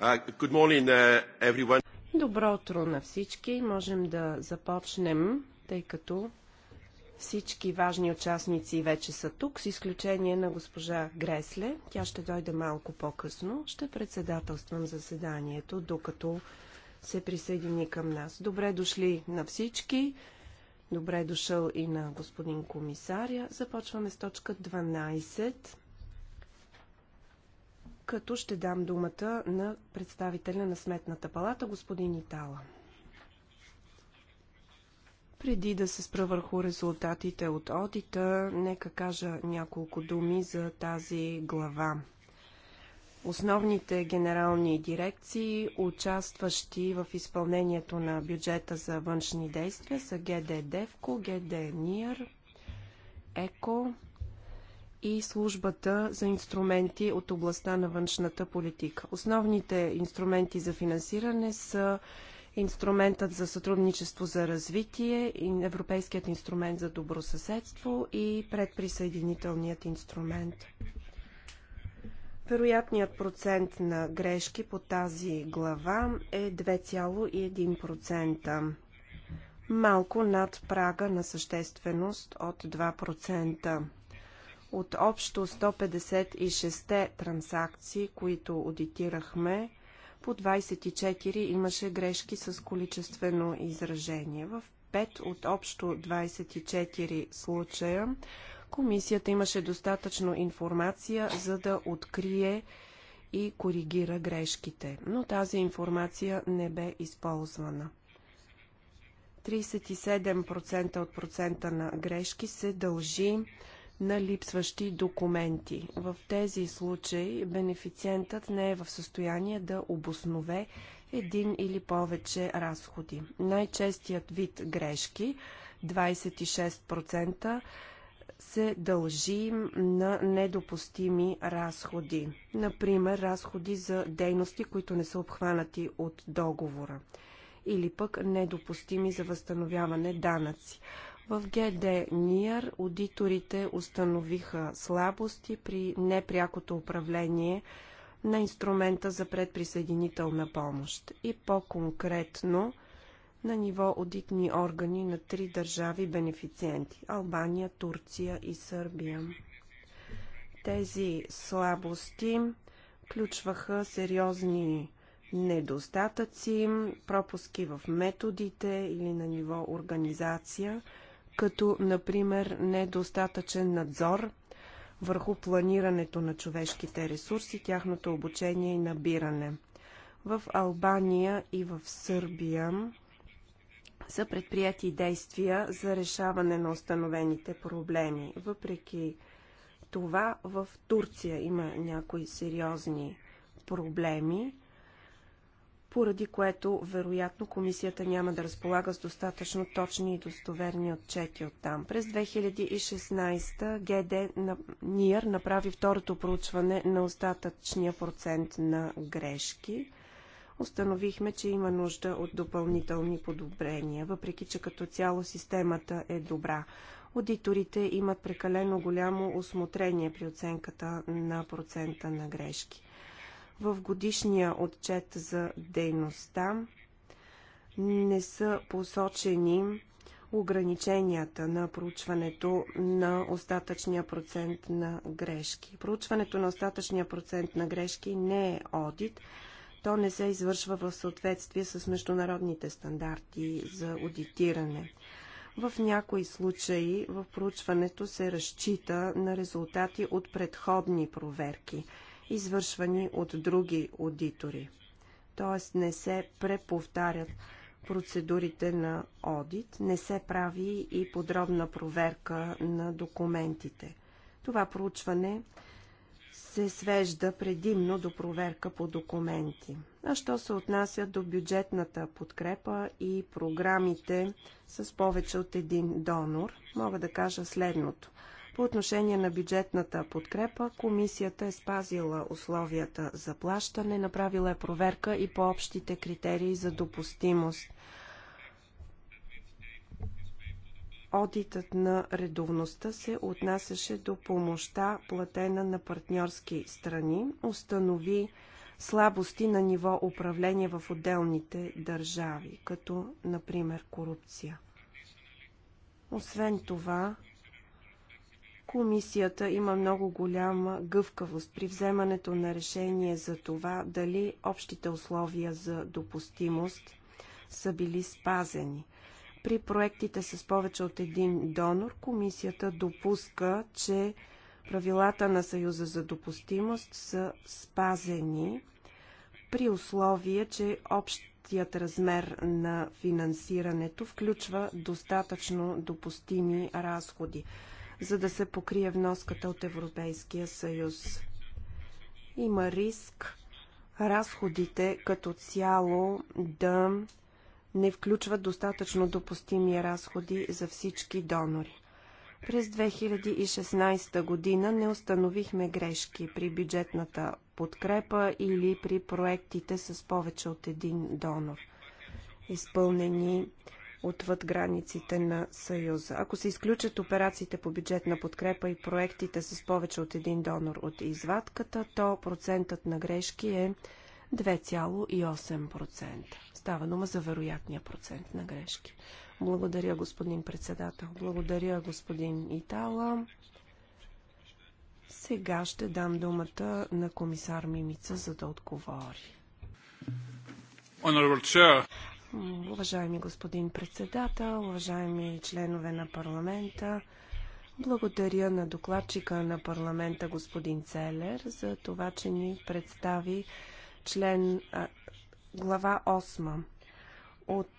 Uh, good morning, uh, everyone. Добро утро на всички. Можем да започнем, тъй като всички важни участници вече са тук, с изключение на госпожа Гресле. Тя ще дойде малко по-късно. Ще председателствам заседанието, докато се присъедини към нас. Добре дошли на всички. Добре дошъл и на господин комисаря. Започваме с точка 12 като ще дам думата на представителя на Сметната палата, господин Итала. Преди да се спра върху резултатите от одита, нека кажа няколко думи за тази глава. Основните генерални дирекции, участващи в изпълнението на бюджета за външни действия са ГД ДЕВКО, ГД НИР, ЕКО, и службата за инструменти от областта на външната политика. Основните инструменти за финансиране са инструментът за сътрудничество за развитие, Европейският инструмент за добросъседство и предприсъединителният инструмент. Вероятният процент на грешки по тази глава е 2,1%. Малко над прага на същественост от 2%. От общо 156 транзакции, които аудитирахме, по 24 имаше грешки с количествено изражение. В 5 от общо 24 случая комисията имаше достатъчно информация, за да открие и коригира грешките, но тази информация не бе използвана. 37% от процента на грешки се дължи на липсващи документи. В тези случаи бенефициентът не е в състояние да обоснове един или повече разходи. Най-честият вид грешки 26% се дължи на недопустими разходи. Например, разходи за дейности, които не са обхванати от договора или пък недопустими за възстановяване данъци. В ГД НИАР аудиторите установиха слабости при непрякото управление на инструмента за предприсъединителна помощ и по-конкретно на ниво аудитни органи на три държави бенефициенти – Албания, Турция и Сърбия. Тези слабости включваха сериозни недостатъци, пропуски в методите или на ниво организация – като например недостатъчен надзор върху планирането на човешките ресурси, тяхното обучение и набиране. В Албания и в Сърбия са предприяти действия за решаване на установените проблеми. Въпреки това в Турция има някои сериозни проблеми поради което вероятно комисията няма да разполага с достатъчно точни и достоверни отчети от там. През 2016 ГД на НИР направи второто проучване на остатъчния процент на грешки. Установихме, че има нужда от допълнителни подобрения, въпреки че като цяло системата е добра. Аудиторите имат прекалено голямо осмотрение при оценката на процента на грешки. В годишния отчет за дейността не са посочени ограниченията на проучването на остатъчния процент на грешки. Проучването на остатъчния процент на грешки не е одит. То не се извършва в съответствие с международните стандарти за аудитиране. В някои случаи в проучването се разчита на резултати от предходни проверки – извършвани от други аудитори. Тоест не се преповтарят процедурите на одит, не се прави и подробна проверка на документите. Това проучване се свежда предимно до проверка по документи. А що се отнася до бюджетната подкрепа и програмите с повече от един донор, мога да кажа следното. По отношение на бюджетната подкрепа, комисията е спазила условията за плащане, направила е проверка и по общите критерии за допустимост. Одитът на редовността се отнасяше до помощта, платена на партньорски страни, установи слабости на ниво управление в отделните държави, като, например, корупция. Освен това, Комисията има много голяма гъвкавост при вземането на решение за това дали общите условия за допустимост са били спазени. При проектите с повече от един донор комисията допуска, че правилата на Съюза за допустимост са спазени при условие, че общият размер на финансирането включва достатъчно допустими разходи за да се покрие вноската от Европейския съюз. Има риск разходите като цяло да не включват достатъчно допустими разходи за всички донори. През 2016 година не установихме грешки при бюджетната подкрепа или при проектите с повече от един донор. Изпълнени отвъд границите на Съюза. Ако се изключат операциите по бюджетна подкрепа и проектите с повече от един донор от извадката, то процентът на грешки е 2,8%. Става дума за вероятния процент на грешки. Благодаря, господин председател. Благодаря, господин Итала. Сега ще дам думата на комисар Мимица, за да отговори. Уважаеми господин председател, уважаеми членове на парламента, благодаря на докладчика на парламента господин Целер за това, че ни представи член глава 8 от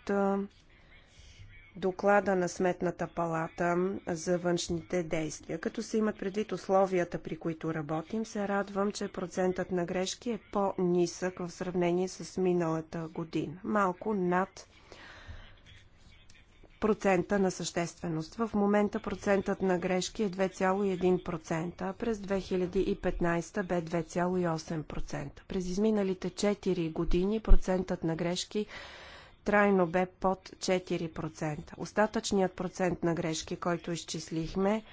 доклада на Сметната палата за външните действия. Като се имат предвид условията, при които работим, се радвам, че процентът на грешки е по-нисък в сравнение с миналата година. Малко над процента на същественост. В момента процентът на грешки е 2,1%, а през 2015 бе 2,8%. През изминалите 4 години процентът на грешки трайно бе под 4%. Остатъчният процент на грешки, който изчислихме,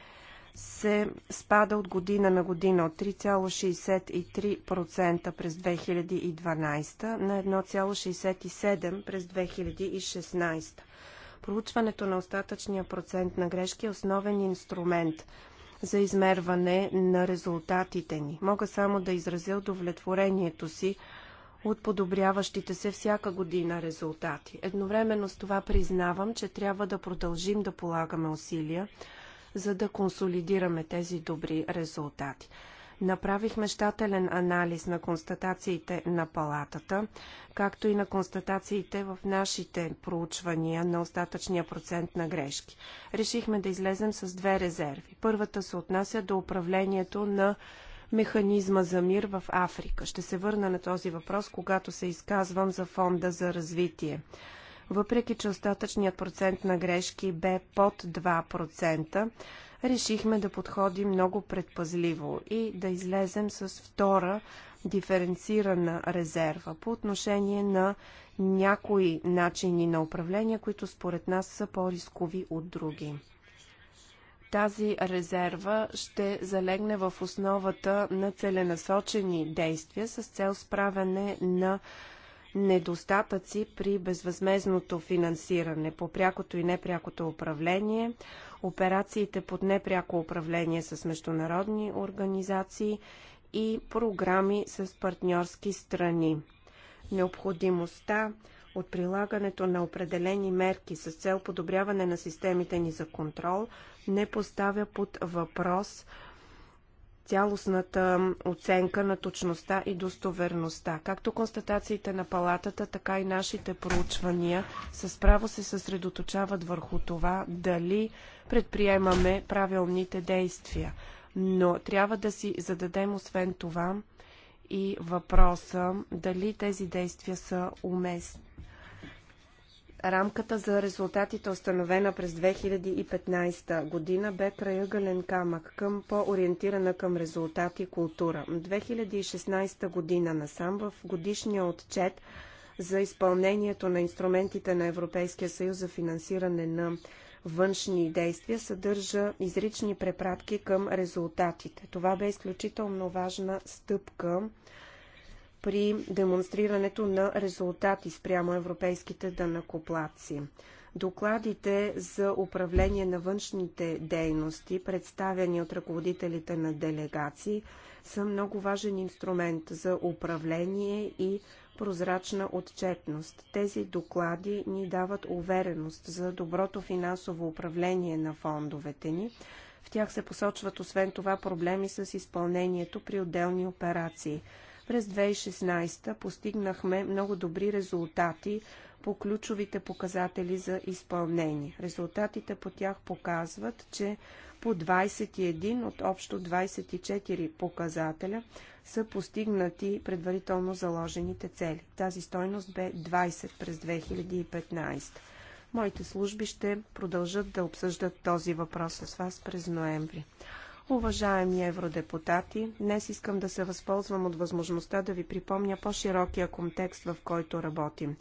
се спада от година на година от 3,63% през 2012 на 1,67% през 2016. Проучването на остатъчния процент на грешки е основен инструмент за измерване на резултатите ни. Мога само да изразя удовлетворението си от подобряващите се всяка година резултати. Едновременно с това признавам, че трябва да продължим да полагаме усилия, за да консолидираме тези добри резултати. Направихме щателен анализ на констатациите на палатата, както и на констатациите в нашите проучвания на остатъчния процент на грешки. Решихме да излезем с две резерви. Първата се отнася до управлението на механизма за мир в Африка. Ще се върна на този въпрос, когато се изказвам за фонда за развитие. Въпреки, че остатъчният процент на грешки бе под 2%, решихме да подходим много предпазливо и да излезем с втора диференцирана резерва по отношение на някои начини на управление, които според нас са по-рискови от други. Тази резерва ще залегне в основата на целенасочени действия с цел справяне на недостатъци при безвъзмезното финансиране по прякото и непрякото управление, операциите под непряко управление с международни организации и програми с партньорски страни. Необходимостта от прилагането на определени мерки с цел подобряване на системите ни за контрол не поставя под въпрос цялостната оценка на точността и достоверността. Както констатациите на палатата, така и нашите проучвания с право се съсредоточават върху това дали предприемаме правилните действия. Но трябва да си зададем освен това и въпроса дали тези действия са уместни рамката за резултатите, установена през 2015 година, бе краъгълен камък към по-ориентирана към резултати култура. 2016 година насам в годишния отчет за изпълнението на инструментите на Европейския съюз за финансиране на външни действия съдържа изрични препратки към резултатите. Това бе изключително важна стъпка при демонстрирането на резултати спрямо европейските дънакоплаци. Докладите за управление на външните дейности, представени от ръководителите на делегации, са много важен инструмент за управление и прозрачна отчетност. Тези доклади ни дават увереност за доброто финансово управление на фондовете ни. В тях се посочват освен това проблеми с изпълнението при отделни операции – през 2016 постигнахме много добри резултати по ключовите показатели за изпълнение. Резултатите по тях показват, че по 21 от общо 24 показателя са постигнати предварително заложените цели. Тази стойност бе 20 през 2015. Моите служби ще продължат да обсъждат този въпрос с вас през ноември. Уважаеми евродепутати, днес искам да се възползвам от възможността да ви припомня по-широкия контекст, в който работим.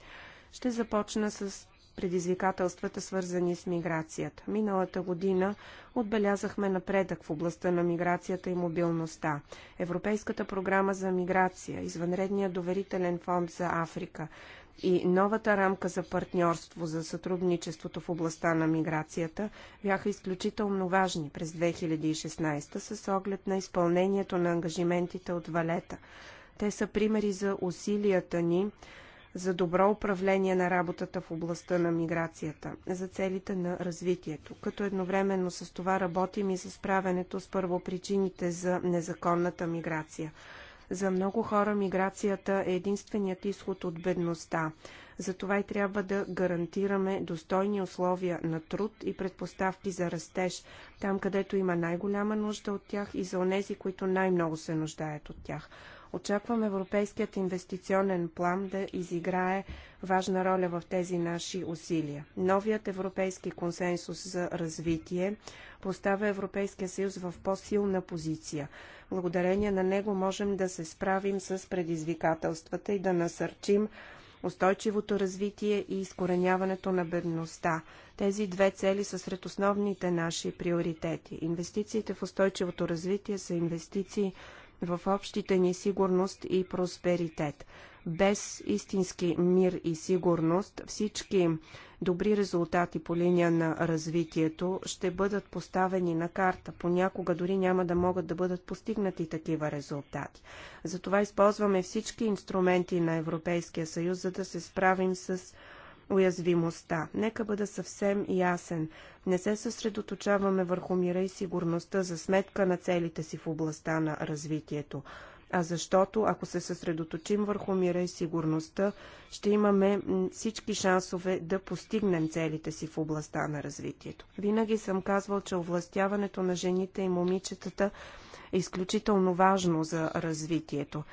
Ще започна с предизвикателствата, свързани с миграцията. Миналата година отбелязахме напредък в областта на миграцията и мобилността. Европейската програма за миграция, извънредният доверителен фонд за Африка, и новата рамка за партньорство за сътрудничеството в областта на миграцията бяха изключително важни през 2016 с оглед на изпълнението на ангажиментите от Валета. Те са примери за усилията ни за добро управление на работата в областта на миграцията, за целите на развитието, като едновременно с това работим и за справянето с първопричините за незаконната миграция – за много хора миграцията е единственият изход от бедността. Затова и трябва да гарантираме достойни условия на труд и предпоставки за растеж, там където има най-голяма нужда от тях и за онези, които най-много се нуждаят от тях. Очаквам Европейският инвестиционен план да изиграе важна роля в тези наши усилия. Новият европейски консенсус за развитие поставя Европейския съюз в по-силна позиция. Благодарение на него можем да се справим с предизвикателствата и да насърчим устойчивото развитие и изкореняването на бедността. Тези две цели са сред основните наши приоритети. Инвестициите в устойчивото развитие са инвестиции в общите ни сигурност и просперитет. Без истински мир и сигурност всички добри резултати по линия на развитието ще бъдат поставени на карта. Понякога дори няма да могат да бъдат постигнати такива резултати. Затова използваме всички инструменти на Европейския съюз, за да се справим с уязвимостта. Нека бъда съвсем ясен. Не се съсредоточаваме върху мира и сигурността за сметка на целите си в областта на развитието. А защото, ако се съсредоточим върху мира и сигурността, ще имаме всички шансове да постигнем целите си в областта на развитието. Винаги съм казвал, че овластяването на жените и момичетата е изключително важно за развитието.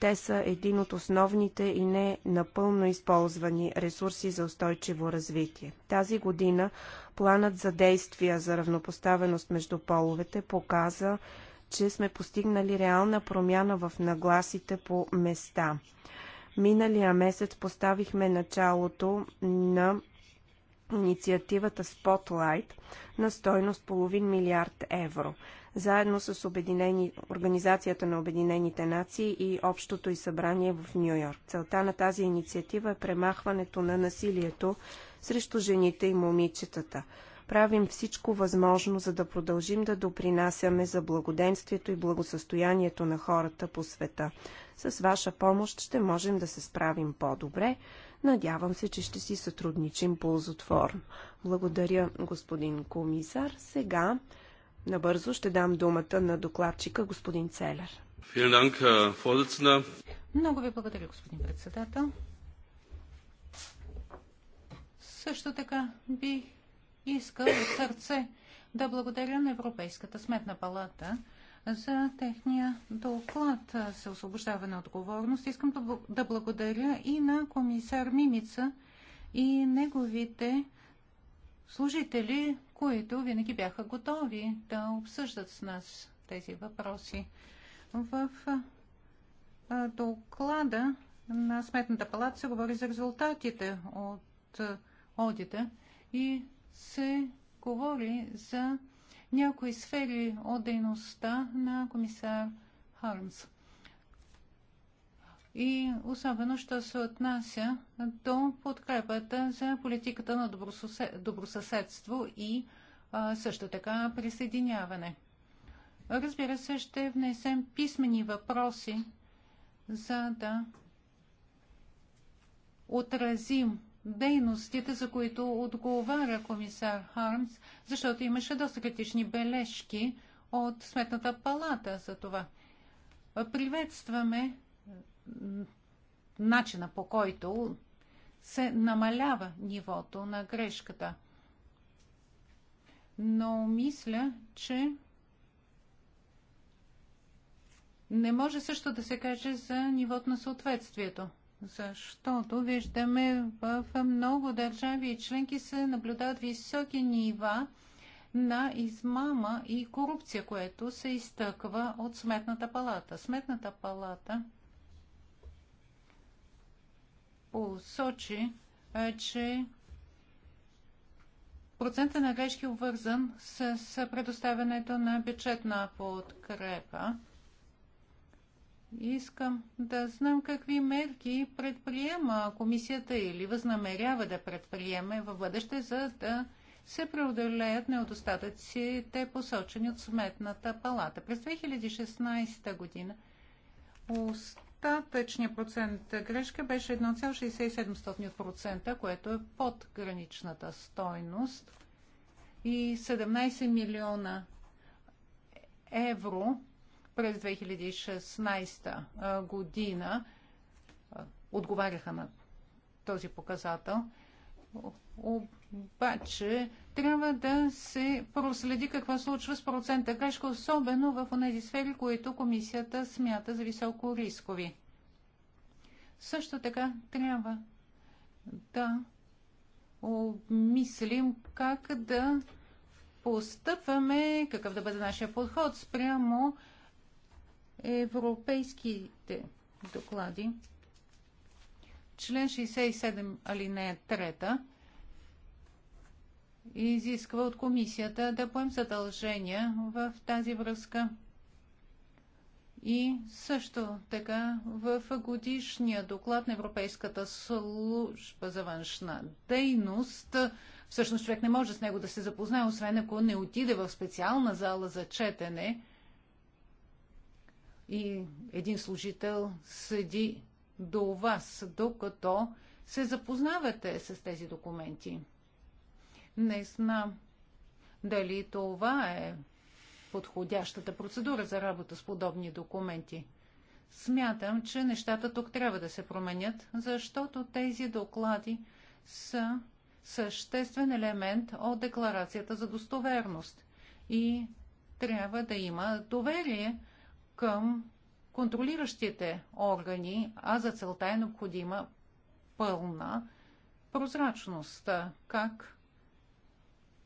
Те са един от основните и не напълно използвани ресурси за устойчиво развитие. Тази година планът за действия за равнопоставеност между половете показа, че сме постигнали реална промяна в нагласите по места. Миналия месец поставихме началото на инициативата Spotlight на стойност половин милиард евро заедно с Обединени, Организацията на Обединените нации и Общото и събрание в Нью Йорк. Целта на тази инициатива е премахването на насилието срещу жените и момичетата. Правим всичко възможно, за да продължим да допринасяме за благоденствието и благосъстоянието на хората по света. С ваша помощ ще можем да се справим по-добре. Надявам се, че ще си сътрудничим ползотворно. Благодаря, господин комисар. Сега Набързо ще дам думата на докладчика господин Целер. Много ви благодаря, господин председател. Също така бих искал от сърце да благодаря на Европейската сметна палата за техния доклад за освобождаване отговорност. Искам да благодаря и на комисар Мимица и неговите служители, които винаги бяха готови да обсъждат с нас тези въпроси. В доклада на Сметната палата се говори за резултатите от одита и се говори за някои сфери от дейността на комисар Хармс и особено, що се отнася до подкрепата за политиката на добросъседство и а, също така присъединяване. Разбира се, ще внесем писмени въпроси, за да отразим дейностите, за които отговаря комисар Хармс, защото имаше доста критични бележки от Сметната палата за това. Приветстваме начина по който се намалява нивото на грешката. Но мисля, че не може също да се каже за нивото на съответствието, защото виждаме в много държави и членки се наблюдават високи нива на измама и корупция, което се изтъква от Сметната палата. Сметната палата – посочи, е, че процента на грешки е обвързан с, с предоставянето на бюджетна подкрепа. Искам да знам какви мерки предприема комисията или възнамерява да предприеме в бъдеще, за да се преодолеят неодостатъците, посочени от Сметната палата. През 2016 година остатъчният процент грешка беше 1,67%, което е под граничната стойност и 17 милиона евро през 2016 година отговаряха на този показател обаче трябва да се проследи какво случва с процента грешка, особено в тези сфери, които комисията смята за високо рискови. Също така трябва да обмислим как да постъпваме, какъв да бъде нашия подход спрямо европейските доклади. Член 67 алинея 3 изисква от комисията да поем задължения в тази връзка. И също така в годишния доклад на Европейската служба за външна дейност, всъщност човек не може с него да се запознае, освен ако не отиде в специална зала за четене и един служител седи до вас, докато се запознавате с тези документи. Не знам дали това е подходящата процедура за работа с подобни документи. Смятам, че нещата тук трябва да се променят, защото тези доклади са съществен елемент от декларацията за достоверност и трябва да има доверие към контролиращите органи, а за целта е необходима пълна прозрачност, как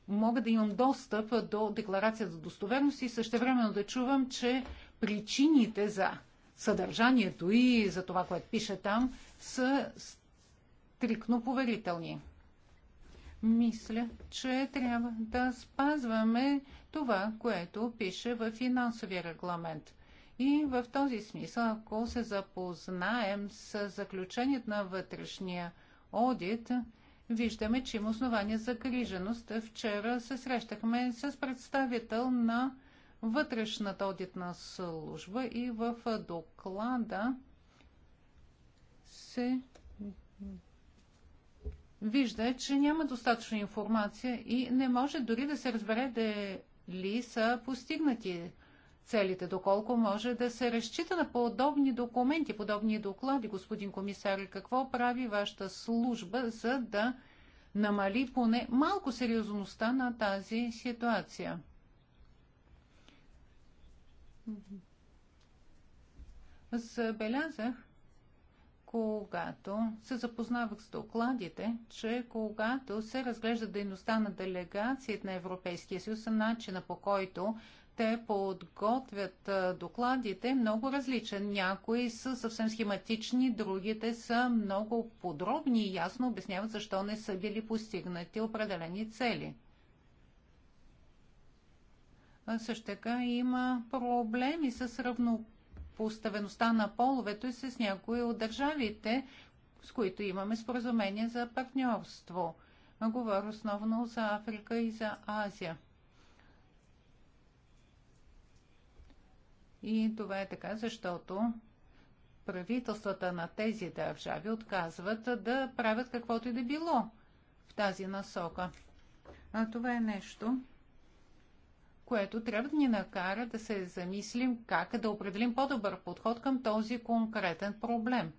мога да имам достъп до декларация за достоверност и същевременно да чувам, че причините за съдържанието и за това, което пише там, са стрикно поверителни. Мисля, че трябва да спазваме това, което пише в финансовия регламент. И в този смисъл, ако се запознаем с заключението на вътрешния одит, виждаме, че има основания за гриженост. Вчера се срещахме с представител на вътрешната одитна служба и в доклада се вижда, че няма достатъчно информация и не може дори да се разбере дали са постигнати целите, доколко може да се разчита на подобни документи, подобни доклади, господин комисар, какво прави вашата служба, за да намали поне малко сериозността на тази ситуация? Забелязах, когато се запознавах с докладите, че когато се разглежда дейността на делегациите на Европейския съюз, начина по който те подготвят докладите много различен. Някои са съвсем схематични, другите са много подробни и ясно обясняват защо не са били постигнати определени цели. също така има проблеми с равнопоставеността на половето и с някои от държавите, с които имаме споразумение за партньорство. Говоря основно за Африка и за Азия. И това е така, защото правителствата на тези държави отказват да правят каквото и да било в тази насока. А това е нещо, което трябва да ни накара да се замислим как да определим по-добър подход към този конкретен проблем.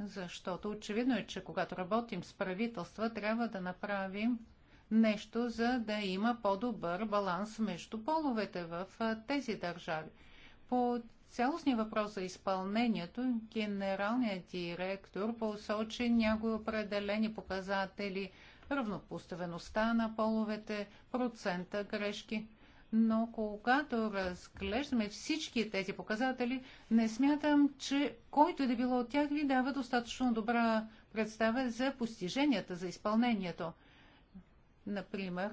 Защото очевидно е, че когато работим с правителства, трябва да направим нещо, за да има по-добър баланс между половете в тези държави. По цялостния въпрос за изпълнението, генералният директор посочи някои определени показатели равнопоставеността на половете, процента грешки. Но когато разглеждаме всички тези показатели, не смятам, че който да било от тях ви дава достатъчно добра представа за постиженията, за изпълнението. Например,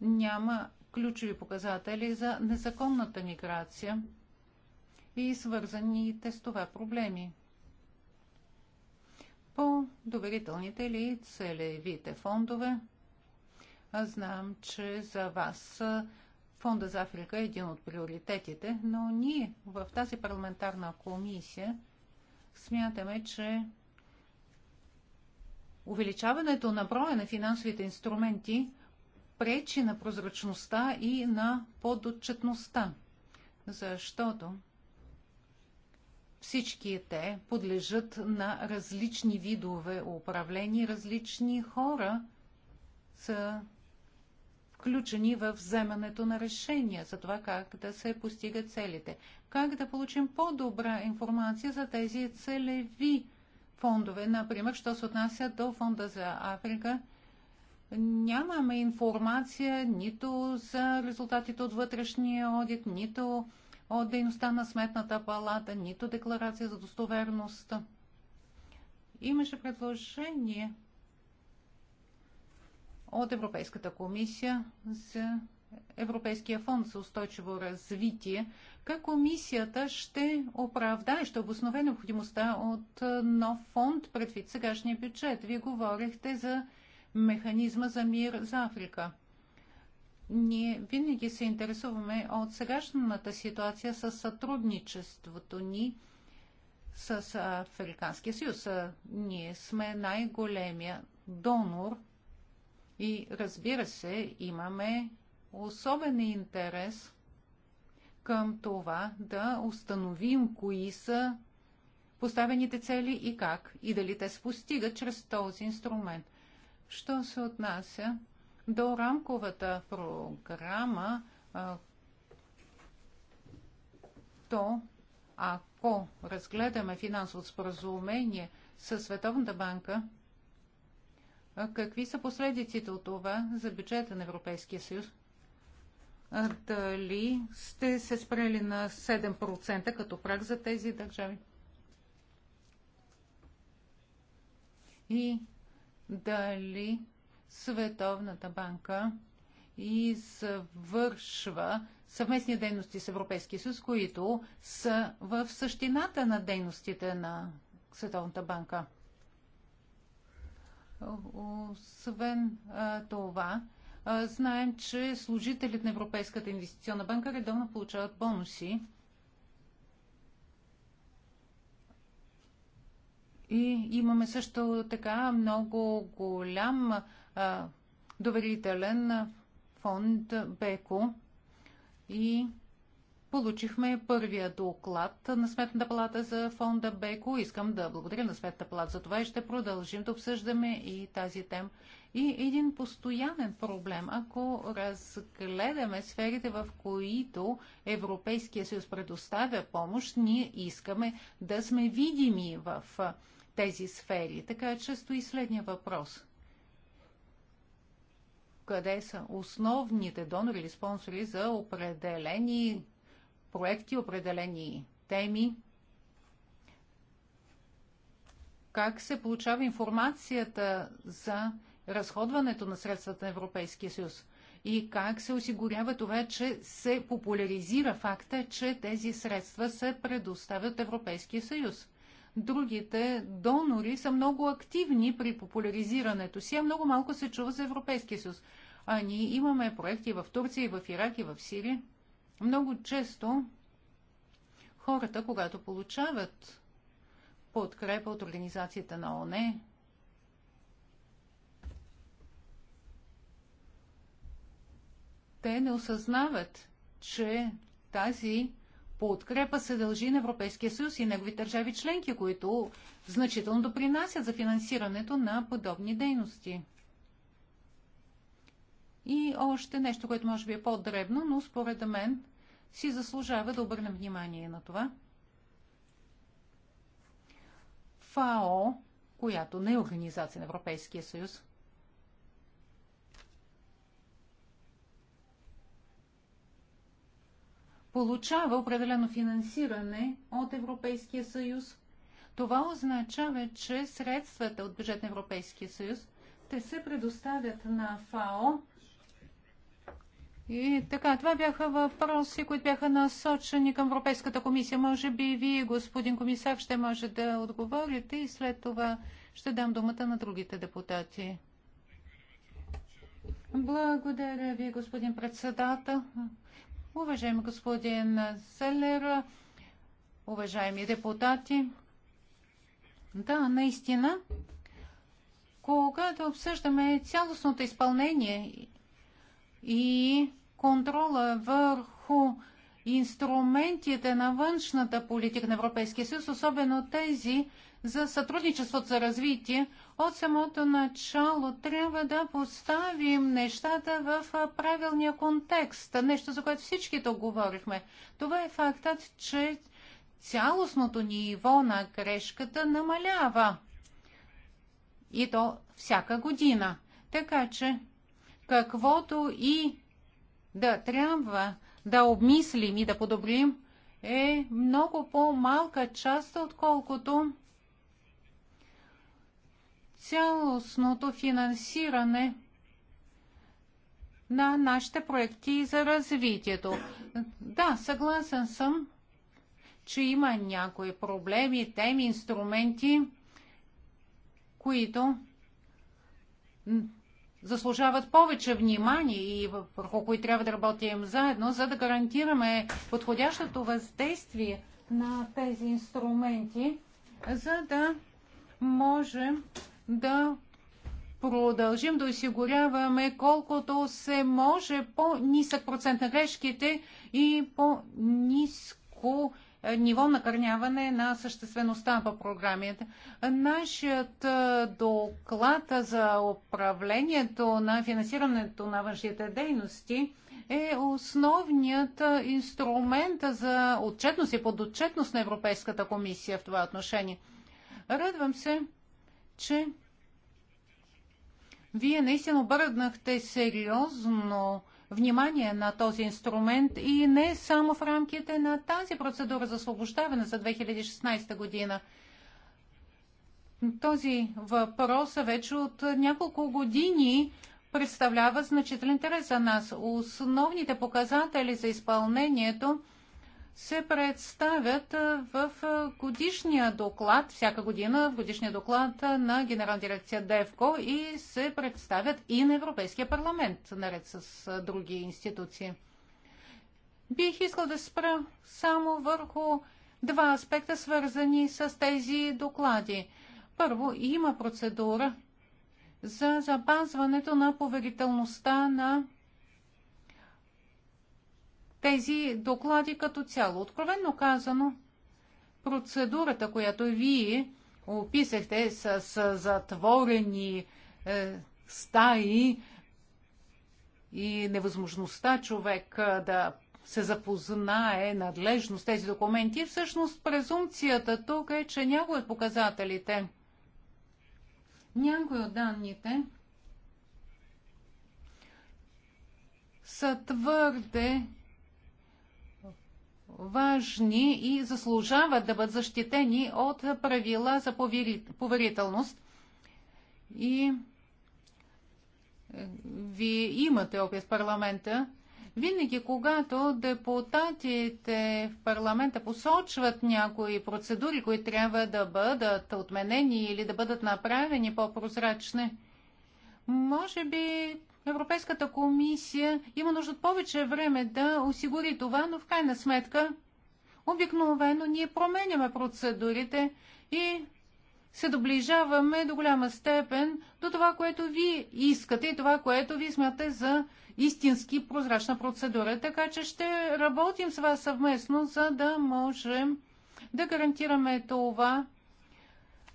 няма ключови показатели за незаконната миграция и свързаните с това проблеми. По доверителните или целевите фондове, аз знам, че за вас Фонда за Африка е един от приоритетите, но ние в тази парламентарна комисия смятаме, че увеличаването на броя на финансовите инструменти пречи на прозрачността и на подотчетността, защото всички те подлежат на различни видове управление, различни хора са включени в вземането на решения за това как да се постигат целите. Как да получим по-добра информация за тези целеви фондове. Например, що се отнася до фонда за Африка, нямаме информация нито за резултатите от вътрешния одит, нито от дейността на Сметната палата, нито декларация за достоверност. Имаше предложение от Европейската комисия за Европейския фонд за устойчиво развитие, как комисията ще оправдае, ще обоснове необходимостта от нов фонд предвид сегашния бюджет. Вие говорихте за механизма за мир за Африка. Ние винаги се интересуваме от сегашната ситуация с сътрудничеството ни с Африканския съюз. Ние сме най-големия донор и разбира се, имаме особен интерес към това да установим кои са поставените цели и как, и дали те се постигат чрез този инструмент. Що се отнася до рамковата програма, то ако разгледаме финансово споразумение с Световната банка, какви са последиците от това за бюджета на Европейския съюз? Дали сте се спрели на 7% като прак за тези държави? И дали Световната банка извършва съвместни дейности с Европейския съюз, които са в същината на дейностите на Световната банка. Освен това, знаем, че служителите на Европейската инвестиционна банка редовно получават бонуси. И имаме също така много голям доверителен фонд БЕКО и получихме първия доклад на Сметната палата за фонда БЕКО. Искам да благодаря на Сметната палата за това и ще продължим да обсъждаме и тази тема. И един постоянен проблем, ако разгледаме сферите, в които Европейския съюз предоставя помощ, ние искаме да сме видими в тези сфери. Така че стои следния въпрос къде са основните донори или спонсори за определени проекти, определени теми. Как се получава информацията за разходването на средствата на Европейския съюз? И как се осигурява това, че се популяризира факта, че тези средства се предоставят Европейския съюз? другите донори са много активни при популяризирането си, а много малко се чува за Европейския съюз. А ние имаме проекти в Турция, и в Ирак, и в Сирия. Много често хората, когато получават подкрепа от организацията на ОНЕ, те не осъзнават, че тази подкрепа се дължи на Европейския съюз и негови държави членки, които значително допринасят за финансирането на подобни дейности. И още нещо, което може би е по-дребно, но според мен си заслужава да обърнем внимание на това. ФАО, която не е организация на Европейския съюз, получава определено финансиране от Европейския съюз. Това означава, че средствата от бюджет на Европейския съюз те се предоставят на ФАО. И така, това бяха въпроси, които бяха насочени към Европейската комисия. Може би вие, господин комисар, ще може да отговорите и след това ще дам думата на другите депутати. Благодаря ви, господин председател. Уважаеми господин Селер, уважаеми депутати, да, наистина, когато обсъждаме цялостното изпълнение и контрола върху инструментите на външната политика на Европейския съюз, особено тези, за сътрудничеството за развитие, от самото начало трябва да поставим нещата в правилния контекст. Нещо, за което всички то говорихме. Това е фактът, че цялостното ниво на грешката намалява. И то всяка година. Така че, каквото и да трябва да обмислим и да подобрим, е много по-малка част, отколкото цялостното финансиране на нашите проекти за развитието. Да, съгласен съм, че има някои проблеми, теми, инструменти, които заслужават повече внимание и върху които трябва да работим заедно, за да гарантираме подходящото въздействие на тези инструменти, за да можем да продължим да осигуряваме колкото се може по-нисък процент на грешките и по-ниско е, ниво накърняване на съществеността по програмите. Нашият е, доклад за управлението на финансирането на външните дейности е основният е, инструмент за отчетност и подотчетност на Европейската комисия в това отношение. Радвам се, че вие наистина обърнахте сериозно внимание на този инструмент и не само в рамките на тази процедура за освобождаване за 2016 година. Този въпрос вече от няколко години представлява значителен интерес за нас. Основните показатели за изпълнението се представят в годишния доклад, всяка година в годишния доклад на Генерална дирекция ДЕВКО и се представят и на Европейския парламент, наред с други институции. Бих искал да спра само върху два аспекта, свързани с тези доклади. Първо, има процедура за запазването на поверителността на тези доклади като цяло. Откровенно казано, процедурата, която вие описахте с, с затворени е, стаи и невъзможността човек е, да се запознае надлежно с тези документи, всъщност презумцията тук е, че някои от показателите, някои от данните са твърде важни и заслужават да бъдат защитени от правила за поверителност. И е, вие имате опит в парламента. Винаги, когато депутатите в парламента посочват някои процедури, които трябва да бъдат отменени или да бъдат направени по-прозрачни, може би Европейската комисия има нужда от повече време да осигури това, но в крайна сметка обикновено ние променяме процедурите и се доближаваме до голяма степен до това, което ви искате и това, което ви смятате за истински прозрачна процедура. Така че ще работим с вас съвместно, за да можем да гарантираме това,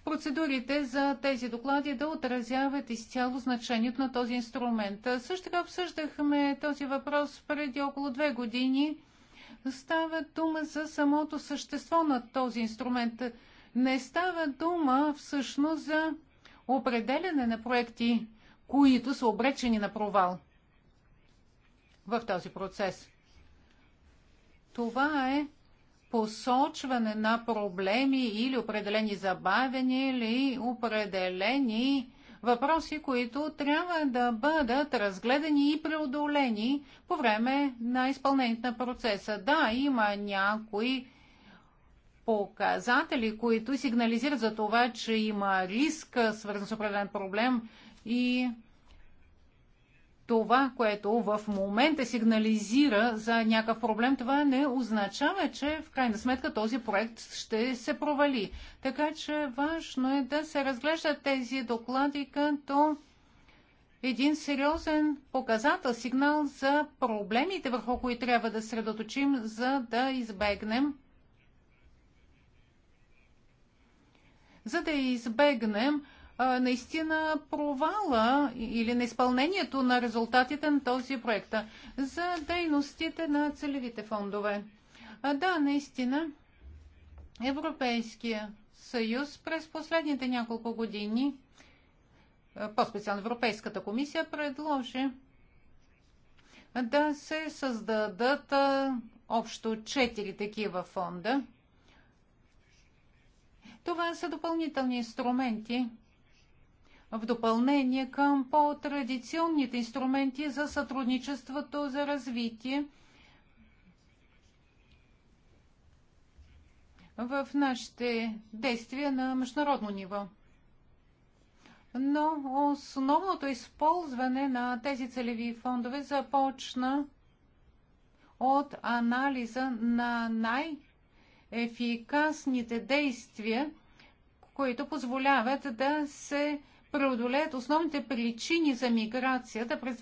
процедурите за тези доклади да отразяват изцяло значението на този инструмент. Също така обсъждахме този въпрос преди около две години. Става дума за самото същество на този инструмент. Не става дума всъщност за определене на проекти, които са обречени на провал в този процес. Това е посочване на проблеми или определени забавени или определени въпроси, които трябва да бъдат разгледани и преодолени по време на изпълнението на процеса. Да, има някои показатели, които сигнализират за това, че има риск, свързан с определен проблем и това, което в момента сигнализира за някакъв проблем, това не означава, че в крайна сметка този проект ще се провали. Така че важно е да се разглеждат тези доклади като един сериозен показател, сигнал за проблемите, върху които трябва да средоточим, за да избегнем за да избегнем наистина провала или на изпълнението на резултатите на този проект. За дейностите на целевите фондове. А, да, наистина, Европейския съюз през последните няколко години, по-специално Европейската комисия, предложи да се създадат общо четири такива фонда. Това са допълнителни инструменти, в допълнение към по-традиционните инструменти за сътрудничеството за развитие. в нашите действия на международно ниво. Но основното използване на тези целеви фондове започна от анализа на най-ефикасните действия, които позволяват да се преодолеят основните причини за миграцията през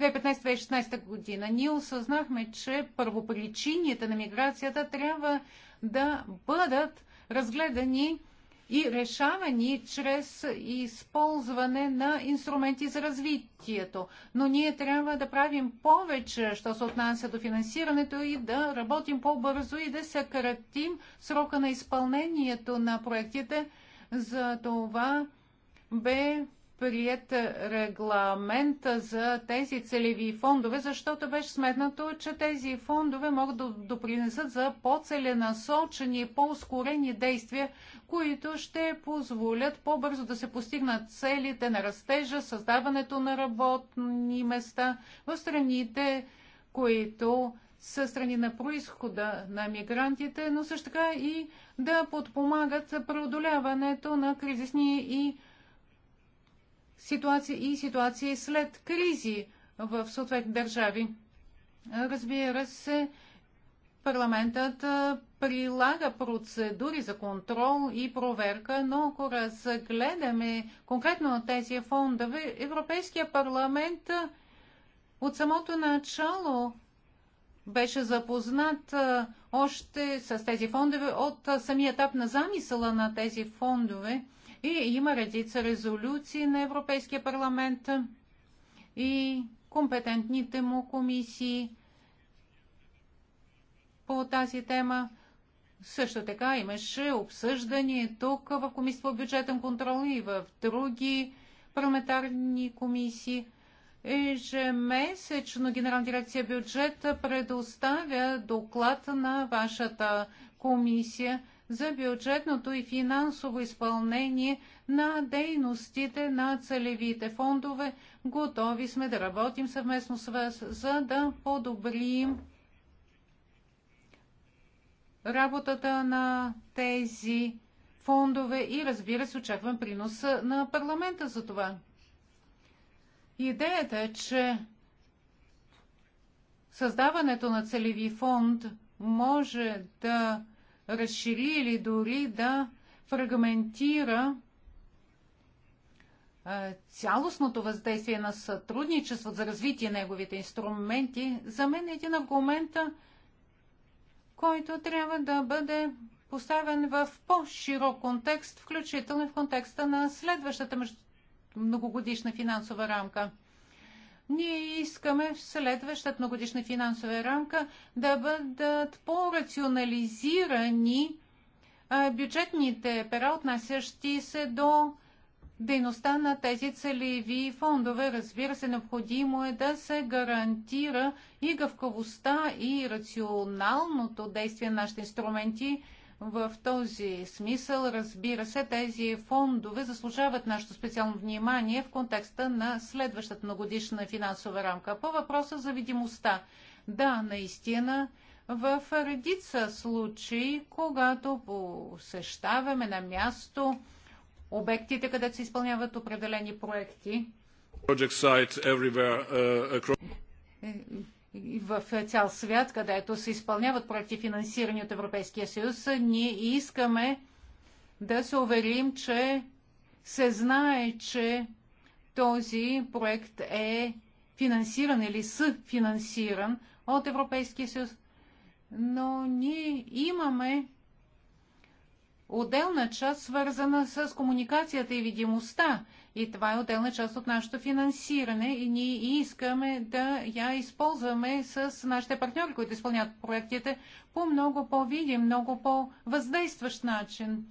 2015-2016 година. Ние осъзнахме, че първопричините на миграцията трябва да бъдат разгледани и решавани чрез използване на инструменти за развитието. Но ние трябва да правим повече, що се отнася до финансирането и да работим по-бързо и да съкратим срока на изпълнението на проектите, за това бе прият регламент за тези целеви фондове, защото беше сметнато, че тези фондове могат да допринесат за по-целенасочени, по-ускорени действия, които ще позволят по-бързо да се постигнат целите на растежа, създаването на работни места в страните, които са страни на происхода на мигрантите, но също така и да подпомагат преодоляването на кризисни и ситуации и ситуации след кризи в съответни държави. Разбира се, парламентът прилага процедури за контрол и проверка, но ако разгледаме конкретно на тези фондове, Европейския парламент от самото начало беше запознат още с тези фондове от самия етап на замисъла на тези фондове и има редица резолюции на Европейския парламент и компетентните му комисии по тази тема. Също така имаше обсъждане тук в Комисията по бюджетен контрол и в други парламентарни комисии – Ежемесечно Генерална дирекция бюджет предоставя доклад на вашата комисия за бюджетното и финансово изпълнение на дейностите на целевите фондове. Готови сме да работим съвместно с вас, за да подобрим работата на тези фондове и разбира се очаквам принос на парламента за това. Идеята, е, че създаването на целеви фонд може да разшири или дори да фрагментира цялостното въздействие на сътрудничеството за развитие на неговите инструменти, за мен е един аргумент, който трябва да бъде поставен в по-широк контекст, включително в контекста на следващата между многогодишна финансова рамка. Ние искаме в следващата многодишна финансова рамка да бъдат по-рационализирани бюджетните пера, отнасящи се до дейността на тези целеви фондове. Разбира се, необходимо е да се гарантира и гъвкавостта, и рационалното действие на нашите инструменти – в този смисъл, разбира се, тези фондове заслужават нашето специално внимание в контекста на следващата многодишна финансова рамка. По въпроса за видимостта. Да, наистина, в редица случаи, когато посещаваме на място обектите, където се изпълняват определени проекти, в цял свят, където се изпълняват проекти финансирани от Европейския съюз, ние искаме да се уверим, че се знае, че този проект е финансиран или съфинансиран от Европейския съюз. Но ние имаме отделна част, свързана с комуникацията и видимостта. И това е отделна част от нашето финансиране и ние искаме да я използваме с нашите партньори, които изпълняват проектите по много по-видим, много по-въздействащ начин.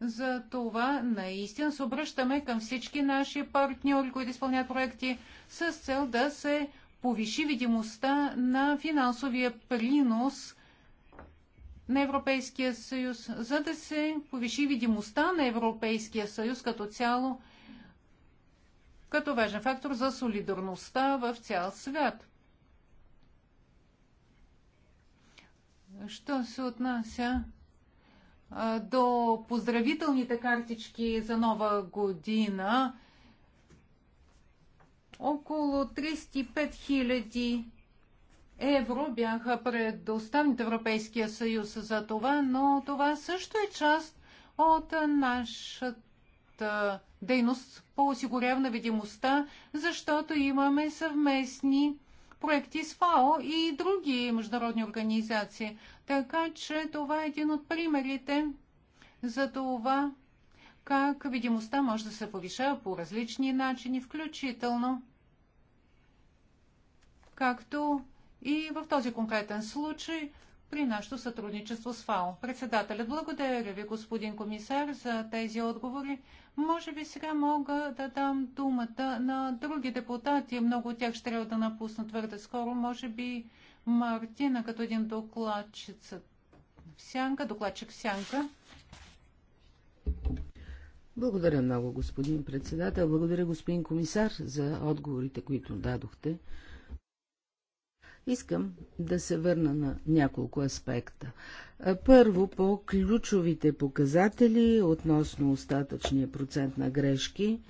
За това наистина се обръщаме към всички наши партньори, които изпълняват проекти, с цел да се повиши видимостта на финансовия принос – на Европейския съюз, за да се повиши видимостта на Европейския съюз като цяло, като важен фактор за солидарността в цял свят. Що се отнася до поздравителните картички за нова година, около 35 000 евро бяха предоставени от Европейския съюз за това, но това също е част от нашата дейност по осигуряване на видимостта, защото имаме съвместни проекти с ФАО и други международни организации. Така че това е един от примерите за това, как видимостта може да се повишава по различни начини, включително както и в този конкретен случай при нашето сътрудничество с ФАО. Председателят, благодаря ви, господин комисар, за тези отговори. Може би сега мога да дам думата на други депутати. Много от тях ще трябва да напуснат твърде скоро. Може би Мартина, като един докладчица в сянка, докладчик в сянка. Благодаря много, господин председател. Благодаря, господин комисар, за отговорите, които дадохте. Искам да се върна на няколко аспекта. Първо по ключовите показатели относно остатъчния процент на грешки,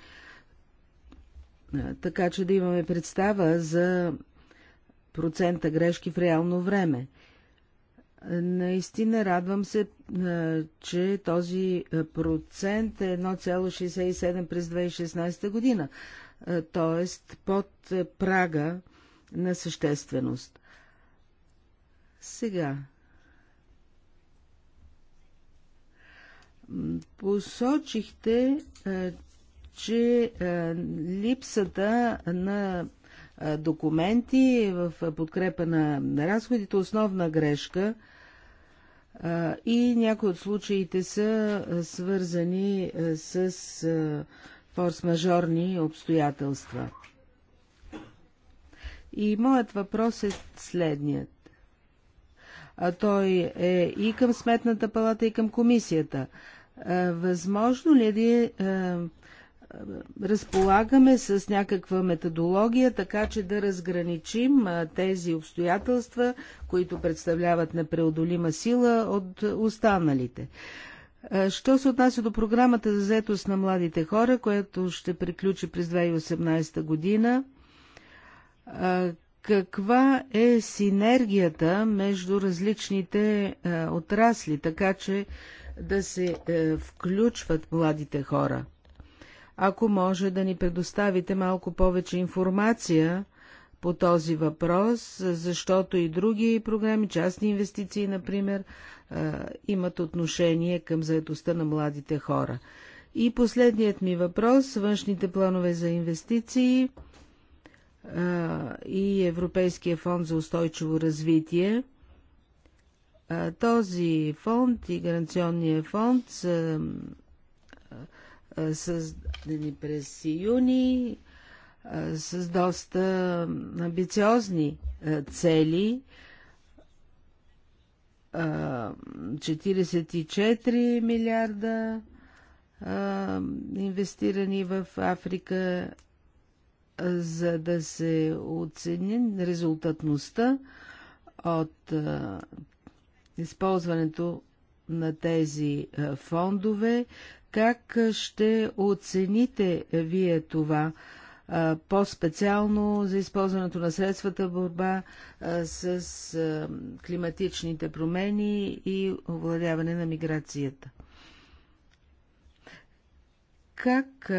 така че да имаме представа за процента грешки в реално време. Наистина радвам се, че този процент е 1,67 през 2016 година, т.е. под прага на същественост. Сега. Посочихте, е, че е, липсата на е, документи в подкрепа на разходите основна грешка и някои от случаите са свързани с форс-мажорни обстоятелства. И моят въпрос е следният. А той е и към Сметната палата, и към комисията. Възможно ли е да е, разполагаме с някаква методология, така че да разграничим тези обстоятелства, които представляват непреодолима сила от останалите. Що се отнася до програмата за заетост на младите хора, която ще приключи през 2018 година, каква е синергията между различните отрасли, така че да се е, включват младите хора. Ако може да ни предоставите малко повече информация по този въпрос, защото и други програми, частни инвестиции, например, имат отношение към заедостта на младите хора. И последният ми въпрос – външните планове за инвестиции – и Европейския фонд за устойчиво развитие. Този фонд и гаранционния фонд са създадени през юни с доста амбициозни цели. 44 милиарда инвестирани в Африка за да се оцени резултатността от използването на тези фондове. Как ще оцените вие това? по-специално за използването на средствата борба с климатичните промени и овладяване на миграцията как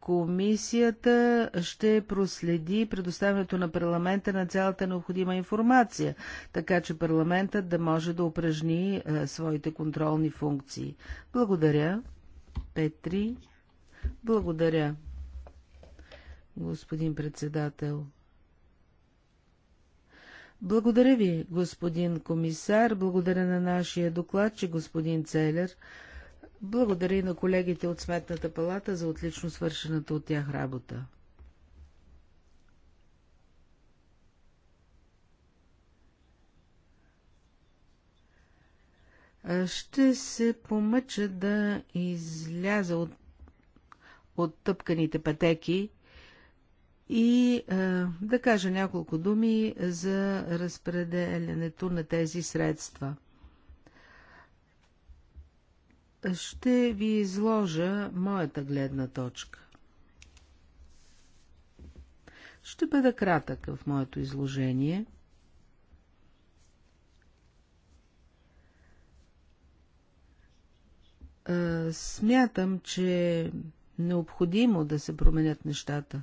комисията ще проследи предоставянето на парламента на цялата необходима информация, така че парламентът да може да упражни своите контролни функции. Благодаря, Петри. Благодаря, господин председател. Благодаря ви, господин комисар, благодаря на нашия докладчик, господин Целер. Благодаря и на колегите от Сметната палата за отлично свършената от тях работа. Ще се помъча да изляза от, от тъпканите пътеки и а, да кажа няколко думи за разпределянето на тези средства ще ви изложа моята гледна точка. Ще бъда кратък в моето изложение. Смятам, че е необходимо да се променят нещата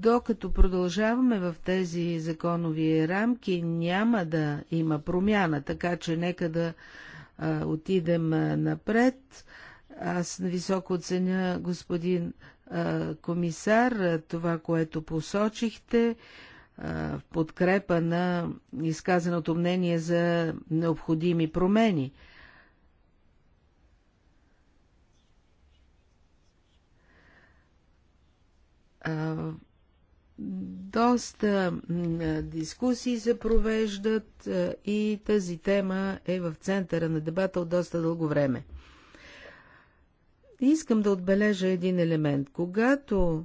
докато продължаваме в тези законови рамки, няма да има промяна, така че нека да а, отидем а, напред. Аз високо оценя, господин а, комисар, това, което посочихте в подкрепа на изказаното мнение за необходими промени. Доста дискусии се провеждат и тази тема е в центъра на дебата от доста дълго време. Искам да отбележа един елемент. Когато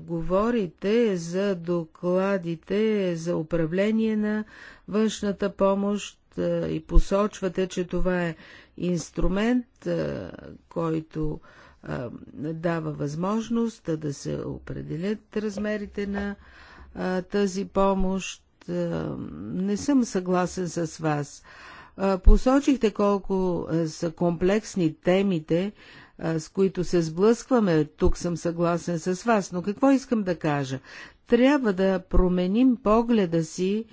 говорите за докладите за управление на външната помощ и посочвате, че това е инструмент, който дава възможност да се определят размерите на тази помощ. Не съм съгласен с вас. Посочихте колко са комплексни темите, с които се сблъскваме. Тук съм съгласен с вас, но какво искам да кажа? Трябва да променим погледа си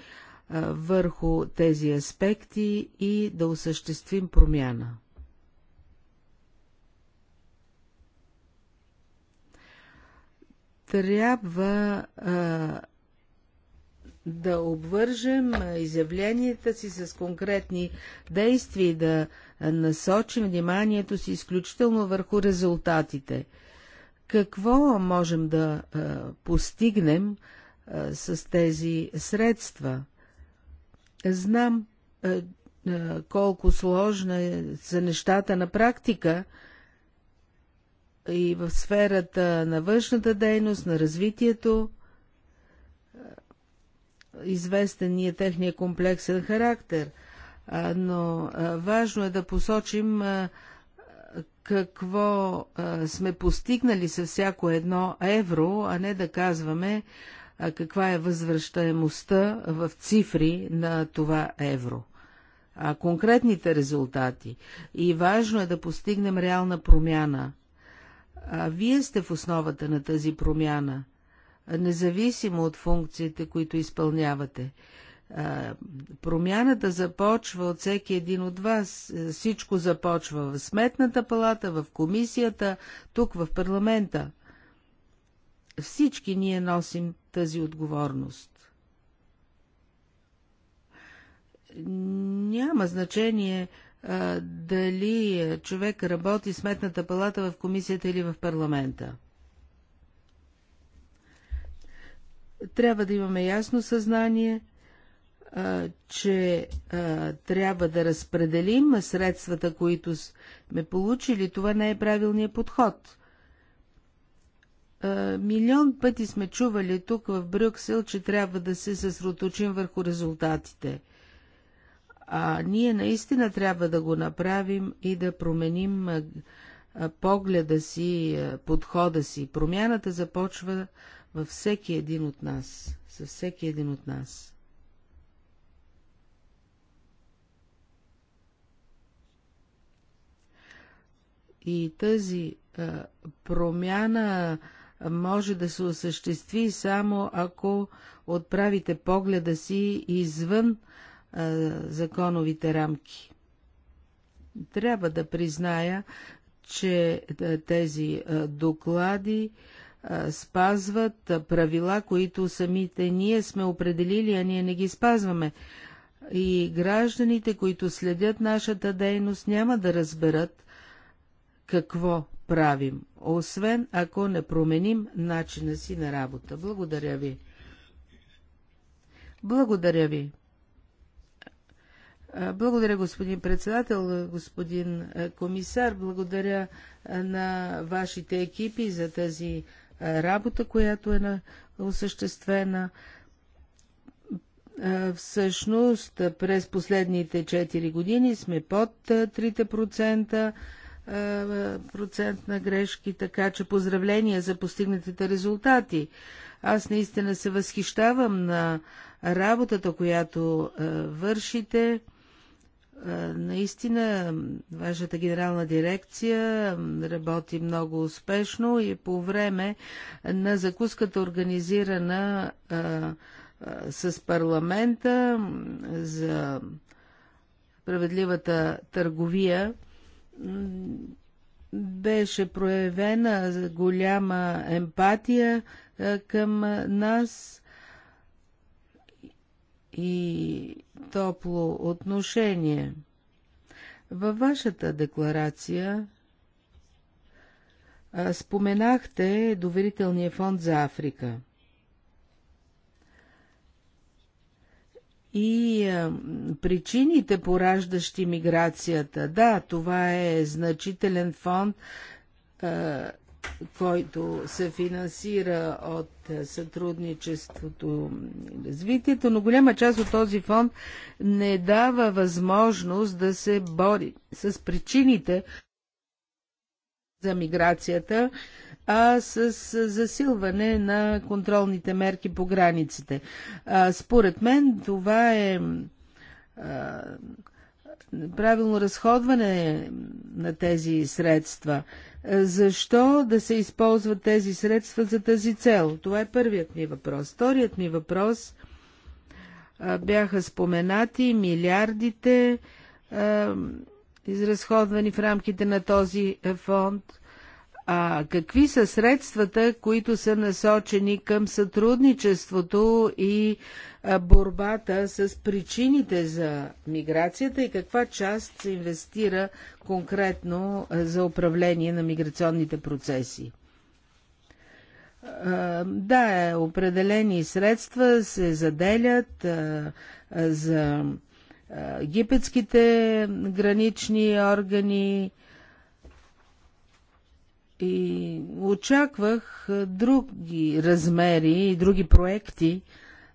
върху тези аспекти и да осъществим промяна. Трябва а, да обвържем изявленията си с конкретни действия, и да насочим вниманието си изключително върху резултатите. Какво можем да а, постигнем а, с тези средства? Знам а, колко сложна е, са нещата на практика, и в сферата на външната дейност, на развитието. Известен ни е техния комплексен характер, но важно е да посочим какво сме постигнали със всяко едно евро, а не да казваме каква е възвръщаемостта в цифри на това евро а конкретните резултати. И важно е да постигнем реална промяна – а вие сте в основата на тази промяна, независимо от функциите, които изпълнявате. А, промяната започва от всеки един от вас. Е, всичко започва в Сметната палата, в комисията, тук в парламента. Всички ние носим тази отговорност. Няма значение дали е, човек работи в сметната палата в комисията или в парламента. Трябва да имаме ясно съзнание, че а, трябва да разпределим средствата, които сме получили, това не е правилният подход. А, милион пъти сме чували тук в Брюксел, че трябва да се съсредоточим върху резултатите. А ние наистина трябва да го направим и да променим погледа си, подхода си. Промяната започва във всеки един от нас, със всеки един от нас. И тази а, промяна може да се осъществи само ако отправите погледа си извън а, законовите рамки. Трябва да призная, че тези доклади спазват правила, които самите ние сме определили, а ние не ги спазваме. И гражданите, които следят нашата дейност, няма да разберат какво правим, освен ако не променим начина си на работа. Благодаря ви. Благодаря ви. Благодаря, господин председател, господин комисар. Благодаря на вашите екипи за тази работа, която е осъществена. Всъщност, през последните 4 години сме под 3% процент на грешки, така че поздравления за постигнатите резултати. Аз наистина се възхищавам на работата, която вършите Наистина, вашата генерална дирекция работи много успешно и по време на закуската, организирана с парламента за справедливата търговия, беше проявена голяма емпатия към нас и топло отношение. Във вашата декларация споменахте доверителния фонд за Африка. И а, причините, пораждащи миграцията. Да, това е значителен фонд, а, който се финансира от е, сътрудничеството и развитието, но голяма част от този фонд не дава възможност да се бори с причините за миграцията, а с засилване на контролните мерки по границите. Според мен това е правилно разходване на тези средства. Защо да се използват тези средства за тази цел? Това е първият ми въпрос. Вторият ми въпрос бяха споменати милиардите, изразходвани в рамките на този фонд. А какви са средствата, които са насочени към сътрудничеството и борбата с причините за миграцията и каква част се инвестира конкретно за управление на миграционните процеси? Да, е, определени средства се заделят за египетските гранични органи, и очаквах други размери и други проекти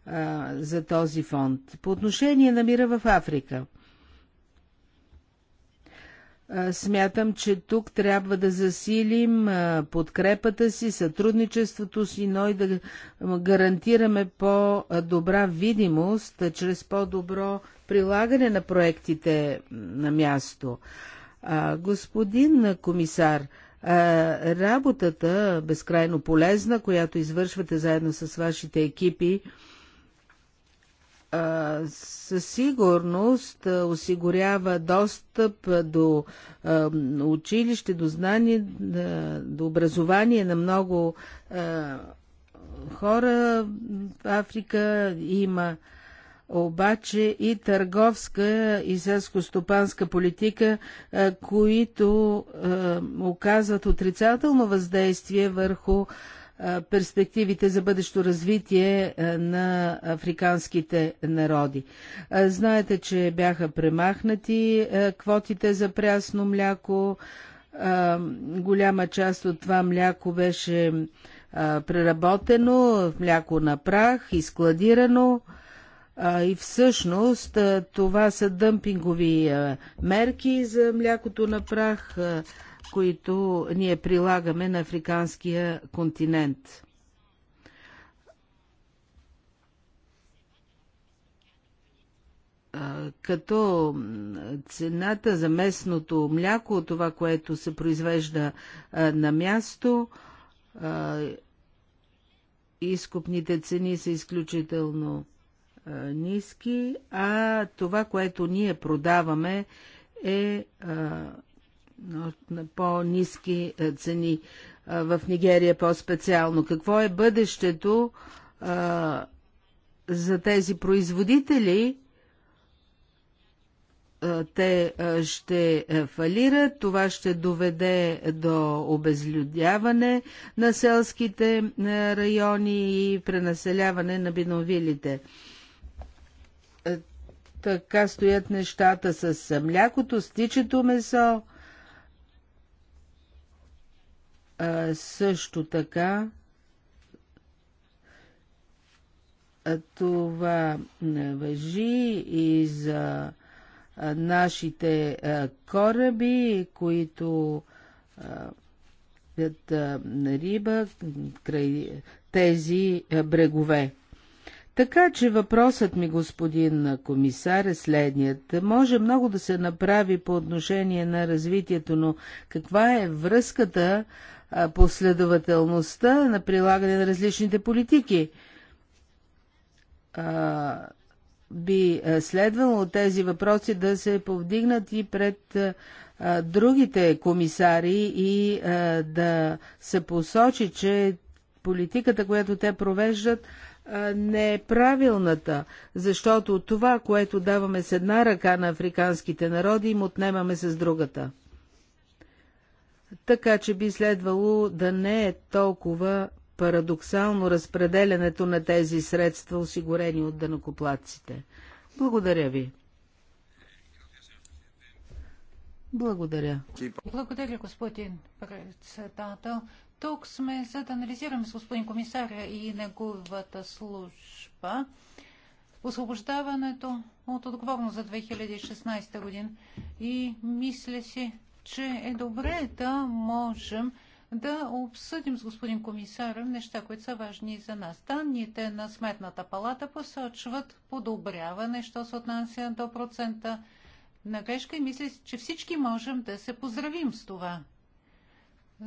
а, за този фонд. По отношение на мира в Африка. смятам, че тук трябва да засилим подкрепата си, сътрудничеството си, но и да гарантираме по-добра видимост чрез по-добро прилагане на проектите на място. Господин комисар, работата, безкрайно полезна, която извършвате заедно с вашите екипи, със сигурност осигурява достъп до училище, до знание, до образование на много хора в Африка. Има обаче и търговска и селско-стопанска политика, е, които е, оказват отрицателно въздействие върху е, перспективите за бъдещо развитие на африканските народи. Знаете, че бяха премахнати квотите за прясно мляко. Голяма част от това мляко беше преработено в мляко на прах и складирано и всъщност това са дъмпингови мерки за млякото на прах, които ние прилагаме на африканския континент. като цената за местното мляко, това, което се произвежда на място, изкупните цени са изключително ниски, а това, което ние продаваме е на по-низки цени в Нигерия по-специално. Какво е бъдещето а, за тези производители? А, те а, ще фалират, това ще доведе до обезлюдяване на селските райони и пренаселяване на биновилите. Е, така стоят нещата с е, млякото, с тичето месо. А, е, също така а, това въжи и за а, нашите а, кораби, които а, риба край тези а, брегове. Така че въпросът ми, господин комисар, е следният. Може много да се направи по отношение на развитието, но каква е връзката, последователността на прилагане на различните политики? А, би следвало тези въпроси да се повдигнат и пред а, другите комисари и а, да се посочи, че политиката, която те провеждат, не е правилната, защото това, което даваме с една ръка на африканските народи, им отнемаме с другата. Така че би следвало да не е толкова парадоксално разпределянето на тези средства, осигурени от дънакоплатците. Благодаря ви. Благодаря. Благодаря, господин председател. Тук сме за да анализираме с господин комисаря и неговата служба освобождаването от отговорност за 2016 година. И мисля си, че е добре да можем да обсъдим с господин комисар неща, които са важни за нас. Данните на Сметната палата посочват подобряване, що се отнася до процента на грешка и мисля, че всички можем да се поздравим с това.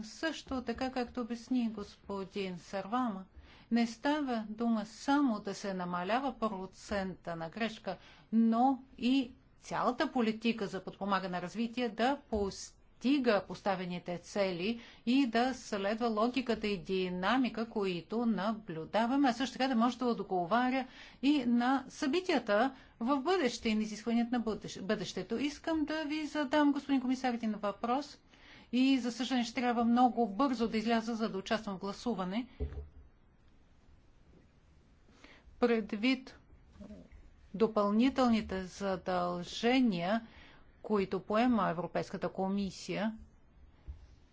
Също така, както обясни господин Сарвама, не става дума само да се намалява процента на грешка, но и цялата политика за подпомага на развитие да постига поставените цели и да следва логиката и динамика, които наблюдаваме, а също така да може да отговаря и на събитията в бъдеще и на изискванията на бъдещето. Искам да ви задам, господин комисар, един въпрос – и за съжаление ще трябва много бързо да изляза, за да участвам в гласуване. Предвид допълнителните задължения, които поема Европейската комисия,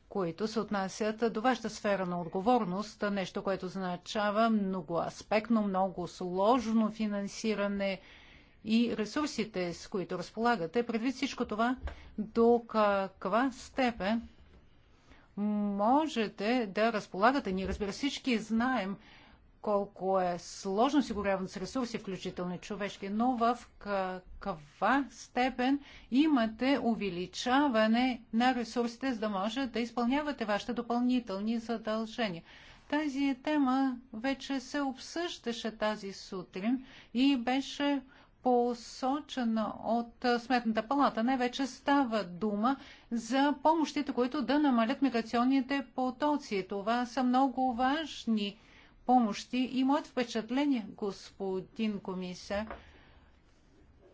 които се отнасят до вашата сфера на отговорност, нещо, което означава многоаспектно, много сложно финансиране, и ресурсите, с които разполагате, предвид всичко това, до каква степен можете да разполагате. Ние, разбира, всички знаем колко е сложно осигуряването с ресурси, включително човешки, но в каква степен имате увеличаване на ресурсите, за да може да изпълнявате вашите допълнителни задължения. Тази тема вече се обсъждаше тази сутрин и беше Посочена от Сметната палата. Не вече става дума за помощите, които да намалят миграционните потоци. Това са много важни помощи и моят впечатление, господин комисар,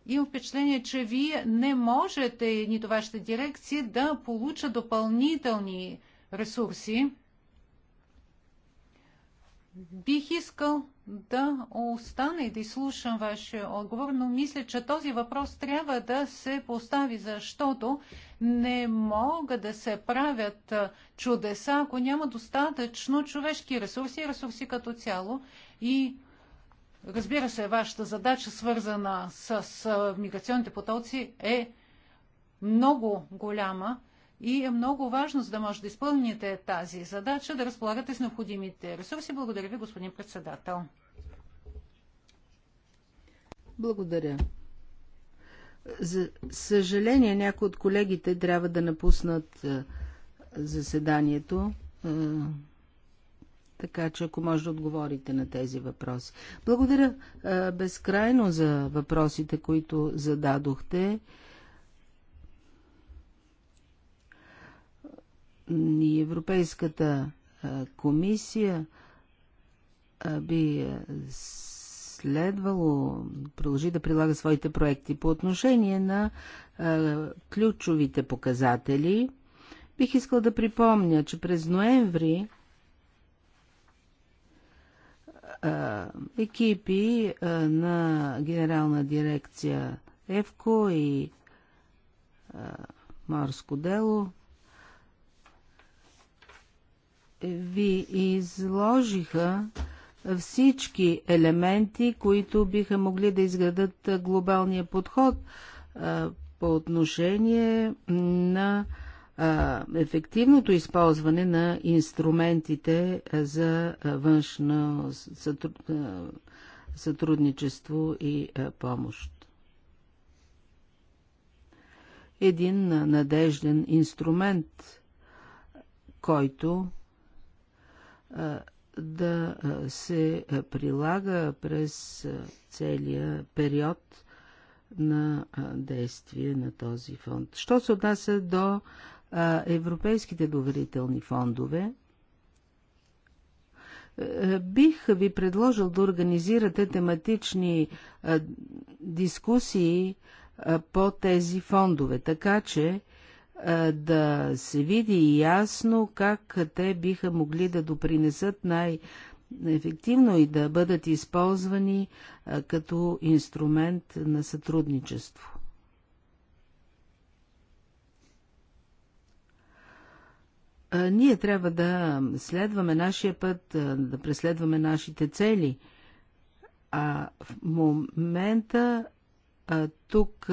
имам впечатление, че вие не можете, нито вашата е дирекция, да получат допълнителни ресурси бих искал да остана и да изслушам вашия отговор, но мисля, че този въпрос трябва да се постави, защото не могат да се правят чудеса, ако няма достатъчно човешки ресурси и ресурси като цяло. И разбира се, вашата задача, свързана с миграционните потоци, е много голяма. И е много важно, за да може да изпълните тази задача, да разполагате с необходимите ресурси. Благодаря ви, господин председател. Благодаря. За съжаление, някои от колегите трябва да напуснат е, заседанието. Е, така че, ако може да отговорите на тези въпроси. Благодаря е, безкрайно за въпросите, които зададохте. и Европейската комисия би следвало продължи да прилага своите проекти. По отношение на ключовите показатели, бих искал да припомня, че през ноември екипи на Генерална дирекция ЕВКО и Морско дело ви изложиха всички елементи, които биха могли да изградат глобалния подход по отношение на ефективното използване на инструментите за външно сътрудничество и помощ. Един надежден инструмент, който да се прилага през целия период на действие на този фонд. Що се отнася до европейските доверителни фондове, бих ви предложил да организирате тематични дискусии по тези фондове, така че е, да се види ясно как те биха могли да допринесат най-ефективно и да бъдат използвани е, като инструмент на сътрудничество. Е, ние трябва да следваме нашия път, да преследваме нашите цели. А в момента тук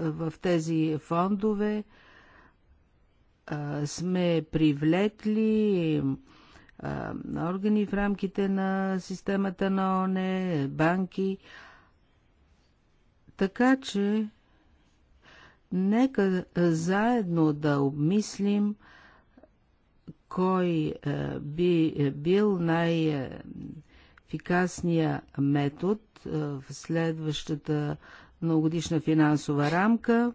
в тези фондове сме привлекли органи в рамките на системата на ОНЕ, банки. Така че, нека заедно да обмислим кой би бил най-ефикасния метод в следващата многогодишна финансова рамка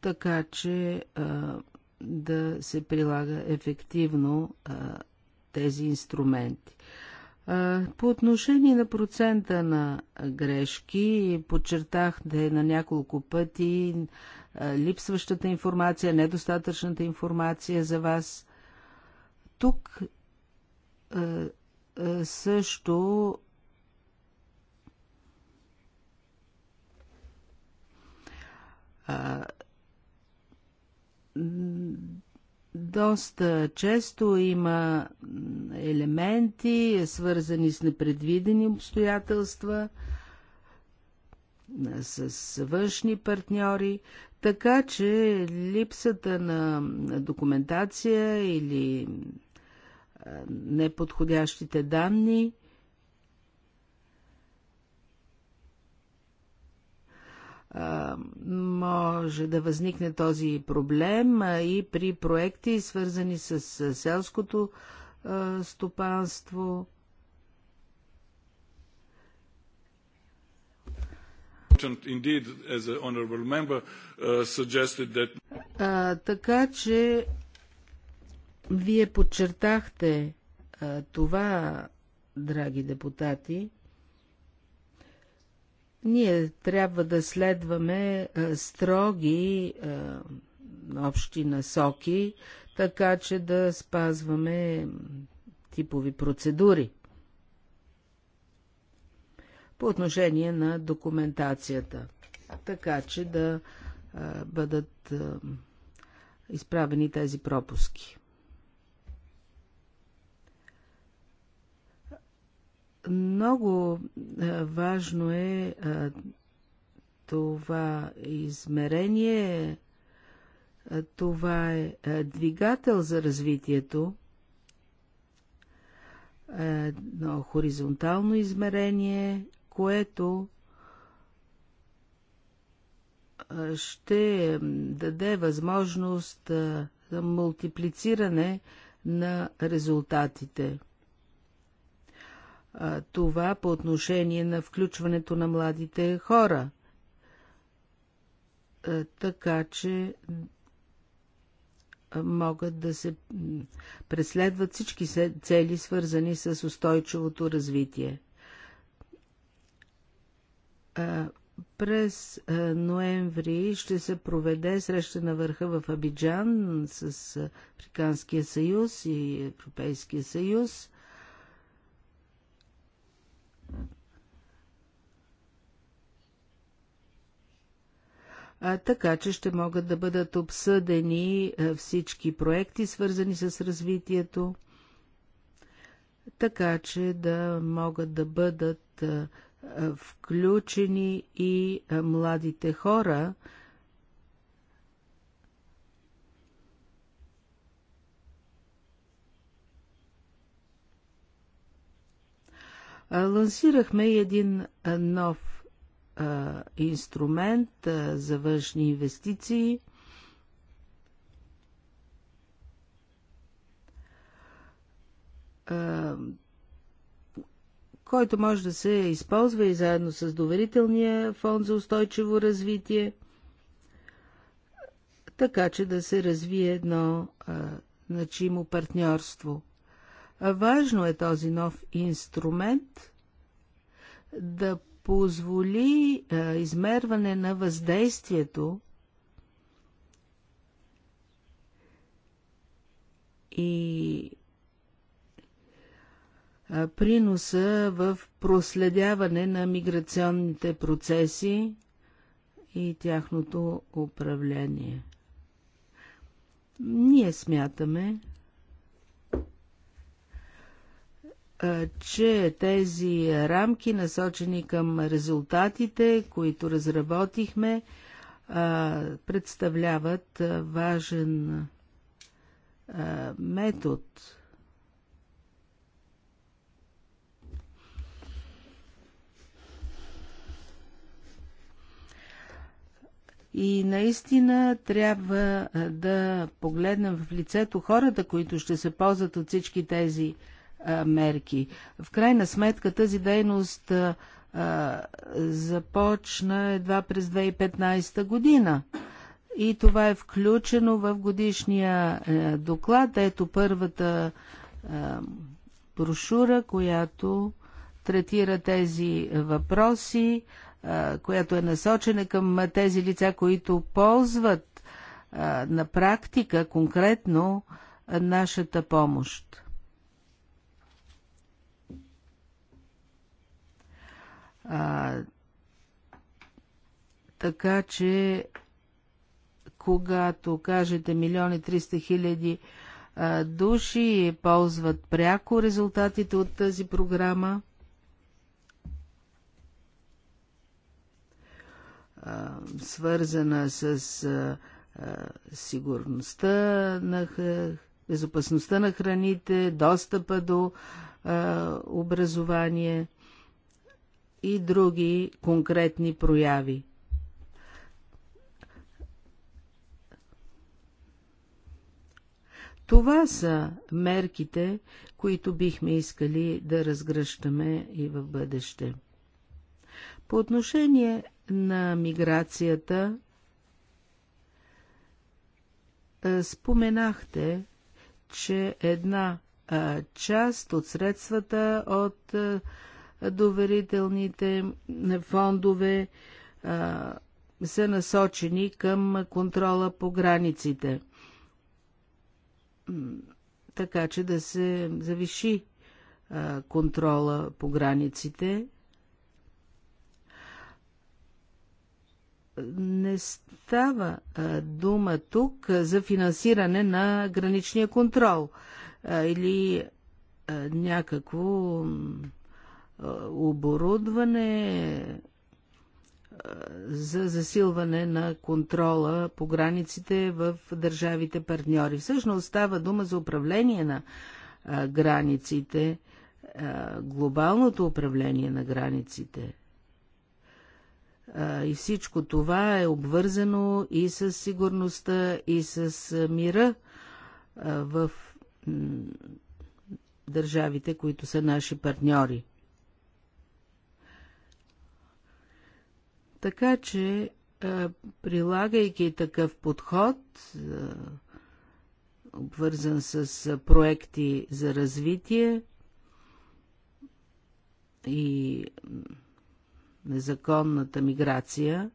така че да се прилага ефективно тези инструменти. По отношение на процента на грешки, подчертахте на няколко пъти липсващата информация, недостатъчната информация за вас. Тук също доста често има елементи, свързани с непредвидени обстоятелства, с външни партньори, така че липсата на документация или неподходящите данни може да възникне този проблем и при проекти, свързани с селското стопанство. Indeed, as member uh, that... така че вие подчертахте това, драги депутати, ние трябва да следваме а, строги а, общи насоки, така че да спазваме типови процедури. По отношение на документацията, така че да а, бъдат а, изправени тези пропуски. Много важно е това измерение, това е двигател за развитието, едно хоризонтално измерение, което ще даде възможност за мултиплициране на резултатите това по отношение на включването на младите хора. Така че могат да се преследват всички цели, свързани с устойчивото развитие. През ноември ще се проведе среща на върха в Абиджан с Африканския съюз и Европейския съюз а така че ще могат да бъдат обсъдени всички проекти, свързани с развитието, така че да могат да бъдат включени и младите хора Лансирахме един нов инструмент за външни инвестиции. който може да се използва и заедно с доверителния фонд за устойчиво развитие, така че да се развие едно а, начимо партньорство. Важно е този нов инструмент да позволи а, измерване на въздействието и а, приноса в проследяване на миграционните процеси и тяхното управление. Ние смятаме, че тези рамки, насочени към резултатите, които разработихме, представляват важен метод. И наистина трябва да погледнем в лицето хората, които ще се ползват от всички тези мерки. В крайна сметка тази дейност започна едва през 2015 година. И това е включено в годишния доклад. Ето първата брошура, която третира тези въпроси, която е насочена към тези лица, които ползват на практика конкретно нашата помощ. А, така че, когато кажете милиони 300 хиляди души ползват пряко резултатите от тази програма, свързана с сигурността на безопасността на храните, достъпа до образование – и други конкретни прояви. Това са мерките, които бихме искали да разгръщаме и в бъдеще. По отношение на миграцията, споменахте, че една част от средствата от доверителните фондове а, са насочени към контрола по границите. Така че да се завиши а, контрола по границите. Не става а, дума тук за финансиране на граничния контрол а, или а, някакво оборудване за засилване на контрола по границите в държавите партньори. Всъщност става дума за управление на границите, глобалното управление на границите. И всичко това е обвързано и с сигурността, и с мира в държавите, които са наши партньори. Така че, прилагайки такъв подход, обвързан с проекти за развитие и незаконната миграция,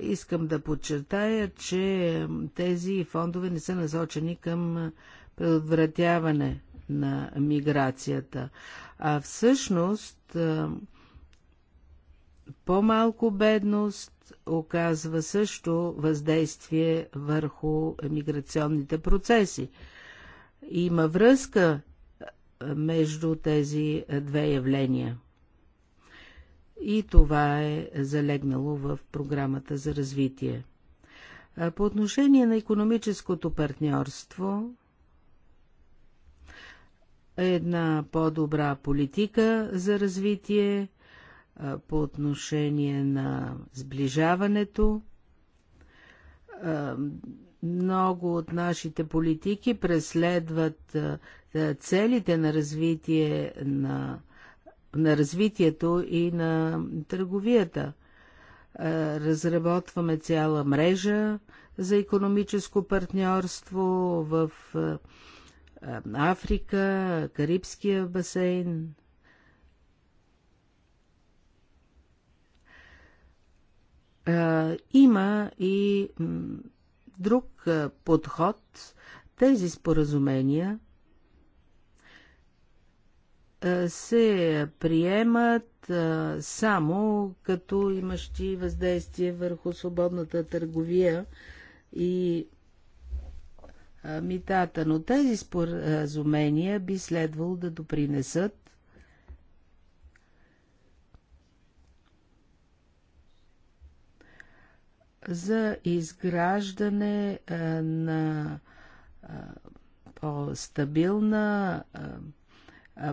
искам да подчертая, че тези фондове не са насочени към предотвратяване на миграцията. А всъщност по-малко бедност оказва също въздействие върху миграционните процеси. Има връзка между тези две явления. И това е залегнало в програмата за развитие. По отношение на економическото партньорство, една по-добра политика за развитие по отношение на сближаването. Много от нашите политики преследват целите на развитие на, на развитието и на търговията. Разработваме цяла мрежа за економическо партньорство в Африка, Карибския басейн. Има и друг подход. Тези споразумения се приемат само като имащи въздействие върху свободната търговия и митата, но тези споразумения би следвало да допринесат за изграждане на по-стабилна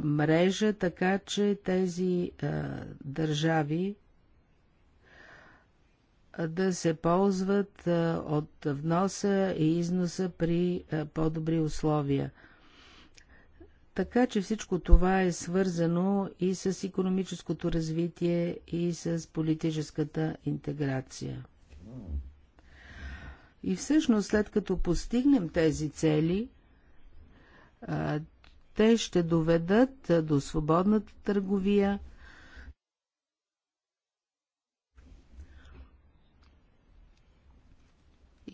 мрежа, така че тези държави да се ползват от вноса и износа при по-добри условия. Така че всичко това е свързано и с економическото развитие, и с политическата интеграция. И всъщност, след като постигнем тези цели, те ще доведат до свободната търговия –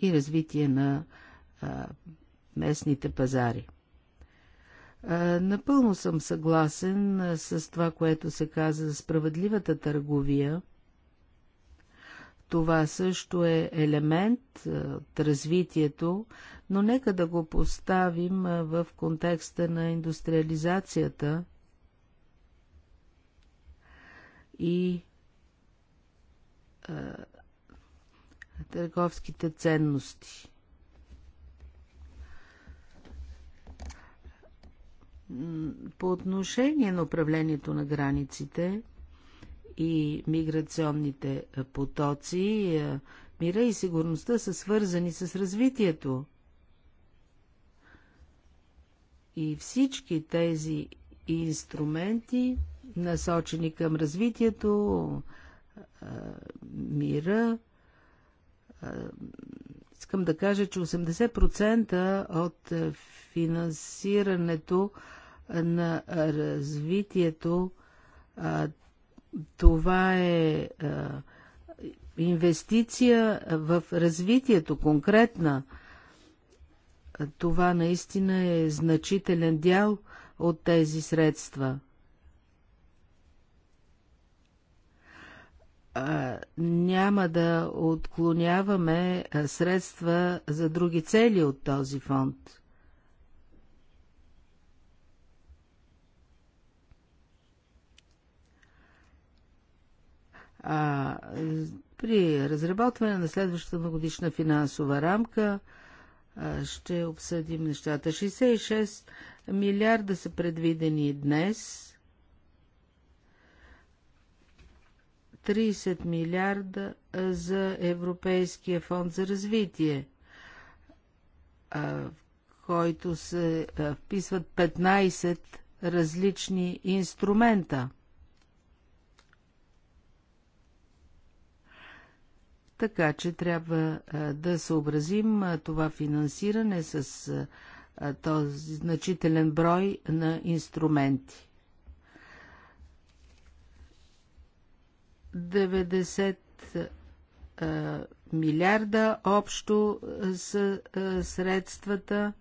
и развитие на а, местните пазари. А, напълно съм съгласен а, с това, което се каза за справедливата търговия. Това също е елемент от развитието, но нека да го поставим в контекста на индустриализацията и търговските ценности. По отношение на управлението на границите и миграционните потоци, е, мира и сигурността са свързани с развитието. И всички тези инструменти, насочени към развитието, е, мира, е, искам да кажа, че 80% от е, финансирането е, на развитието това е инвестиция в развитието конкретна. Това наистина е значителен дял от тези средства. няма да отклоняваме средства за други цели от този фонд. А, при разработване на следващата многодишна финансова рамка ще обсъдим нещата. 66 милиарда са предвидени днес 30 милиарда за Европейския фонд за развитие, в който се вписват 15 различни инструмента. Така че трябва да съобразим това финансиране с този значителен брой на инструменти. 90 милиарда общо с средствата.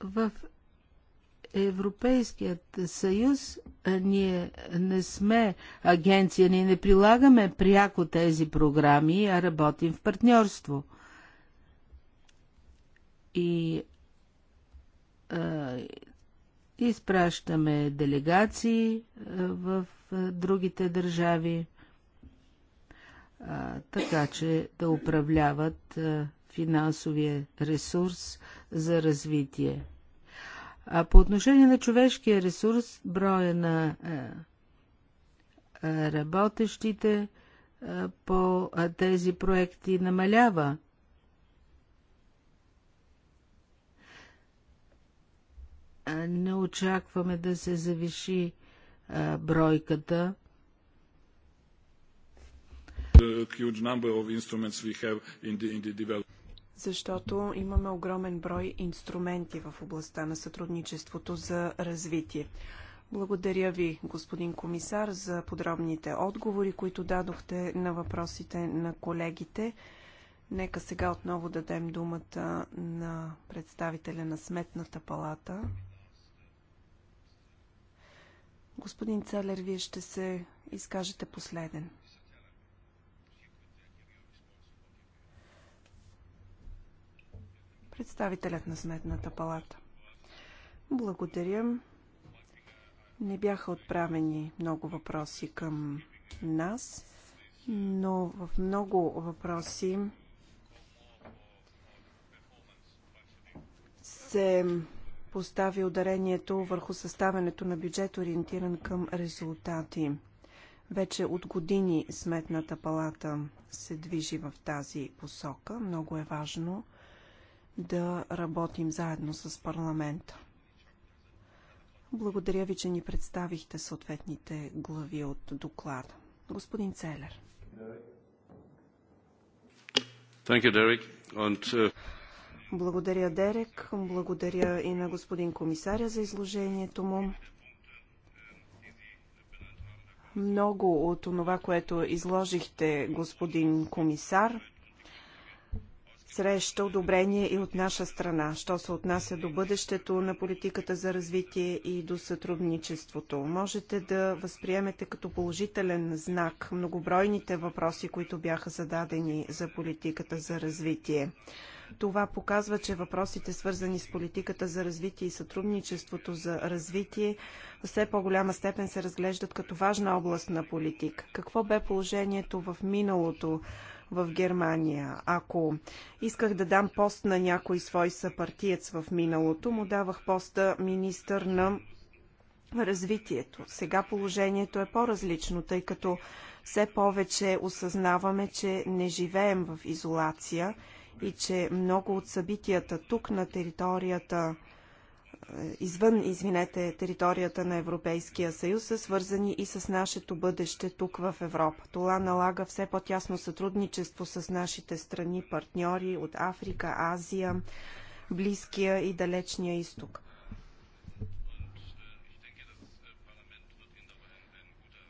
В Европейският съюз, ние не сме агенция, ние не прилагаме пряко тези програми, а работим в партньорство. И а, изпращаме делегации в другите държави, а, така че да управляват а, финансовия ресурс за развитие. А по отношение на човешкия ресурс, броя на е, е, работещите е, по тези проекти намалява. Не очакваме да се завиши бройката. Huge number of instruments we have in the, in the development защото имаме огромен брой инструменти в областта на сътрудничеството за развитие. Благодаря ви, господин комисар, за подробните отговори, които дадохте на въпросите на колегите. Нека сега отново дадем думата на представителя на Сметната палата. Господин Целер, вие ще се изкажете последен. Представителят на Сметната палата. Благодаря. Не бяха отправени много въпроси към нас, но в много въпроси се постави ударението върху съставянето на бюджет, ориентиран към резултати. Вече от години Сметната палата се движи в тази посока. Много е важно – да работим заедно с парламента. Благодаря ви, че ни представихте съответните глави от доклада. Господин Целер. You, And... Uh, Благодаря, Дерек. Благодаря и на господин комисаря за изложението му. Много от това, което изложихте, господин комисар, среща одобрение и от наша страна, що се отнася до бъдещето на политиката за развитие и до сътрудничеството. Можете да възприемете като положителен знак многобройните въпроси, които бяха зададени за политиката за развитие. Това показва, че въпросите, свързани с политиката за развитие и сътрудничеството за развитие, все по-голяма степен се разглеждат като важна област на политик. Какво бе положението в миналото? в Германия. Ако исках да дам пост на някой свой съпартиец в миналото, му давах поста министър на развитието. Сега положението е по-различно, тъй като все повече осъзнаваме, че не живеем в изолация и че много от събитията тук на територията извън, извинете, територията на Европейския съюз са свързани и с нашето бъдеще тук в Европа. Това налага все по-тясно сътрудничество с нашите страни, партньори от Африка, Азия, Близкия и Далечния изток.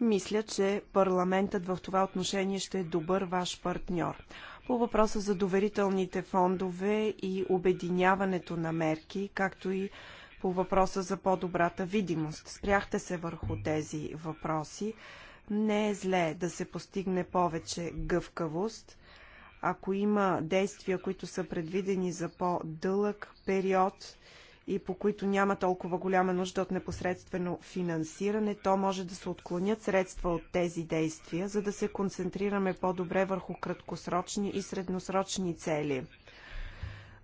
Мисля, че парламентът в това отношение ще е добър ваш партньор. По въпроса за доверителните фондове и обединяването на мерки, както и по въпроса за по-добрата видимост. Спряхте се върху тези въпроси. Не е зле да се постигне повече гъвкавост. Ако има действия, които са предвидени за по-дълъг период и по които няма толкова голяма нужда от непосредствено финансиране, то може да се отклонят средства от тези действия, за да се концентрираме по-добре върху краткосрочни и средносрочни цели.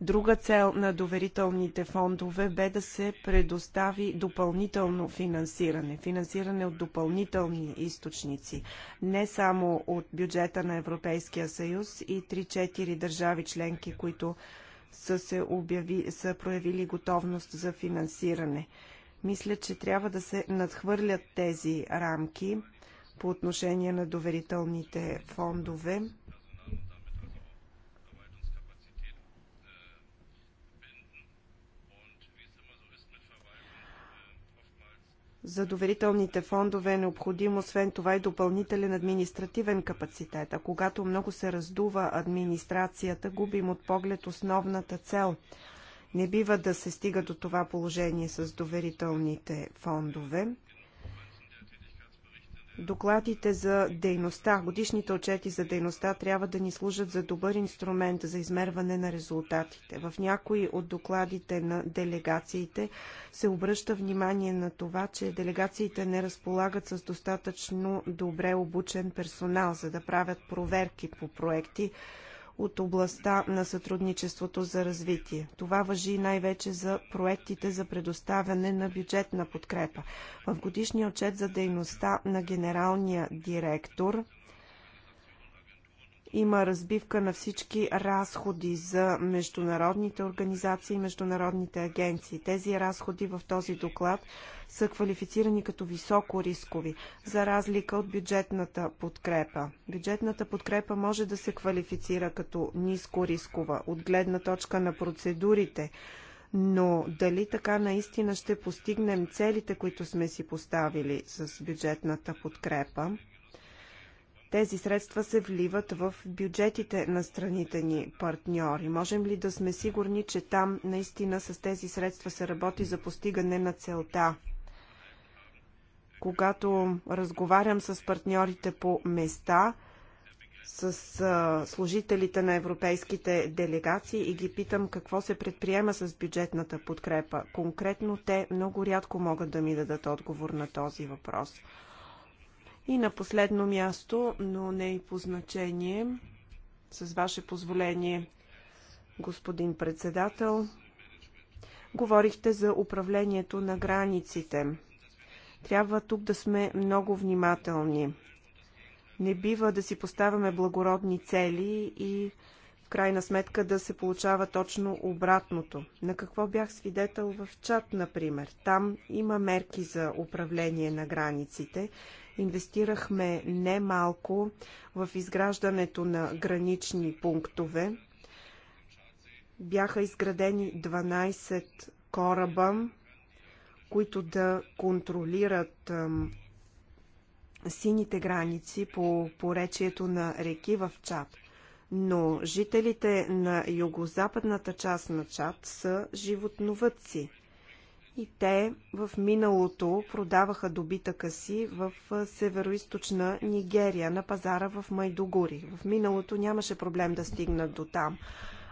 Друга цел на доверителните фондове бе да се предостави допълнително финансиране, финансиране от допълнителни източници, не само от бюджета на Европейския съюз и 3-4 държави членки, които са, се обяви, са проявили готовност за финансиране. Мисля, че трябва да се надхвърлят тези рамки по отношение на доверителните фондове за доверителните фондове е необходим освен това и допълнителен административен капацитет, а когато много се раздува администрацията, губим от поглед основната цел. Не бива да се стига до това положение с доверителните фондове. Докладите за дейността, годишните отчети за дейността трябва да ни служат за добър инструмент за измерване на резултатите. В някои от докладите на делегациите се обръща внимание на това, че делегациите не разполагат с достатъчно добре обучен персонал, за да правят проверки по проекти, от областта на сътрудничеството за развитие. Това въжи най-вече за проектите за предоставяне на бюджетна подкрепа. В годишния отчет за дейността на генералния директор има разбивка на всички разходи за международните организации и международните агенции. Тези разходи в този доклад са квалифицирани като високо рискови, за разлика от бюджетната подкрепа. Бюджетната подкрепа може да се квалифицира като ниско рискова от гледна точка на процедурите, но дали така наистина ще постигнем целите, които сме си поставили с бюджетната подкрепа, тези средства се вливат в бюджетите на страните ни партньори? Можем ли да сме сигурни, че там наистина с тези средства се работи за постигане на целта? Когато разговарям с партньорите по места, с служителите на европейските делегации и ги питам какво се предприема с бюджетната подкрепа. Конкретно те много рядко могат да ми дадат отговор на този въпрос. И на последно място, но не и по значение, с ваше позволение, господин председател, говорихте за управлението на границите. Трябва тук да сме много внимателни. Не бива да си поставяме благородни цели и в крайна сметка да се получава точно обратното. На какво бях свидетел в чат, например. Там има мерки за управление на границите Инвестирахме немалко в изграждането на гранични пунктове. Бяха изградени 12 кораба, които да контролират сините граници по поречието на реки в Чад. Но жителите на югозападната част на Чад са животновъдци – и те в миналото продаваха добитъка си в северо Нигерия на пазара в Майдугури. В миналото нямаше проблем да стигнат до там.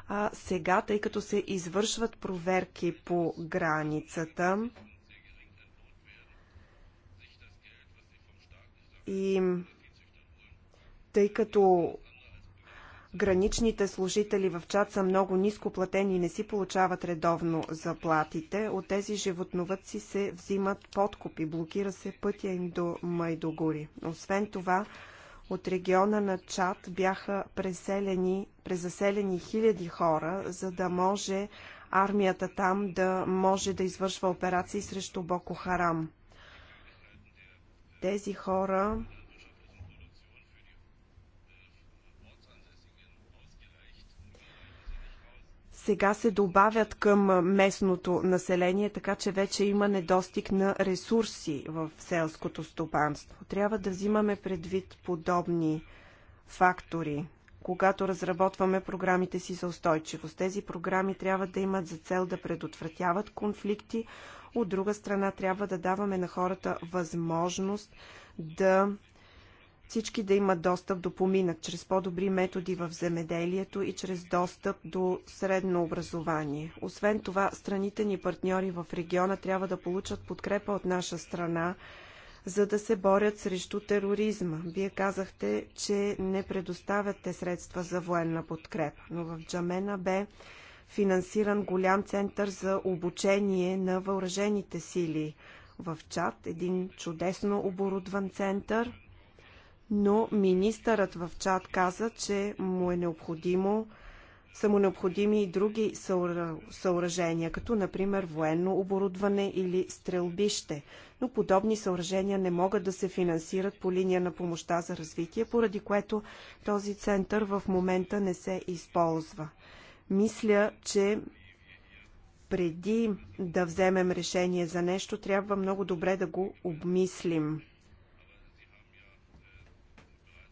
А сега, тъй като се извършват проверки по границата и тъй като граничните служители в чат са много ниско платени и не си получават редовно заплатите. От тези животновъдци се взимат подкупи, блокира се пътя им до Майдогори. Освен това, от региона на Чад бяха преселени, презаселени хиляди хора, за да може армията там да може да извършва операции срещу Боко Харам. Тези хора сега се добавят към местното население, така че вече има недостиг на ресурси в селското стопанство. Трябва да взимаме предвид подобни фактори, когато разработваме програмите си за устойчивост. Тези програми трябва да имат за цел да предотвратяват конфликти, от друга страна трябва да даваме на хората възможност да всички да имат достъп до поминък чрез по-добри методи в земеделието и чрез достъп до средно образование. Освен това, страните ни партньори в региона трябва да получат подкрепа от наша страна, за да се борят срещу тероризма. Вие казахте, че не предоставяте средства за военна подкрепа, но в Джамена бе финансиран голям център за обучение на въоръжените сили в Чад, един чудесно оборудван център – но министърът в чат каза, че му е необходимо са му необходими и други съоръжения, като например военно оборудване или стрелбище. Но подобни съоръжения не могат да се финансират по линия на помощта за развитие, поради което този център в момента не се използва. Мисля, че преди да вземем решение за нещо, трябва много добре да го обмислим.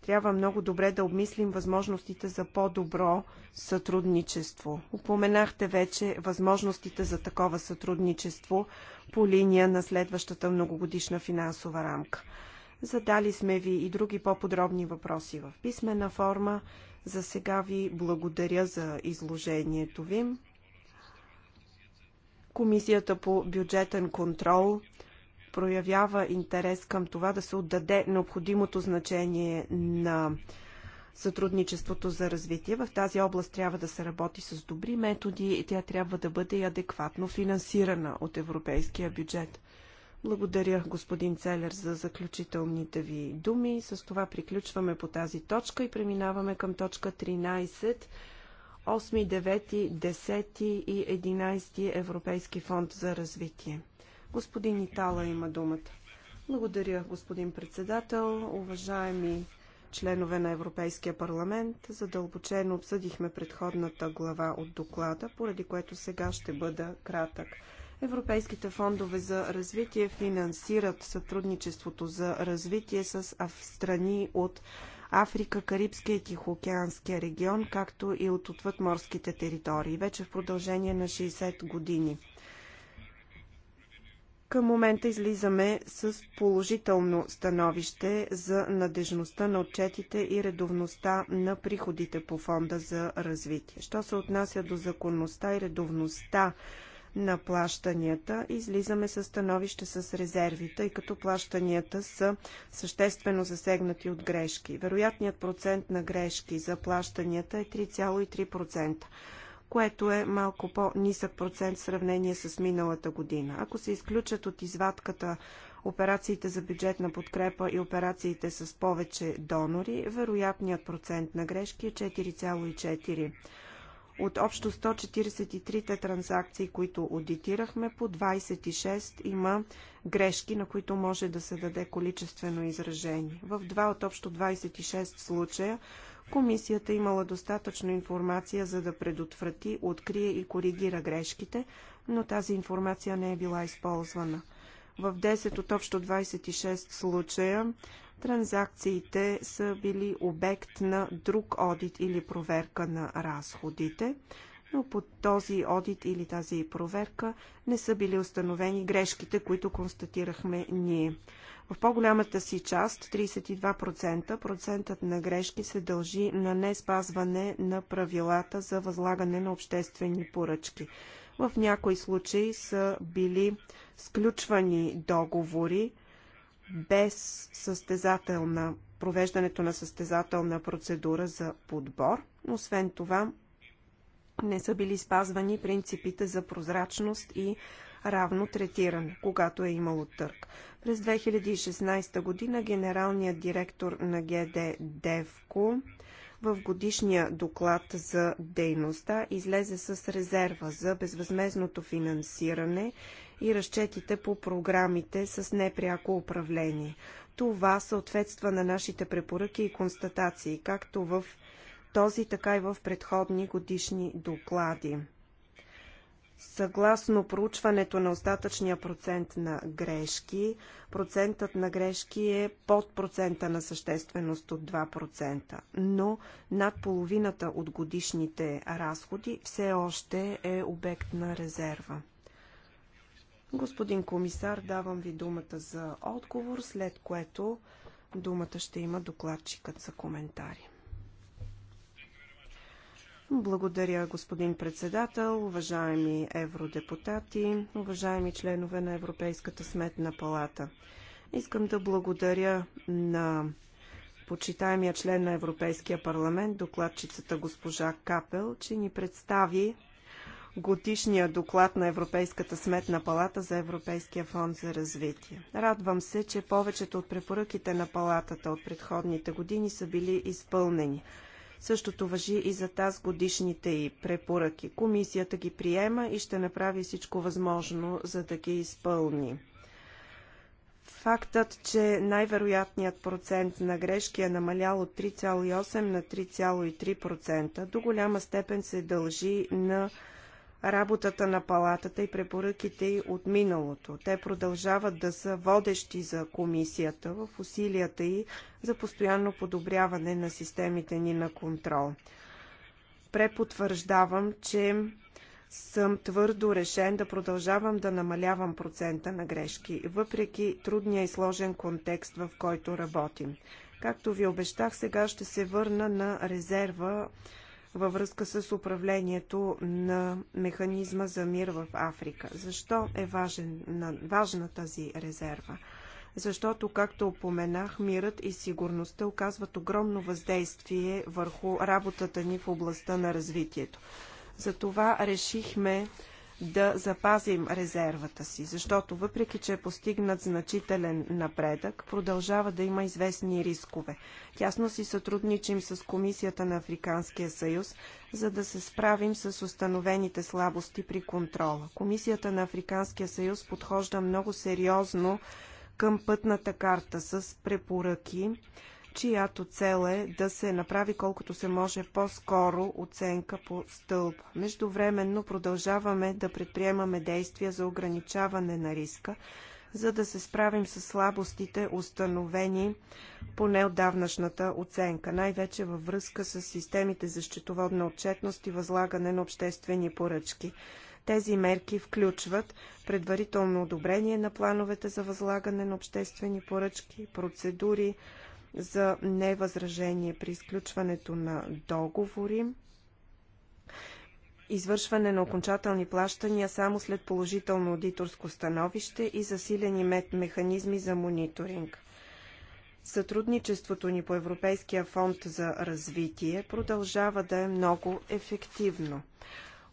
Трябва много добре да обмислим възможностите за по-добро сътрудничество. Упоменахте вече възможностите за такова сътрудничество по линия на следващата многогодишна финансова рамка. Задали сме ви и други по-подробни въпроси в писмена форма. За сега ви благодаря за изложението ви. Комисията по бюджетен контрол проявява интерес към това да се отдаде необходимото значение на сътрудничеството за развитие. В тази област трябва да се работи с добри методи и тя трябва да бъде и адекватно финансирана от европейския бюджет. Благодаря, господин Целер, за заключителните ви думи. С това приключваме по тази точка и преминаваме към точка 13. 8, 9, 10 и 11 Европейски фонд за развитие. Господин Итала има думата. Благодаря, господин председател. Уважаеми членове на Европейския парламент, задълбочено обсъдихме предходната глава от доклада, поради което сега ще бъда кратък. Европейските фондове за развитие финансират сътрудничеството за развитие с страни от Африка, Карибския и Тихоокеанския регион, както и от отвъдморските територии, вече в продължение на 60 години. Към момента излизаме с положително становище за надежността на отчетите и редовността на приходите по фонда за развитие. Що се отнася до законността и редовността на плащанията, излизаме с становище с резерви, тъй като плащанията са съществено засегнати от грешки. Вероятният процент на грешки за плащанията е 3,3% което е малко по-нисък процент в сравнение с миналата година. Ако се изключат от извадката операциите за бюджетна подкрепа и операциите с повече донори, вероятният процент на грешки е 4,4. От общо 143-те транзакции, които аудитирахме, по 26 има грешки, на които може да се даде количествено изражение. В два от общо 26 случая Комисията имала достатъчно информация, за да предотврати, открие и коригира грешките, но тази информация не е била използвана. В 10 от общо 26 случая транзакциите са били обект на друг одит или проверка на разходите но под този одит или тази проверка не са били установени грешките, които констатирахме ние. В по-голямата си част, 32%, процентът на грешки се дължи на не спазване на правилата за възлагане на обществени поръчки. В някои случаи са били сключвани договори без състезателна, провеждането на състезателна процедура за подбор. Освен това, не са били спазвани принципите за прозрачност и равно третиране, когато е имало търг. През 2016 година генералният директор на ГД Девко в годишния доклад за дейността излезе с резерва за безвъзмезното финансиране и разчетите по програмите с непряко управление. Това съответства на нашите препоръки и констатации, както в този, така и в предходни годишни доклади. Съгласно проучването на остатъчния процент на грешки, процентът на грешки е под процента на същественост от 2%, но над половината от годишните разходи все още е обект на резерва. Господин комисар, давам ви думата за отговор, след което думата ще има докладчикът за коментари. Благодаря, господин председател, уважаеми евродепутати, уважаеми членове на Европейската сметна палата. Искам да благодаря на почитаемия член на Европейския парламент, докладчицата госпожа Капел, че ни представи годишния доклад на Европейската сметна палата за Европейския фонд за развитие. Радвам се, че повечето от препоръките на палатата от предходните години са били изпълнени. Същото въжи и за таз годишните и препоръки. Комисията ги приема и ще направи всичко възможно, за да ги изпълни. Фактът, че най-вероятният процент на грешки е намалял от 3,8 на 3,3%, до голяма степен се дължи на работата на палатата и препоръките й от миналото. Те продължават да са водещи за комисията в усилията й за постоянно подобряване на системите ни на контрол. Препотвърждавам, че съм твърдо решен да продължавам да намалявам процента на грешки, въпреки трудния и сложен контекст, в който работим. Както ви обещах, сега ще се върна на резерва във връзка с управлението на механизма за мир в Африка. Защо е важен, важна тази резерва? Защото, както упоменах, мирът и сигурността оказват огромно въздействие върху работата ни в областта на развитието. Затова решихме да запазим резервата си, защото въпреки, че е постигнат значителен напредък, продължава да има известни рискове. Тясно си сътрудничим с Комисията на Африканския съюз, за да се справим с установените слабости при контрола. Комисията на Африканския съюз подхожда много сериозно към пътната карта с препоръки, чиято цел е да се направи колкото се може по-скоро оценка по стълб. Междувременно продължаваме да предприемаме действия за ограничаване на риска, за да се справим с слабостите, установени по неотдавнашната оценка, най-вече във връзка с системите за счетоводна отчетност и възлагане на обществени поръчки. Тези мерки включват предварително одобрение на плановете за възлагане на обществени поръчки, процедури, за невъзражение при изключването на договори, извършване на окончателни плащания само след положително аудиторско становище и засилени механизми за мониторинг. Сътрудничеството ни по Европейския фонд за развитие продължава да е много ефективно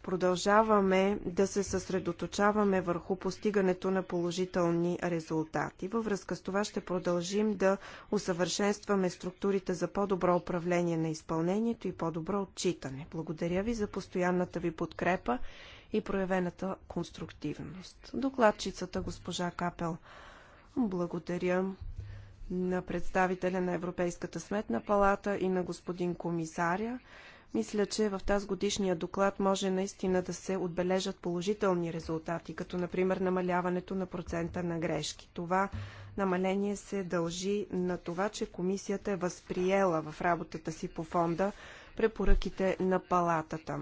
продължаваме да се съсредоточаваме върху постигането на положителни резултати. Във връзка с това ще продължим да усъвършенстваме структурите за по-добро управление на изпълнението и по-добро отчитане. Благодаря ви за постоянната ви подкрепа и проявената конструктивност. Докладчицата госпожа Капел. Благодаря на представителя на Европейската сметна палата и на господин комисаря. Мисля, че в тази годишния доклад може наистина да се отбележат положителни резултати, като например намаляването на процента на грешки. Това намаление се дължи на това, че комисията е възприела в работата си по фонда препоръките на палатата.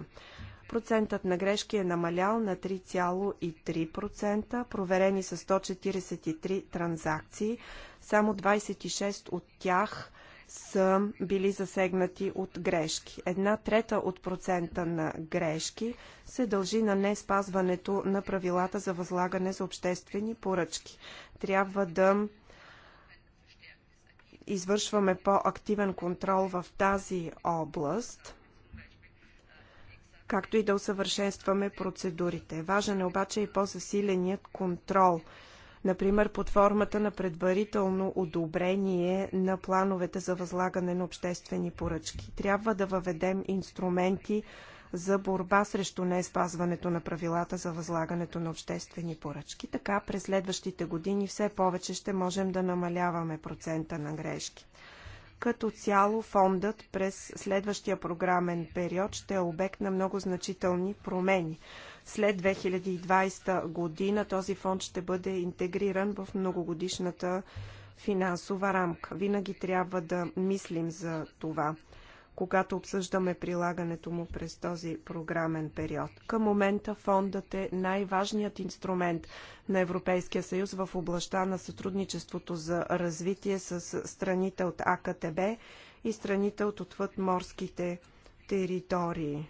Процентът на грешки е намалял на 3,3%, проверени са 143 транзакции, само 26 от тях – са били засегнати от грешки. Една трета от процента на грешки се дължи на не спазването на правилата за възлагане за обществени поръчки. Трябва да извършваме по-активен контрол в тази област, както и да усъвършенстваме процедурите. Важен е обаче и по-засиленият контрол – например под формата на предварително одобрение на плановете за възлагане на обществени поръчки. Трябва да въведем инструменти за борба срещу неспазването на правилата за възлагането на обществени поръчки. Така през следващите години все повече ще можем да намаляваме процента на грешки. Като цяло фондът през следващия програмен период ще е обект на много значителни промени. След 2020 година този фонд ще бъде интегриран в многогодишната финансова рамка. Винаги трябва да мислим за това когато обсъждаме прилагането му през този програмен период. Към момента фондът е най-важният инструмент на Европейския съюз в областта на сътрудничеството за развитие с страните от АКТБ и страните от отвъд морските територии.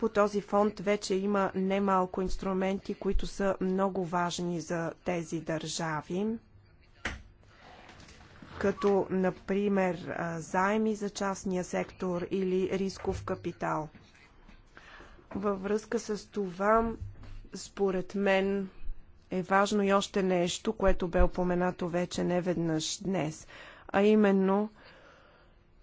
По този фонд вече има немалко инструменти, които са много важни за тези държави, като например заеми за частния сектор или рисков капитал. Във връзка с това, според мен, е важно и още нещо, което бе упоменато вече неведнъж днес, а именно –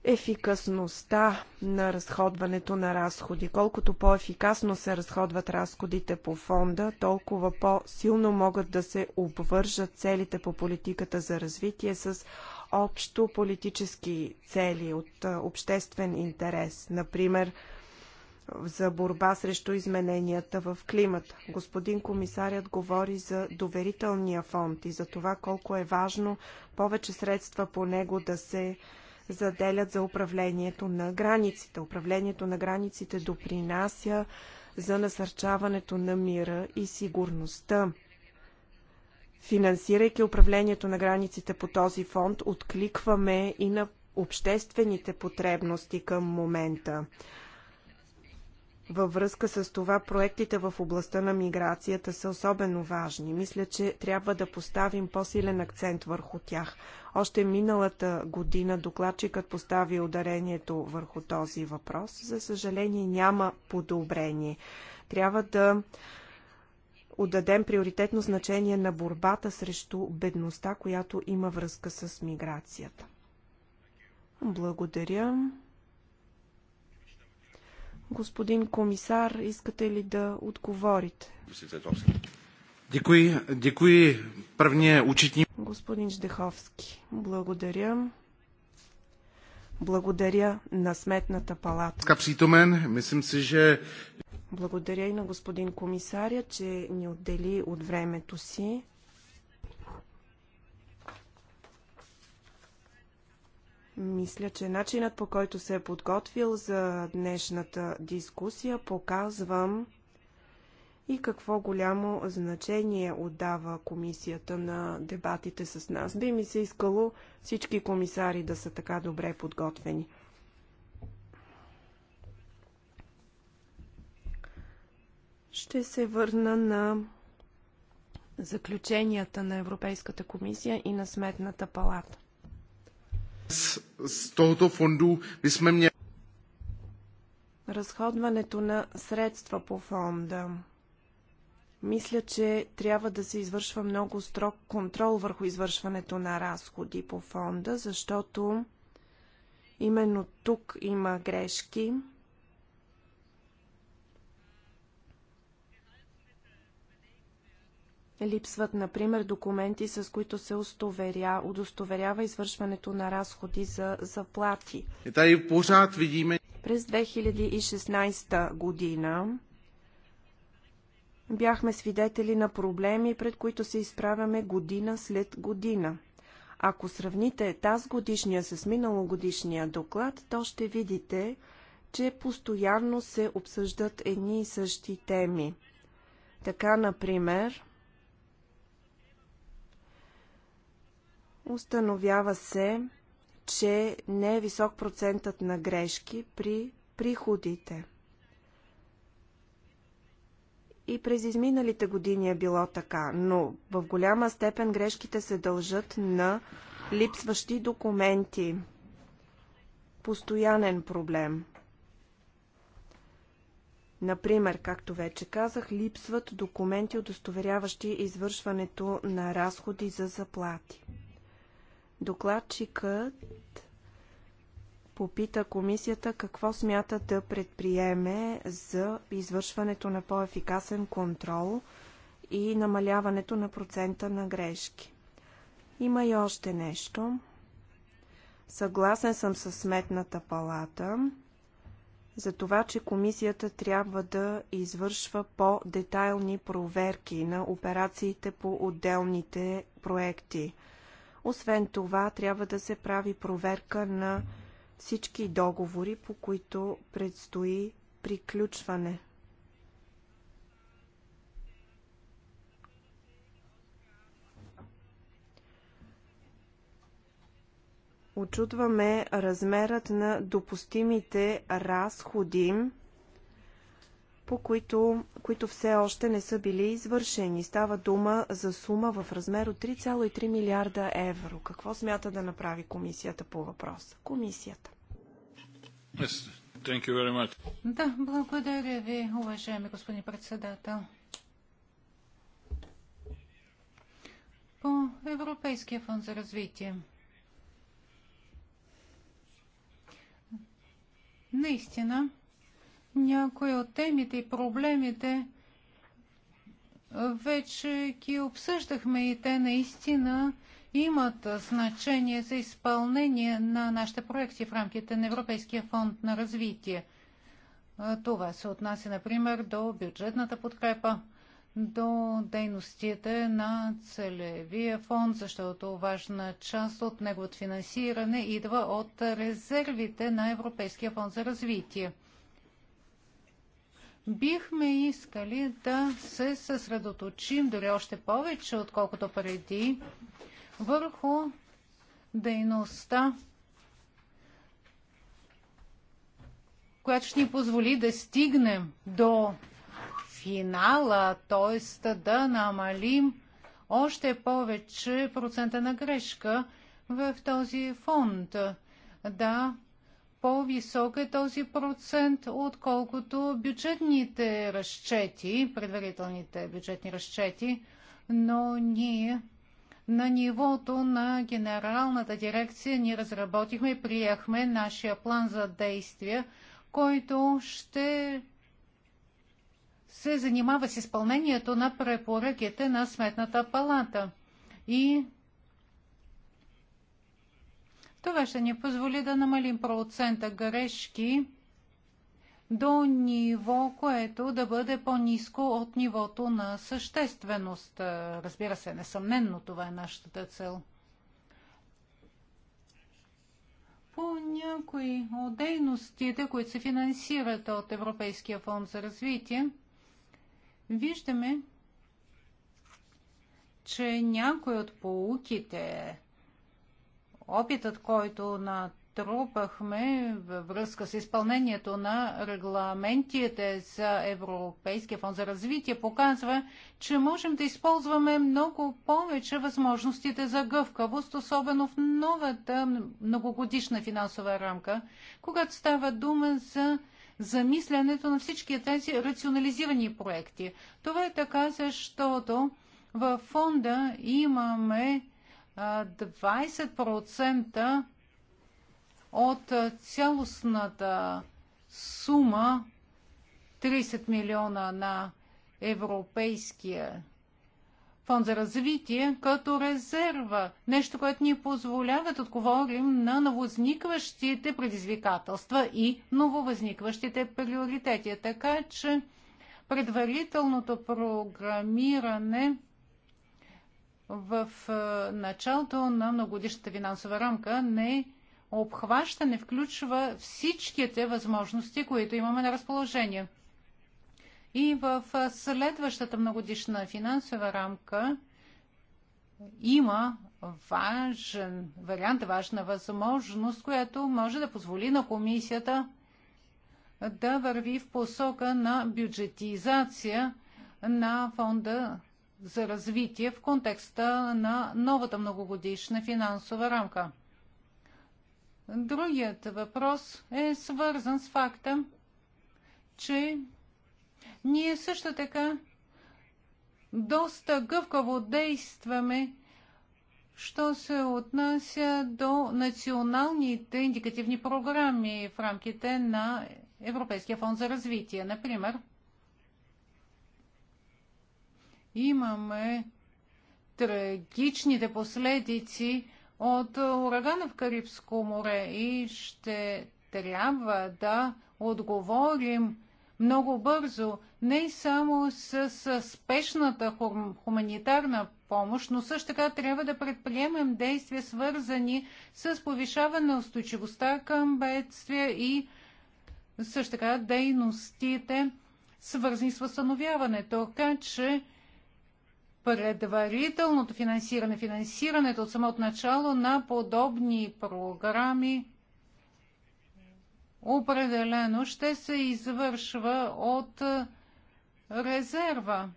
ефикасността на разходването на разходи. Колкото по-ефикасно се разходват разходите по фонда, толкова по-силно могат да се обвържат целите по политиката за развитие с общо политически цели от обществен интерес. Например, за борба срещу измененията в климата. Господин комисарят говори за доверителния фонд и за това колко е важно повече средства по него да се заделят за управлението на границите. Управлението на границите допринася за насърчаването на мира и сигурността. Финансирайки управлението на границите по този фонд, откликваме и на обществените потребности към момента. Във връзка с това проектите в областта на миграцията са особено важни. Мисля, че трябва да поставим по-силен акцент върху тях. Още миналата година докладчикът постави ударението върху този въпрос. За съжаление няма подобрение. Трябва да отдадем приоритетно значение на борбата срещу бедността, която има връзка с миграцията. Благодаря. Господин комисар, искате ли да отговорите? Господин Ждеховски, благодаря. Благодаря на Сметната палата. си, Благодаря и на господин комисаря, че ни отдели от времето си. Мисля, че начинът по който се е подготвил за днешната дискусия показвам и какво голямо значение отдава комисията на дебатите с нас. Би ми се искало всички комисари да са така добре подготвени. Ще се върна на заключенията на Европейската комисия и на Сметната палата. Z tohoto fondu bychom měli разходването на средства по фонда. Мисля, че трябва да се извършва много строг контрол върху извършването на разходи по фонда, защото именно тук има грешки. Липсват, например, документи, с които се устоверя, удостоверява извършването на разходи за заплати. През 2016 година бяхме свидетели на проблеми, пред които се изправяме година след година. Ако сравните тази годишния с миналогодишния доклад, то ще видите, че постоянно се обсъждат едни и същи теми. Така, например, Установява се, че не е висок процентът на грешки при приходите. И през изминалите години е било така, но в голяма степен грешките се дължат на липсващи документи. Постоянен проблем. Например, както вече казах, липсват документи, удостоверяващи извършването на разходи за заплати. Докладчикът попита комисията какво смята да предприеме за извършването на по-ефикасен контрол и намаляването на процента на грешки. Има и още нещо. Съгласен съм с сметната палата за това, че комисията трябва да извършва по-детайлни проверки на операциите по отделните проекти. Освен това, трябва да се прави проверка на всички договори, по които предстои приключване. Очудваме размерът на допустимите разходи по които, които все още не са били извършени. Става дума за сума в размер от 3,3 милиарда евро. Какво смята да направи комисията по въпроса? Комисията. Yes, thank you very much. Да, благодаря ви, уважаеми господин председател. По Европейския фонд за развитие. Наистина, някои от темите и проблемите вече ги обсъждахме и те наистина имат значение за изпълнение на нашите проекти в рамките на Европейския фонд на развитие. Това се отнася, например, до бюджетната подкрепа, до дейностите на целевия фонд, защото важна част от неговото финансиране идва от резервите на Европейския фонд за развитие бихме искали да се съсредоточим дори още повече, отколкото преди, върху дейността, която ще ни позволи да стигнем до финала, т.е. да намалим още повече процента на грешка в този фонд. Да по-висок е този процент, отколкото бюджетните разчети, предварителните бюджетни разчети, но ние на нивото на генералната дирекция ни разработихме и приехме нашия план за действие, който ще се занимава с изпълнението на препоръките на Сметната палата. И това ще ни позволи да намалим процента грешки до ниво, което да бъде по-низко от нивото на същественост. Разбира се, несъмненно това е нашата цел. По някои от дейностите, които се финансират от Европейския фонд за развитие, виждаме, че някои от полуките опитът, който натрупахме във връзка с изпълнението на регламентите за Европейския фонд за развитие, показва, че можем да използваме много повече възможностите за гъвкавост, особено в новата многогодишна финансова рамка, когато става дума за замислянето на всички тези рационализирани проекти. Това е така, защото във фонда имаме 20% от цялостната сума 30 милиона на Европейския фонд за развитие като резерва. Нещо, което ни позволява да отговорим на нововъзникващите предизвикателства и нововъзникващите приоритети. Така че предварителното програмиране – в началото на многодишната финансова рамка не обхваща, не включва всичките възможности, които имаме на разположение. И в следващата многодишна финансова рамка има важен вариант, важна възможност, която може да позволи на комисията да върви в посока на бюджетизация на фонда за развитие в контекста на новата многогодишна финансова рамка. Другият въпрос е свързан с факта, че ние също така доста гъвкаво действаме, що се отнася до националните индикативни програми в рамките на Европейския фонд за развитие. Например, имаме трагичните последици от урагана в Карибско море и ще трябва да отговорим много бързо, не само с, спешната хум, хуманитарна помощ, но също така трябва да предприемем действия, свързани с повишаване на устойчивостта към бедствия и също така дейностите, свързани с възстановяване. Така че предварителното финансиране, финансирането от самото начало на подобни програми определено ще се извършва от резерва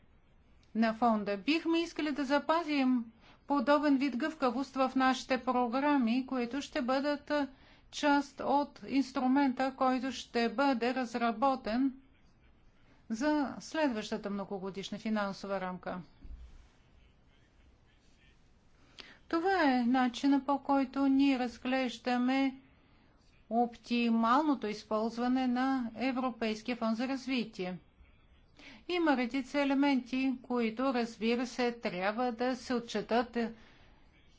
на фонда. Бихме искали да запазим подобен вид гъвкавост в нашите програми, които ще бъдат част от инструмента, който ще бъде разработен за следващата многогодишна финансова рамка. Това е начина по който ние разглеждаме оптималното използване на Европейския фонд за развитие. Има редица елементи, които, разбира се, трябва да се отчетат,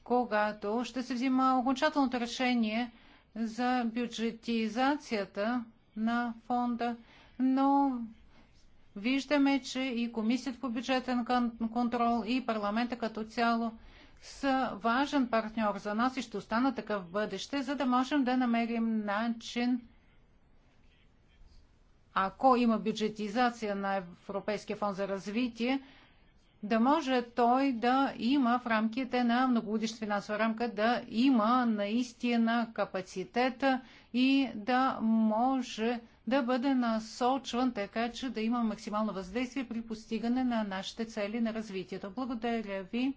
когато ще се взима окончателното решение за бюджетизацията на фонда, но виждаме, че и Комисията по бюджетен контрол и парламента като цяло – са важен партньор за нас и ще останат такъв в бъдеще, за да можем да намерим начин ако има бюджетизация на Европейския фонд за развитие, да може той да има в рамките на многогодишна финансова рамка, да има наистина капацитета и да може да бъде насочван така, че да има максимално въздействие при постигане на нашите цели на развитието. Благодаря ви.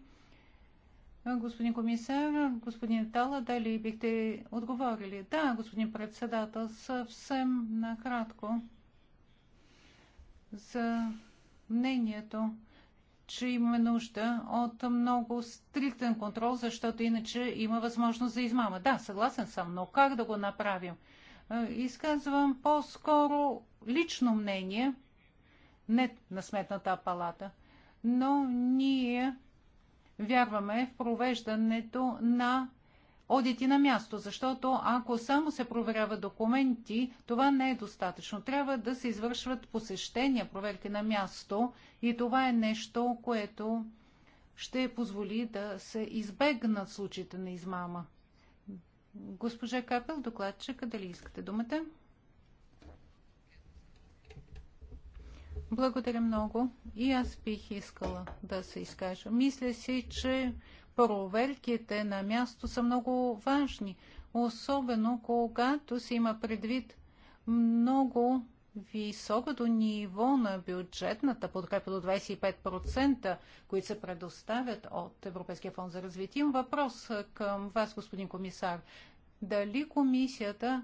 Господин комисар, господин Тала, дали бихте отговорили? Да, господин председател, съвсем накратко за мнението, че имаме нужда от много стриктен контрол, защото иначе има възможност за измама. Да, съгласен съм, но как да го направим? Е, изказвам по-скоро лично мнение, не на сметната палата, но ние вярваме в провеждането на одити на място, защото ако само се проверяват документи, това не е достатъчно. Трябва да се извършват посещения, проверки на място и това е нещо, което ще позволи да се избегнат случаите на измама. Госпожа Капел, докладчика, дали искате думата? Благодаря много. И аз бих искала да се изкажа. Мисля си, че проверките на място са много важни, особено когато се има предвид много високото ниво на бюджетната подкрепа до 25%, които се предоставят от Европейския фонд за развитие. Имам въпрос към вас, господин комисар. Дали комисията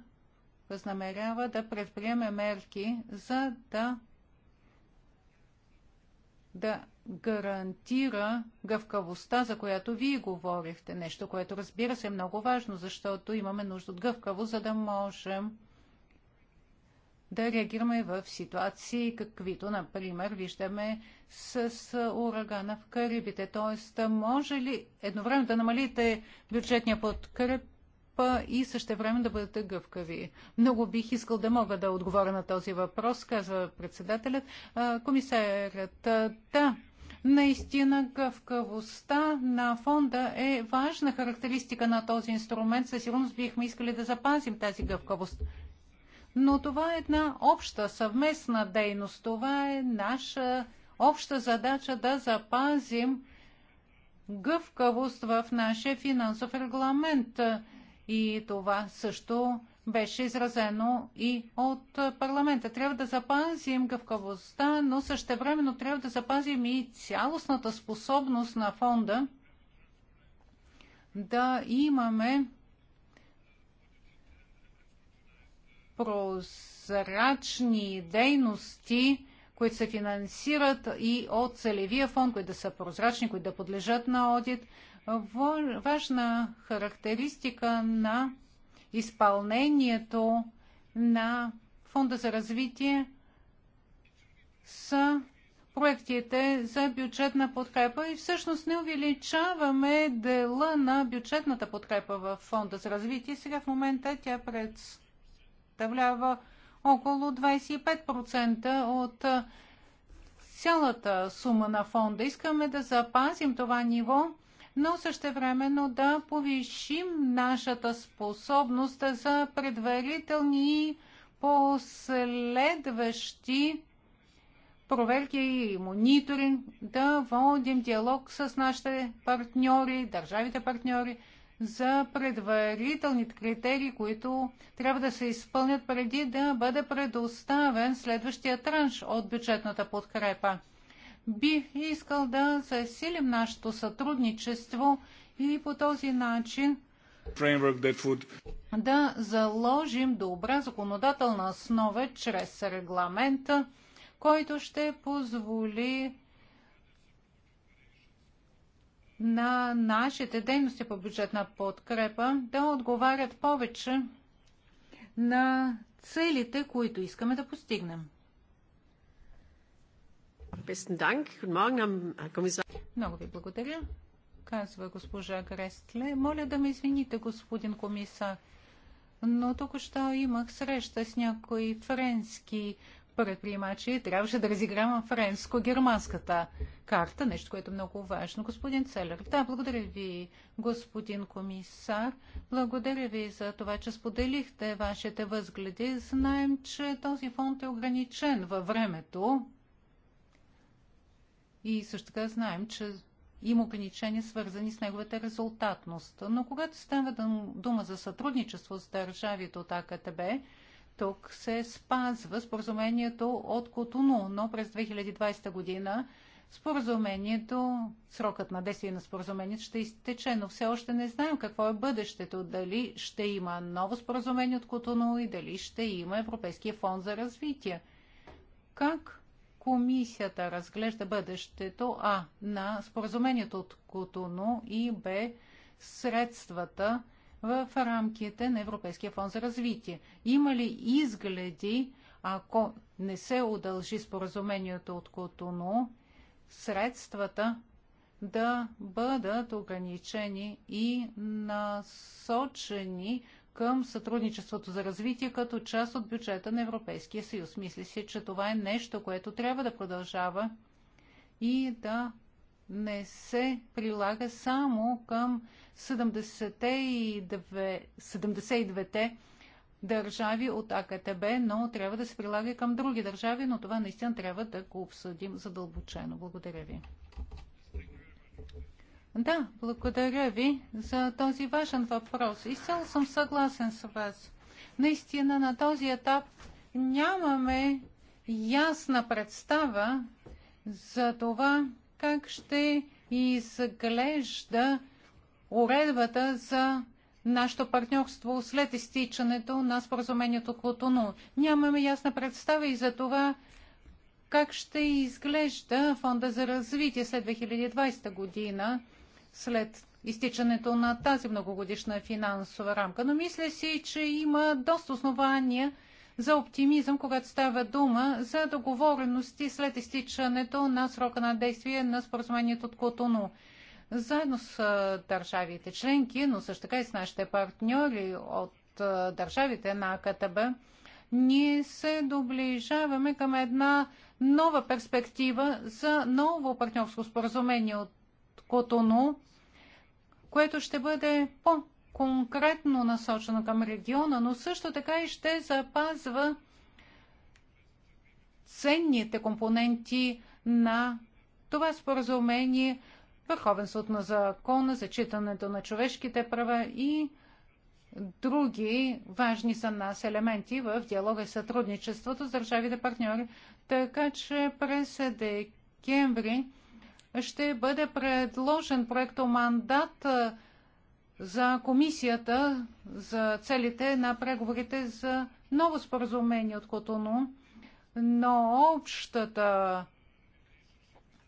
възнамерява да предприеме мерки, за да да гарантира гъвкавостта, за която вие говорихте. Нещо, което разбира се е много важно, защото имаме нужда от гъвкаво, за да можем да реагираме в ситуации, каквито, например, виждаме с, с урагана в Карибите. Тоест, може ли едновременно да намалите бюджетния подкреп и също време да бъдете гъвкави. Много бих искал да мога да отговоря на този въпрос, казва председателят. Комисарят, да, Наистина гъвкавостта на фонда е важна характеристика на този инструмент. Със сигурност бихме искали да запазим тази гъвкавост. Но това е една обща съвместна дейност. Това е наша обща задача да запазим гъвкавост в нашия финансов регламент. И това също беше изразено и от парламента. Трябва да запазим гъвкавостта, но същевременно трябва да запазим и цялостната способност на фонда да имаме прозрачни дейности, които се финансират и от целевия фонд, които да са прозрачни, които да подлежат на одит важна характеристика на изпълнението на Фонда за развитие са проектите за бюджетна подкрепа и всъщност не увеличаваме дела на бюджетната подкрепа в Фонда за развитие. Сега в момента тя представлява около 25% от цялата сума на фонда. Искаме да запазим това ниво но същевременно да повишим нашата способност за предварителни и последващи проверки и мониторинг, да водим диалог с нашите партньори, държавите партньори, за предварителните критерии, които трябва да се изпълнят преди да бъде предоставен следващия транш от бюджетната подкрепа бих искал да засилим нашето сътрудничество и по този начин да заложим добра законодателна основа чрез регламента, който ще позволи на нашите дейности по бюджетна подкрепа да отговарят повече на целите, които искаме да постигнем. Много ви благодаря, казва госпожа Грестле. Моля да ме извините, господин комисар, но току-що имах среща с някои френски предприемачи и трябваше да разигравам френско-германската карта, нещо, което е много важно. Господин Целер, да, благодаря ви, господин комисар. Благодаря ви за това, че споделихте вашите възгледи. Знаем, че този фонд е ограничен във времето, и също така знаем, че има ограничения, свързани с неговата резултатност. Но когато става дума за сътрудничество с държавите от АКТБ, тук се спазва споразумението от Котону, но през 2020 година споразумението, срокът на действие на споразумението ще изтече, но все още не знаем какво е бъдещето, дали ще има ново споразумение от Котону и дали ще има Европейския фонд за развитие. Как комисията разглежда бъдещето А на споразумението от Котоно и Б средствата в рамките на Европейския фонд за развитие. Има ли изгледи, ако не се удължи споразумението от Котоно, средствата да бъдат ограничени и насочени към сътрудничеството за развитие като част от бюджета на Европейския съюз. Мисля си, че това е нещо, което трябва да продължава и да не се прилага само към 72, 72-те държави от АКТБ, но трябва да се прилага и към други държави, но това наистина трябва да го обсъдим задълбочено. Благодаря ви. Да, благодаря ви за този важен въпрос. Изцяло съм съгласен с вас. Наистина на този етап нямаме ясна представа за това как ще изглежда уредбата за нашето партньорство след изтичането на споразумението Клотону. Нямаме ясна представа и за това как ще изглежда фонда за развитие след 2020 година след изтичането на тази многогодишна финансова рамка. Но мисля си, че има доста основания за оптимизъм, когато става дума за договорености след изтичането на срока на действие на споразумението от Котону. Заедно с държавите членки, но също така и с нашите партньори от държавите на АКТБ, ние се доближаваме към една нова перспектива за ново партньорско споразумение от Котону, което ще бъде по-конкретно насочено към региона, но също така и ще запазва ценните компоненти на това споразумение, върховенството на закона, зачитането на човешките права и други важни за нас елементи в диалога и сътрудничеството с държавите партньори. Така че през декември ще бъде предложен проектомандат за комисията за целите на преговорите за ново споразумение от Котону, но общата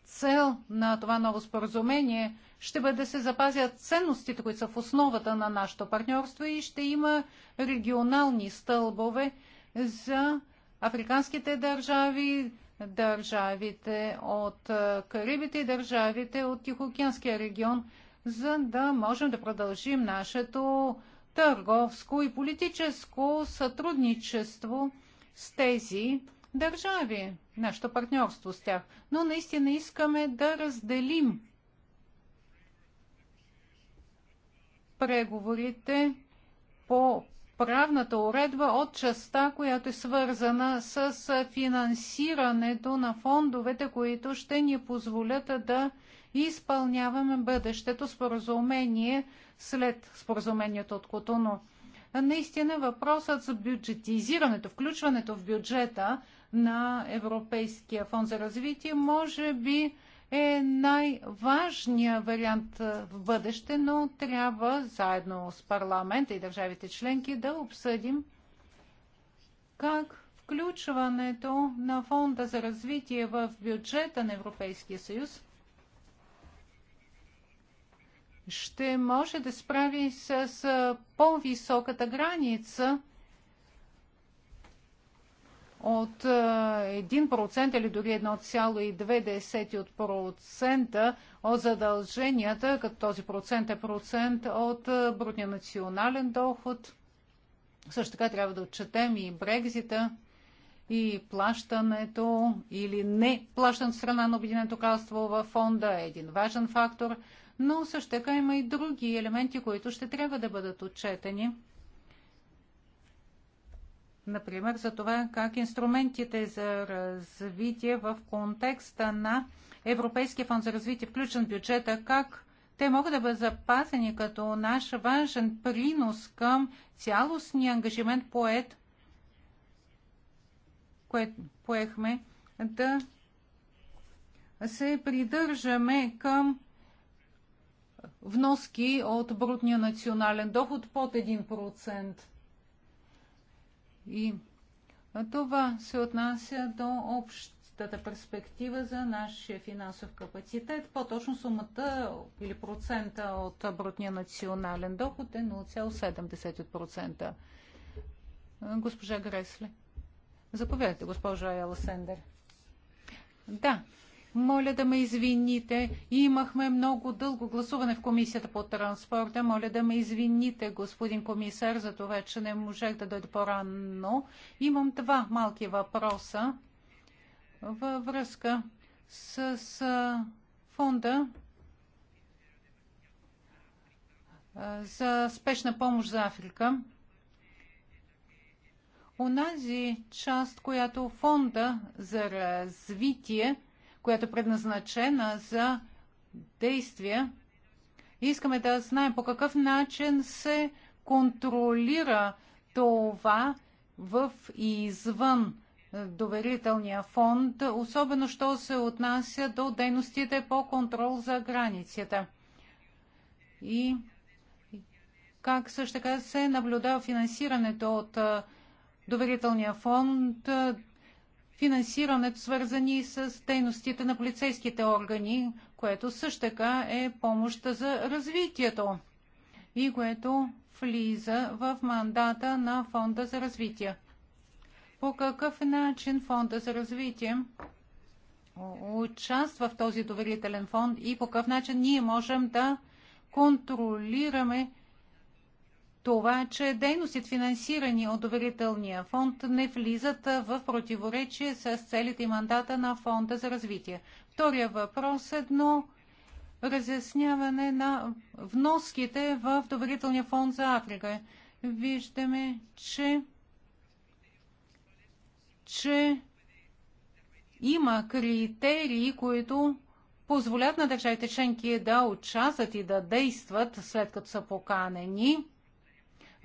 цел на това ново споразумение ще бъде да се запазят ценностите, които са в основата на нашето партньорство и ще има регионални стълбове за африканските държави, държавите от е, Карибите и държавите от Тихоокеанския регион, за да можем да продължим нашето търговско и политическо сътрудничество с тези държави, нашето партньорство с тях. Но наистина искаме да разделим преговорите по правната уредба от частта, която е свързана с финансирането на фондовете, които ще ни позволят да изпълняваме бъдещето споразумение след споразумението от Котоно. Наистина въпросът за бюджетизирането, включването в бюджета на Европейския фонд за развитие може би е най-важният вариант е, в бъдеще, но трябва заедно с парламента и държавите членки да обсъдим как включването на фонда за развитие в бюджета на Европейския съюз ще може да справи с по-високата граница от 1% или дори 1,2% от задълженията, като този процент е процент от брутния национален доход. Също така трябва да отчетем и Брекзита, и плащането или не плащането страна на Обединеното кралство във фонда е един важен фактор, но също така има и други елементи, които ще трябва да бъдат отчетени – например, за това как инструментите за развитие в контекста на Европейския фонд за развитие, включен в бюджета, как те могат да бъдат запазени като наш важен принос към цялостния ангажимент поет, което поехме да се придържаме към вноски от брутния национален доход под 1%. И това се отнася до общата перспектива за нашия финансов капацитет. По-точно сумата или процента от брутния национален доход е 0,7%. Госпожа Гресле. Заповядайте, госпожа Ела Сендер. Да, моля да ме извините. Имахме много дълго гласуване в комисията по транспорта. Моля да ме извините, господин комисар, за това, че не можех да дойда по-рано. Имам два малки въпроса във връзка с, с фонда за спешна помощ за Африка. Унази част, която фонда за развитие която е предназначена за действия. Искаме да знаем по какъв начин се контролира това в и извън доверителния фонд, особено що се отнася до дейностите по контрол за границата. И как също така се наблюдава финансирането от доверителния фонд финансирането, свързани с дейностите на полицейските органи, което също така е помощ за развитието и което влиза в мандата на Фонда за развитие. По какъв начин Фонда за развитие участва в този доверителен фонд и по какъв начин ние можем да контролираме това, че дейностите, финансирани от доверителния фонд, не влизат в противоречие с целите и мандата на фонда за развитие. Втория въпрос е едно разясняване на вноските в доверителния фонд за Африка. Виждаме, че, че има критерии, които позволят на държавите членки да участват и да действат след като са поканени –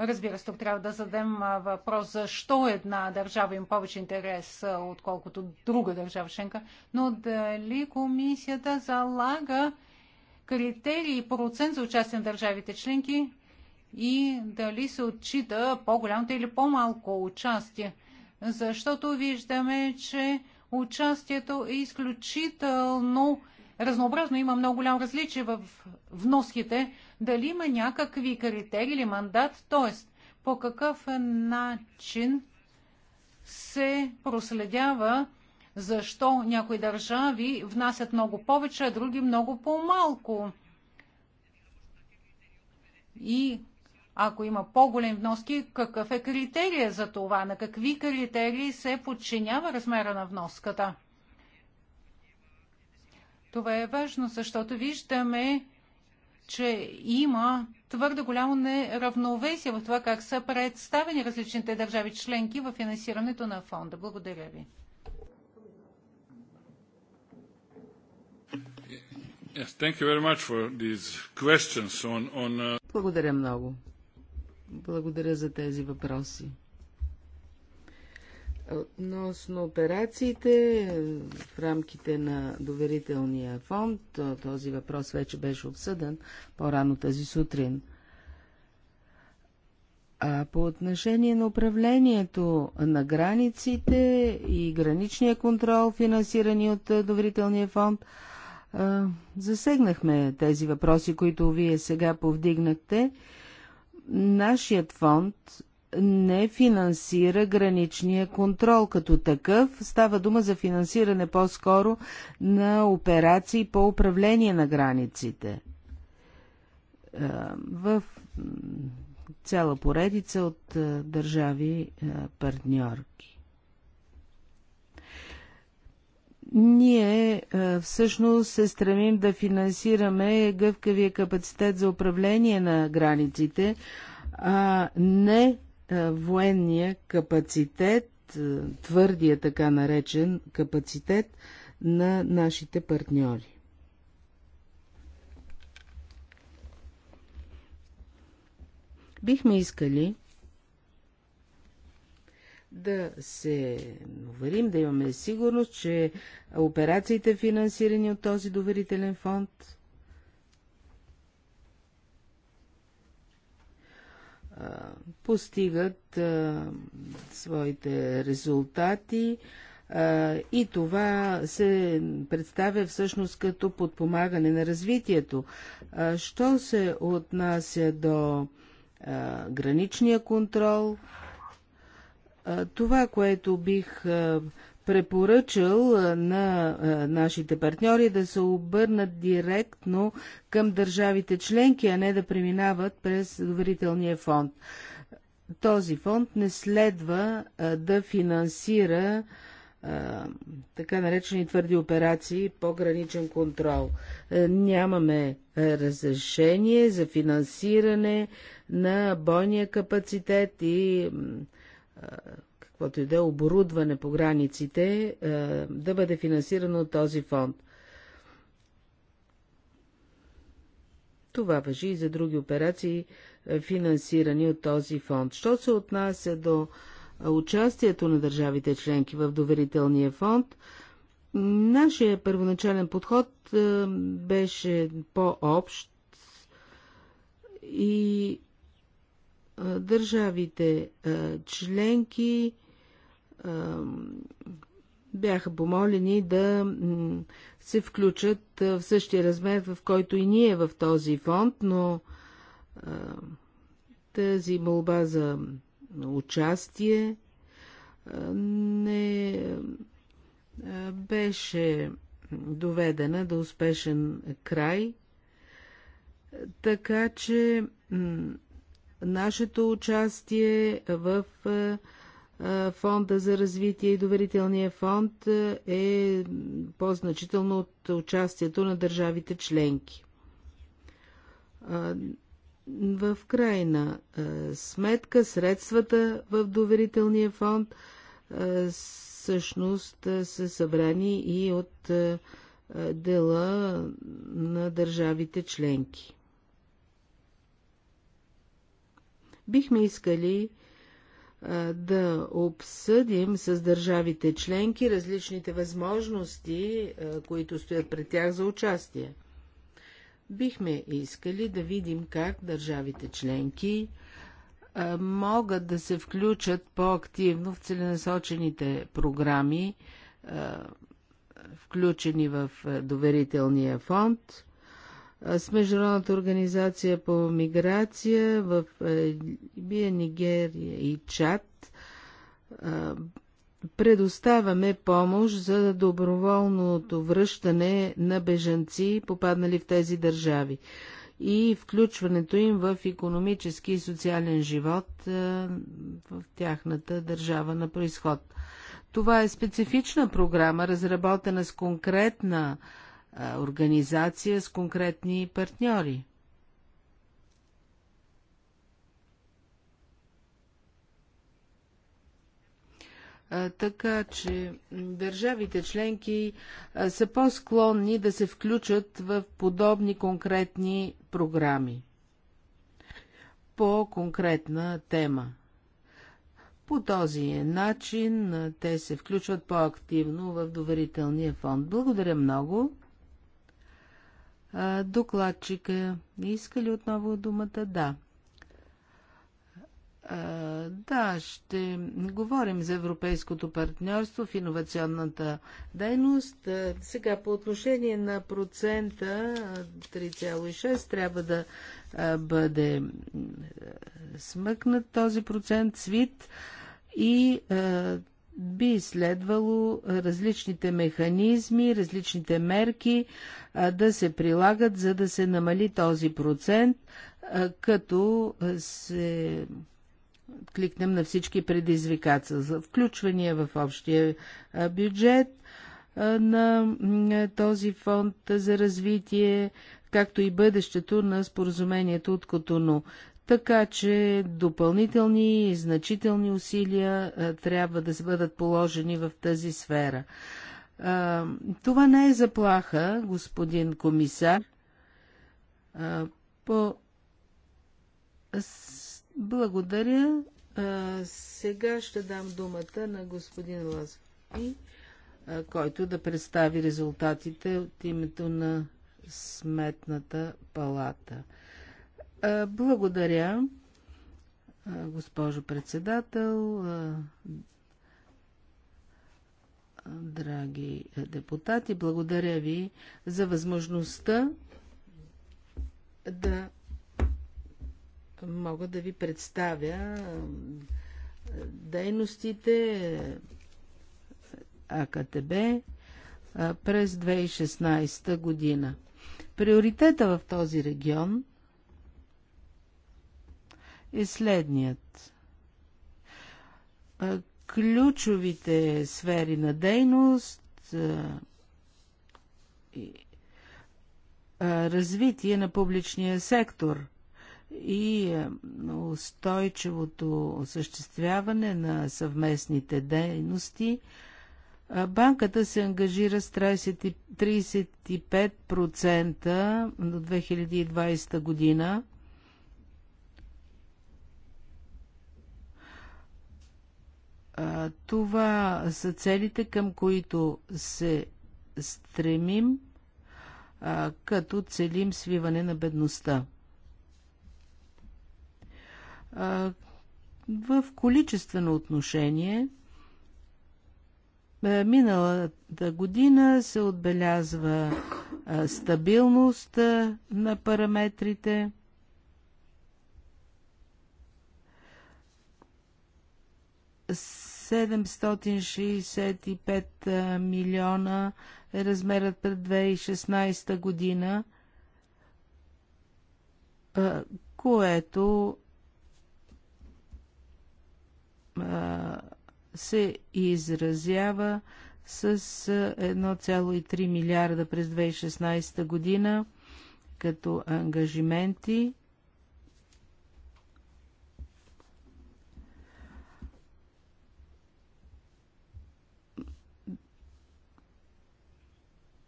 Разбира се, тук трябва да зададем въпрос защо една държава има повече интерес, отколкото друга държава членка, но дали комисията залага критерии и процент за участие на държавите членки и дали се отчита по-голямото или по-малко участие. Защото виждаме, че участието е изключително разнообразно. Има много голямо различие в вноските дали има някакви критерии или мандат, т.е. по какъв начин се проследява защо някои държави внасят много повече, а други много по-малко. И ако има по-големи вноски, какъв е критерия за това? На какви критерии се подчинява размера на вноската? Това е важно, защото виждаме че има твърде голямо неравновесие в това как са представени различните държави членки в финансирането на фонда. Благодаря ви. Uh, Благодаря много. Благодаря за тези въпроси. Относно операциите в рамките на доверителния фонд, този въпрос вече беше обсъден по-рано тази сутрин. А по отношение на управлението на границите и граничния контрол, финансирани от доверителния фонд, засегнахме тези въпроси, които вие сега повдигнахте. Нашият фонд не финансира граничния контрол като такъв. Става дума за финансиране по-скоро на операции по управление на границите. Е, в цяла поредица от е, държави е, партньорки. Ние всъщност се стремим да финансираме гъвкавия капацитет за управление на границите, а не е, военния капацитет, е, твърдия така наречен капацитет на нашите партньори. Бихме искали да се уверим, да имаме сигурност, че операциите, финансирани от този доверителен фонд, постигат своите резултати и това се представя всъщност като подпомагане на развитието. Що се отнася до граничния контрол, това, което бих препоръчал на нашите партньори да се обърнат директно към държавите членки, а не да преминават през доверителния фонд. Този фонд не следва да финансира така наречени твърди операции по граничен контрол. Нямаме разрешение за финансиране на бойния капацитет и каквото и да е оборудване по границите, е, да бъде финансирано от този фонд. Това въжи и за други операции, е, финансирани от този фонд. Що се отнася до е, участието на държавите членки в доверителния фонд, нашия първоначален подход беше по-общ и държавите членки бяха помолени да се включат в същия размер, в който и ние в този фонд, но тази молба за участие не беше доведена до успешен край, така че нашето участие в фонда за развитие и доверителния фонд е по-значително от участието на държавите членки. В крайна сметка средствата в доверителния фонд всъщност са събрани и от дела на държавите членки. Бихме искали да обсъдим с държавите членки различните възможности, които стоят пред тях за участие. Бихме искали да видим как държавите членки могат да се включат по-активно в целенасочените програми, включени в доверителния фонд с Международната организация по миграция в е, Либия, Нигерия и Чад. Предоставяме помощ за доброволното връщане на бежанци, попаднали в тези държави и включването им в економически и социален живот е, в тяхната държава на происход. Това е специфична програма, разработена с конкретна организация с конкретни партньори. така че държавите членки са по-склонни да се включат в подобни конкретни програми по конкретна тема. По този начин те се включват по-активно в доверителния фонд. Благодаря много. Докладчика иска ли отново думата? Да. Да, ще говорим за европейското партньорство в иновационната дейност. Сега по отношение на процента 3,6 трябва да бъде смъкнат този процент, свит и би следвало различните механизми, различните мерки да се прилагат, за да се намали този процент, като се кликнем на всички предизвикателства. Включвания в общия бюджет на този фонд за развитие, както и бъдещето на споразумението от Котону. Така че допълнителни и значителни усилия а, трябва да се бъдат положени в тази сфера. А, това не е заплаха, господин комисар. А, по... Благодаря. Сега ще дам думата на господин Лазви, който да представи резултатите от името на Сметната палата. Благодаря, госпожо председател, драги депутати. Благодаря ви за възможността да мога да ви представя дейностите АКТБ през 2016 година. Приоритета в този регион – е следният. Ключовите сфери на дейност развитие на публичния сектор и устойчивото осъществяване на съвместните дейности, банката се ангажира с 30, 35% до 2020 година Това са целите, към които се стремим, като целим свиване на бедността. В количествено отношение, миналата година се отбелязва стабилност на параметрите – 765 милиона е размерът пред 2016 година, което се изразява с 1,3 милиарда през 2016 година като ангажименти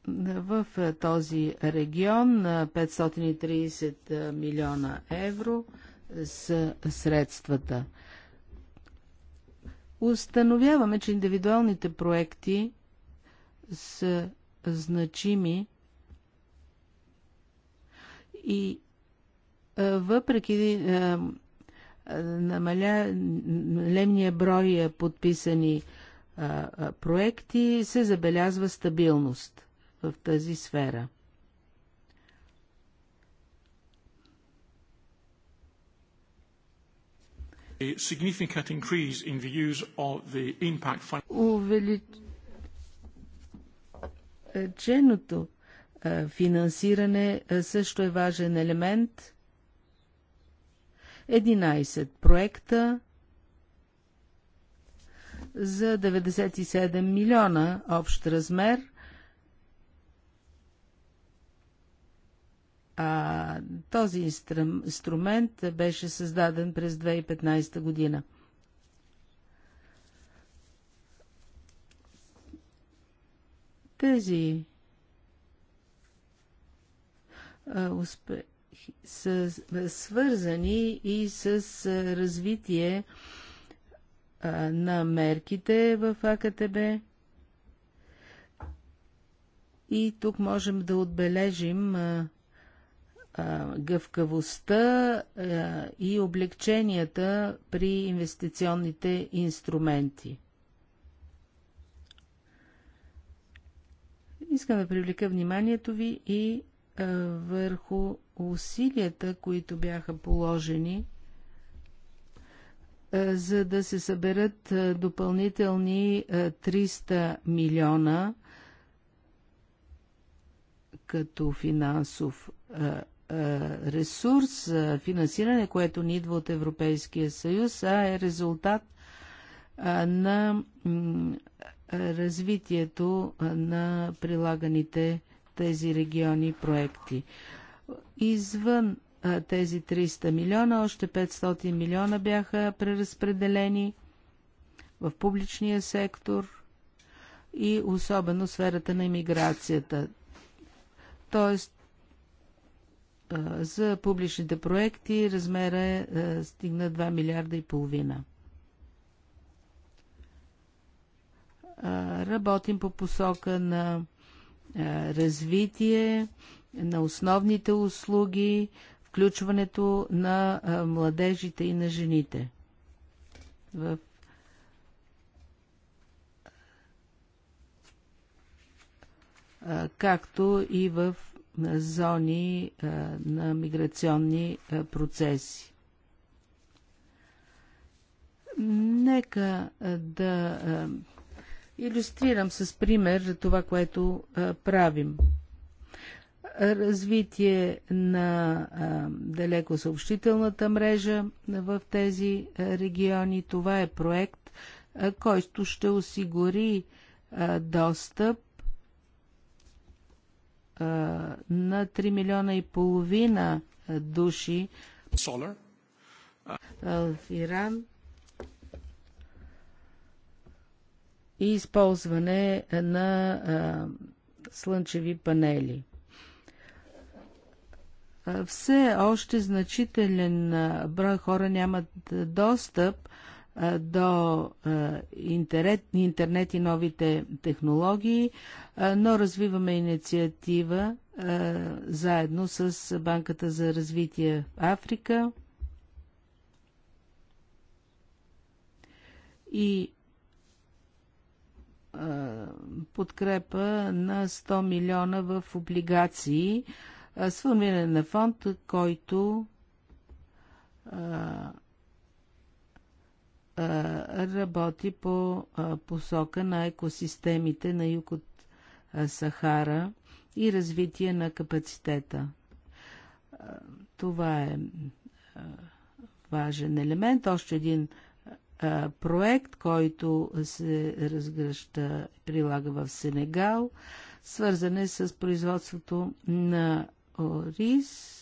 в този регион 530 милиона евро с средствата. Установяваме, че индивидуалните проекти са значими и въпреки намаления брой подписани проекти се забелязва стабилност в тази сфера. Увеличеното финансиране също е важен елемент. 11 проекта за 97 милиона общ размер А този инструмент беше създаден през 2015 година. Тези успехи са свързани и с развитие на мерките в АКТБ. И тук можем да отбележим гъвкавостта и облегченията при инвестиционните инструменти. Искам да привлека вниманието ви и върху усилията, които бяха положени, за да се съберат допълнителни 300 милиона като финансов е, ресурс, финансиране, което ни идва от Европейския съюз, а е резултат на развитието на прилаганите тези региони проекти. Извън тези 300 милиона, още 500 милиона бяха преразпределени в публичния сектор и особено сферата на иммиграцията. Тоест, за публичните проекти размера е, стигна 2 милиарда и половина. Работим по посока на развитие на основните услуги, включването на младежите и на жените в както и в зони е, на миграционни е, процеси. Нека е, да иллюстрирам с пример това, което правим. Развитие на далеко съобщителната мрежа в тези региони. Това е проект, който ще осигури достъп на 3 милиона и половина души Solar. в Иран и използване на а, слънчеви панели. Все още значителен брой хора нямат достъп до интернет, интернет и новите технологии, но развиваме инициатива заедно с Банката за развитие Африка и подкрепа на 100 милиона в облигации, сформиране на фонд, който работи по посока на екосистемите на юг от Сахара и развитие на капацитета. Това е важен елемент. Още един проект, който се разгръща, прилага в Сенегал, свързан е с производството на рис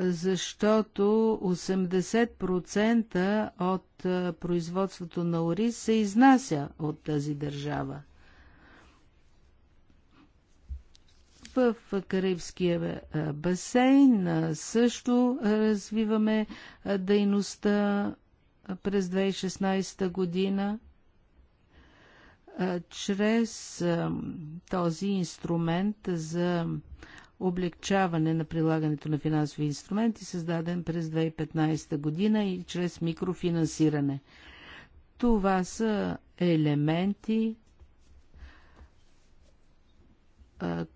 защото 80% от производството на ориз се изнася от тази държава. В Карибския басейн също развиваме дейността през 2016 година чрез този инструмент за облегчаване на прилагането на финансови инструменти, създаден през 2015 година и чрез микрофинансиране. Това са елементи,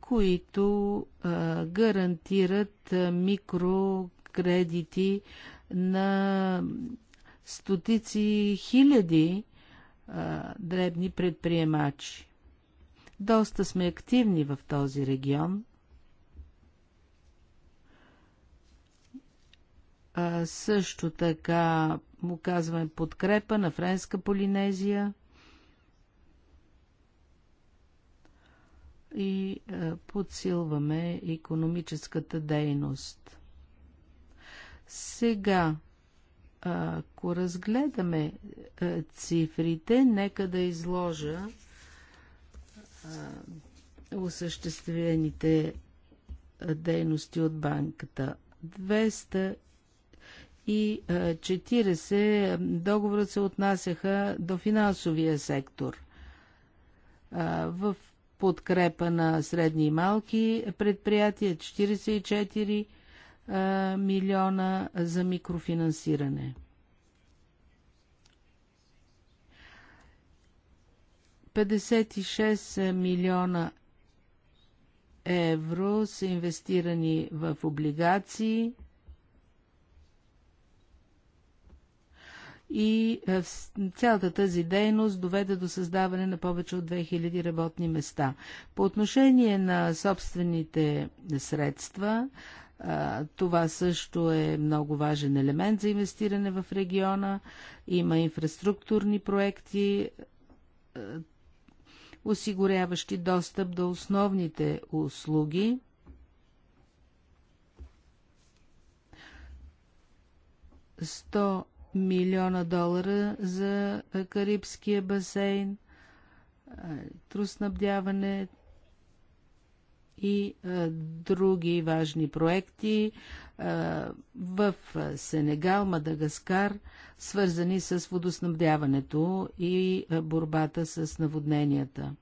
които гарантират микрокредити на стотици хиляди дребни предприемачи. Доста сме активни в този регион Също така му казваме подкрепа на Френска Полинезия и подсилваме економическата дейност. Сега, ако разгледаме цифрите, нека да изложа осъществените дейности от банката. 200 и 40 договорът се отнасяха до финансовия сектор. В подкрепа на средни и малки предприятия 44 милиона за микрофинансиране. 56 милиона евро са инвестирани в облигации и е, цялата тази дейност доведе до създаване на повече от 2000 работни места. По отношение на собствените средства, е, това също е много важен елемент за инвестиране в региона. Има инфраструктурни проекти, е, осигуряващи достъп до основните услуги. Сто милиона долара за Карибския басейн, труснабдяване и а, други важни проекти а, в Сенегал, Мадагаскар, свързани с водоснабдяването и а, борбата с наводненията.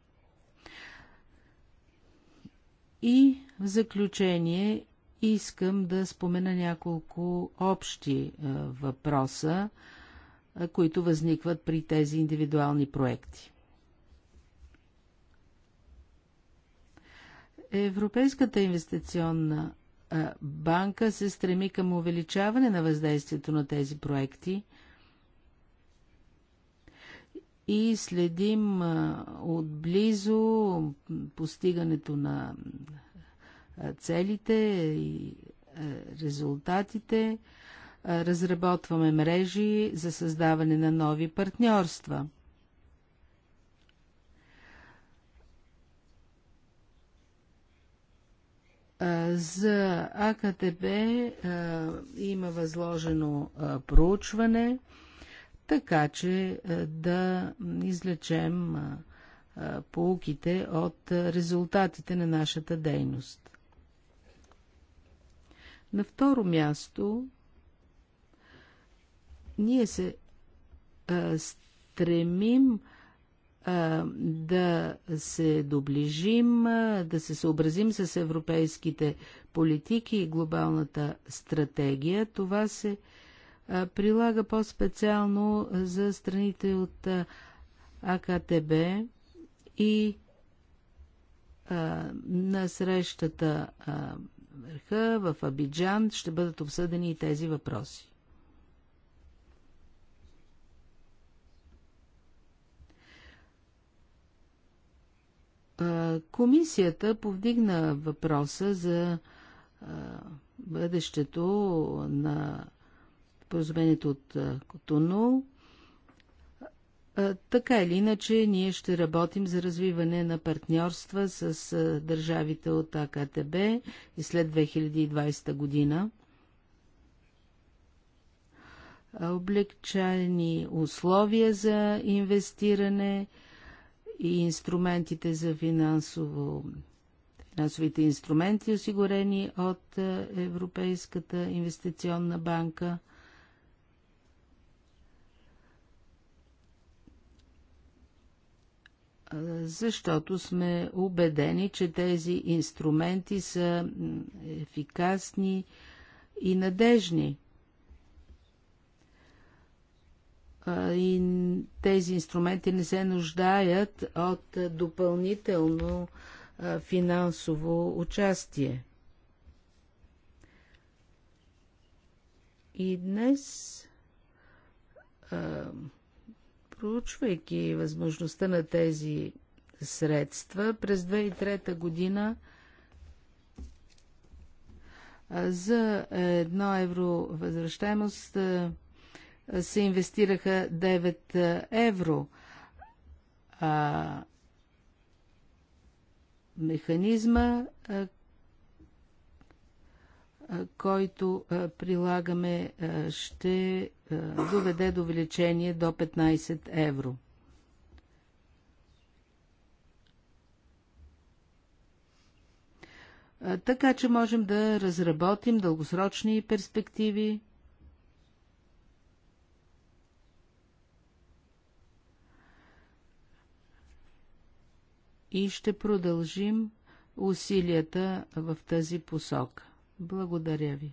И в заключение Искам да спомена няколко общи въпроса, които възникват при тези индивидуални проекти. Европейската инвестиционна банка се стреми към увеличаване на въздействието на тези проекти и следим отблизо постигането на целите и резултатите. Разработваме мрежи за създаване на нови партньорства. За АКТБ има възложено проучване, така че да излечем полуките от резултатите на нашата дейност. На второ място, ние се а, стремим а, да се доближим, а, да се съобразим с европейските политики и глобалната стратегия. Това се а, прилага по-специално за страните от а, АКТБ и а, на срещата а, върха в Абиджан ще бъдат обсъдени и тези въпроси. Комисията повдигна въпроса за бъдещето на поразумението от Котону така или иначе, ние ще работим за развиване на партньорства с държавите от АКТБ и след 2020 година. Облегчайни условия за инвестиране и инструментите за финансово, финансовите инструменти, осигурени от Европейската инвестиционна банка – защото сме убедени, че тези инструменти са ефикасни и надежни. И тези инструменти не се нуждаят от допълнително финансово участие. И днес Проучвайки възможността на тези средства, през 2003 година за едно евро възвръщаемост се инвестираха 9 евро. механизма, който прилагаме, ще доведе до увеличение до 15 евро. Така че можем да разработим дългосрочни перспективи. И ще продължим усилията в тази посока. Благодаря ви.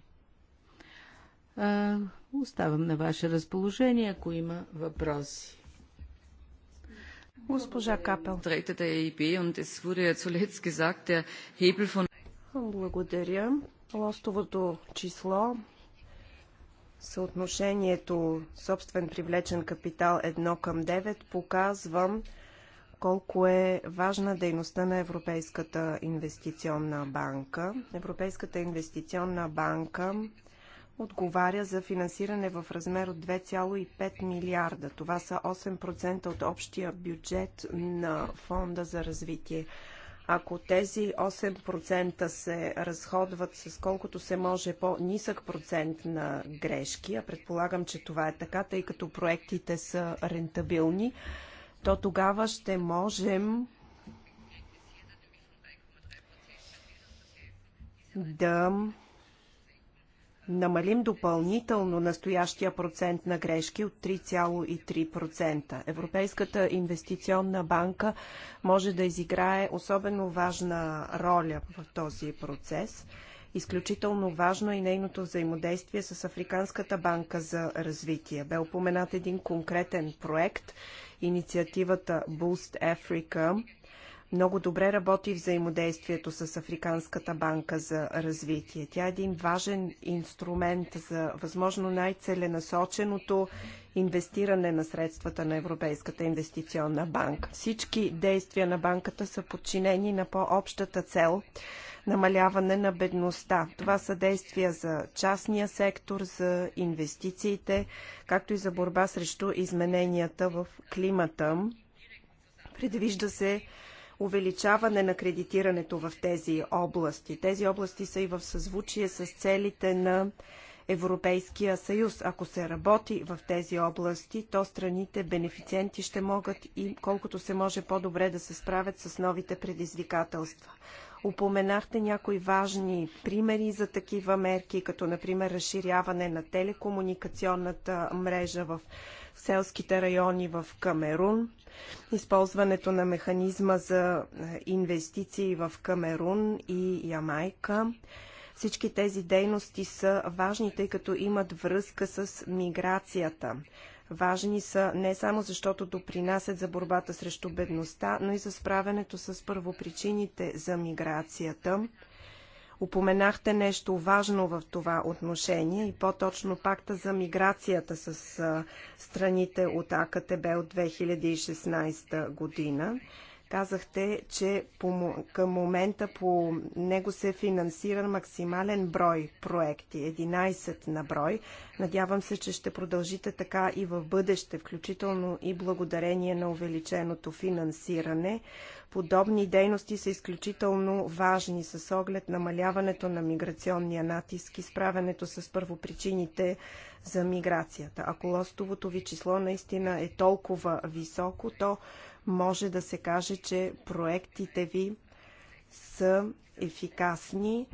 А, оставам на ваше разположение, ако има въпроси. Госпожа Капел. Е Благодаря. Лостовото число, съотношението собствен привлечен капитал 1 към 9, показвам колко е важна дейността на Европейската инвестиционна банка. Европейската инвестиционна банка отговаря за финансиране в размер от 2,5 милиарда. Това са 8% от общия бюджет на Фонда за развитие. Ако тези 8% се разходват с колкото се може по-нисък процент на грешки, а предполагам, че това е така, тъй като проектите са рентабилни, то тогава ще можем да намалим допълнително настоящия процент на грешки от 3,3%. Европейската инвестиционна банка може да изиграе особено важна роля в този процес – Изключително важно е и нейното взаимодействие с Африканската банка за развитие. Бе упоменат един конкретен проект, инициативата Boost Africa. Много добре работи взаимодействието с Африканската банка за развитие. Тя е един важен инструмент за възможно най-целенасоченото инвестиране на средствата на Европейската инвестиционна банка. Всички действия на банката са подчинени на по-общата цел намаляване на бедността. Това са действия за частния сектор, за инвестициите, както и за борба срещу измененията в климата. Предвижда се увеличаване на кредитирането в тези области. Тези области са и в съзвучие с целите на Европейския съюз. Ако се работи в тези области, то страните бенефициенти ще могат и колкото се може по-добре да се справят с новите предизвикателства. Упоменахте някои важни примери за такива мерки, като например разширяване на телекомуникационната мрежа в селските райони в Камерун, използването на механизма за инвестиции в Камерун и Ямайка, всички тези дейности са важни, тъй като имат връзка с миграцията. Важни са не само защото допринасят за борбата срещу бедността, но и за справянето с първопричините за миграцията. Упоменахте нещо важно в това отношение и по-точно пакта за миграцията с страните от АКТБ от 2016 година. Казахте, че по, към момента по него се финансира максимален брой проекти, 11 на брой. Надявам се, че ще продължите така и в бъдеще, включително и благодарение на увеличеното финансиране. Подобни дейности са изключително важни с оглед намаляването на миграционния натиск и справянето с първопричините за миграцията. Ако лостовото ви число наистина е толкова високо, то може да се каже, че проектите ви са ефикасни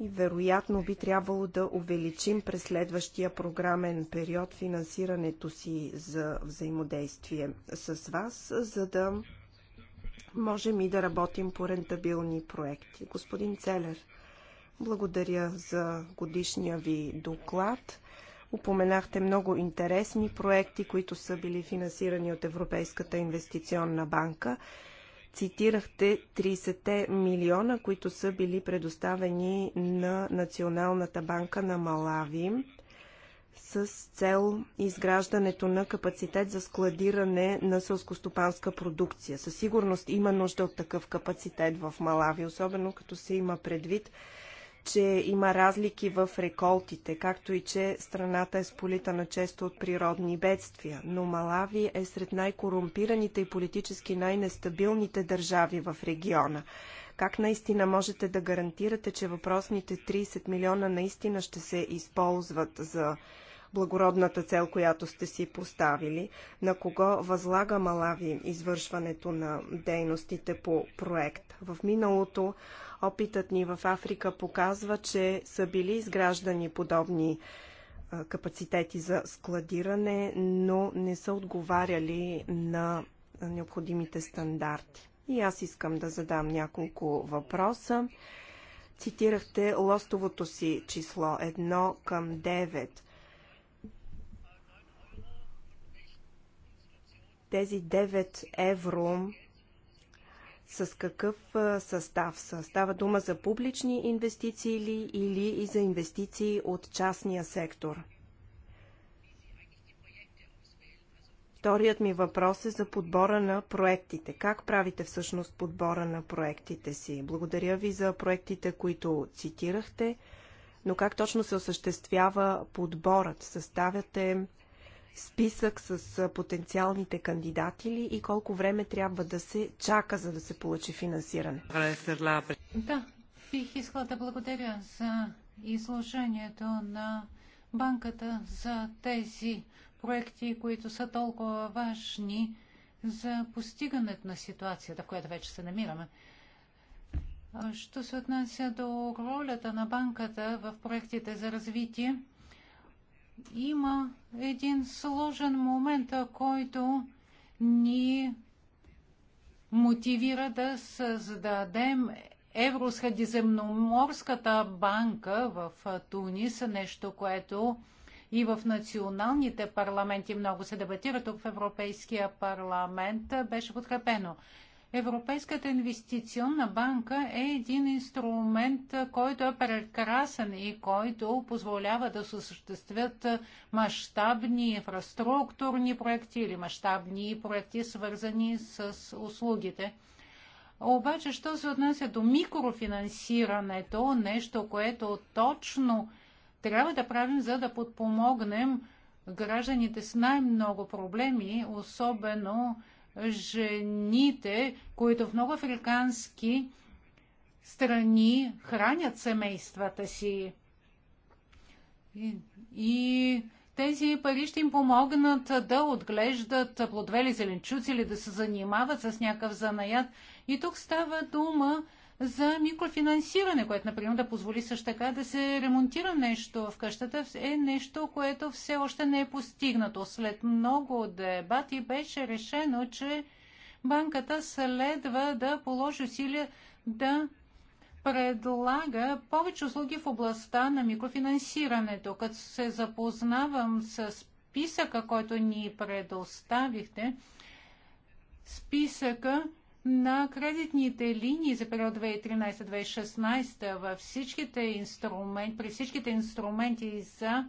и вероятно би трябвало да увеличим през следващия програмен период финансирането си за взаимодействие с вас, за да можем и да работим по рентабилни проекти. Господин Целер, благодаря за годишния ви доклад. Упоменахте много интересни проекти, които са били финансирани от Европейската инвестиционна банка. Цитирахте 30 милиона, които са били предоставени на Националната банка на Малави с цел изграждането на капацитет за складиране на сълскостопанска продукция. Със сигурност има нужда от такъв капацитет в Малави, особено като се има предвид, че има разлики в реколтите, както и че страната е сполитана често от природни бедствия. Но Малави е сред най-корумпираните и политически най-нестабилните държави в региона. Как наистина можете да гарантирате, че въпросните 30 милиона наистина ще се използват за благородната цел, която сте си поставили? На кого възлага Малави извършването на дейностите по проект? В миналото опитът ни в Африка показва, че са били изграждани подобни капацитети за складиране, но не са отговаряли на необходимите стандарти. И аз искам да задам няколко въпроса. Цитирахте лостовото си число 1 към 9. тези 9 евро с какъв състав са? Става дума за публични инвестиции ли или и за инвестиции от частния сектор? Вторият ми въпрос е за подбора на проектите. Как правите всъщност подбора на проектите си? Благодаря ви за проектите, които цитирахте, но как точно се осъществява подборът? Съставяте списък с потенциалните кандидати ли и колко време трябва да се чака, за да се получи финансиране? Да, бих искала да благодаря за изложението на банката за тези проекти, които са толкова важни за постигането на ситуацията, в която вече се намираме. Що се отнася до ролята на банката в проектите за развитие, има един сложен момент, който ни мотивира да създадем Евросхадиземноморската банка в Тунис, нещо, което и в националните парламенти много се дебатира, тук в Европейския парламент беше подкрепено. Европейската инвестиционна банка е един инструмент, който е прекрасен и който позволява да се осъществят мащабни инфраструктурни проекти или мащабни проекти, свързани с услугите. Обаче, що се отнася до микрофинансирането, нещо, което точно трябва да правим, за да подпомогнем гражданите с най-много проблеми, особено жените, които в много африкански страни хранят семействата си. И, и тези пари ще им помогнат да отглеждат плодове или зеленчуци или да се занимават с някакъв занаят. И тук става дума за микрофинансиране, което, например, да позволи също така да се ремонтира нещо в къщата, е нещо, което все още не е постигнато. След много дебати беше решено, че банката следва да положи усилия да предлага повече услуги в областта на микрофинансирането. Като се запознавам с списъка, който ни предоставихте, списъка на кредитните линии за период 2013-2016 във всичките инструменти, при всичките инструменти за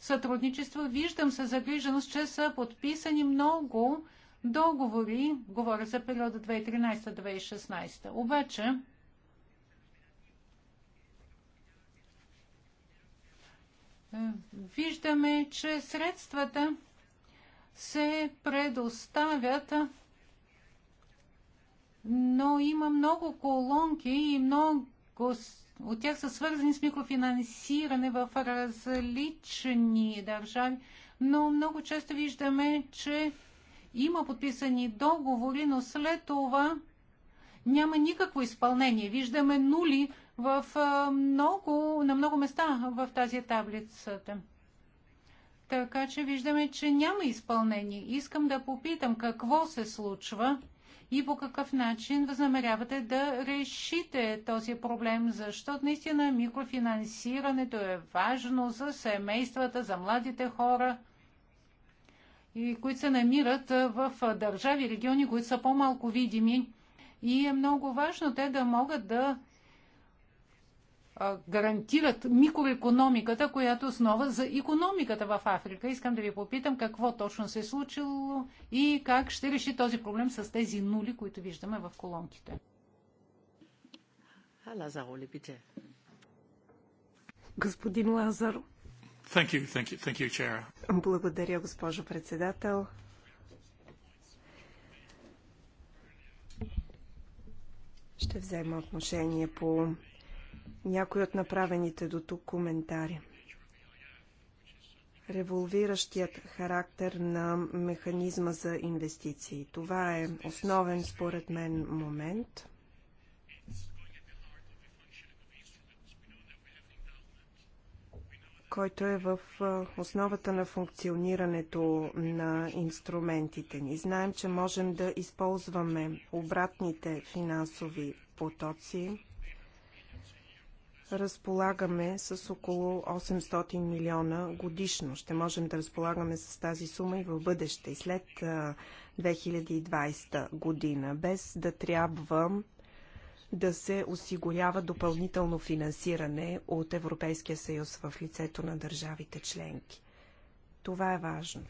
сътрудничество виждам със загриженост, че са подписани много договори, говоря за периода 2013-2016. Обаче, е, виждаме, че средствата се предоставят но има много колонки и много от тях са свързани с микрофинансиране в различни държави, но много често виждаме, че има подписани договори, но след това няма никакво изпълнение. Виждаме нули в много, на много места в тази таблицата. Така че виждаме, че няма изпълнение. Искам да попитам какво се случва и по какъв начин възнамерявате да решите този проблем, защото наистина микрофинансирането е важно за семействата, за младите хора и които се намират в държави, региони, които са по-малко видими. И е много важно те да могат да гарантират микроекономиката, която е основа за економиката в Африка. Искам да ви попитам какво точно се е случило и как ще реши този проблем с тези нули, които виждаме в колонките. Господин Лазар. Thank you, thank you, thank you, Благодаря, госпожо председател. Ще взема отношение по някои от направените до тук коментари. Револвиращият характер на механизма за инвестиции. Това е основен, според мен, момент. който е в основата на функционирането на инструментите ни. Знаем, че можем да използваме обратните финансови потоци, разполагаме с около 800 милиона годишно. Ще можем да разполагаме с тази сума и в бъдеще, и след 2020 година, без да трябва да се осигурява допълнително финансиране от Европейския съюз в лицето на държавите членки. Това е важно.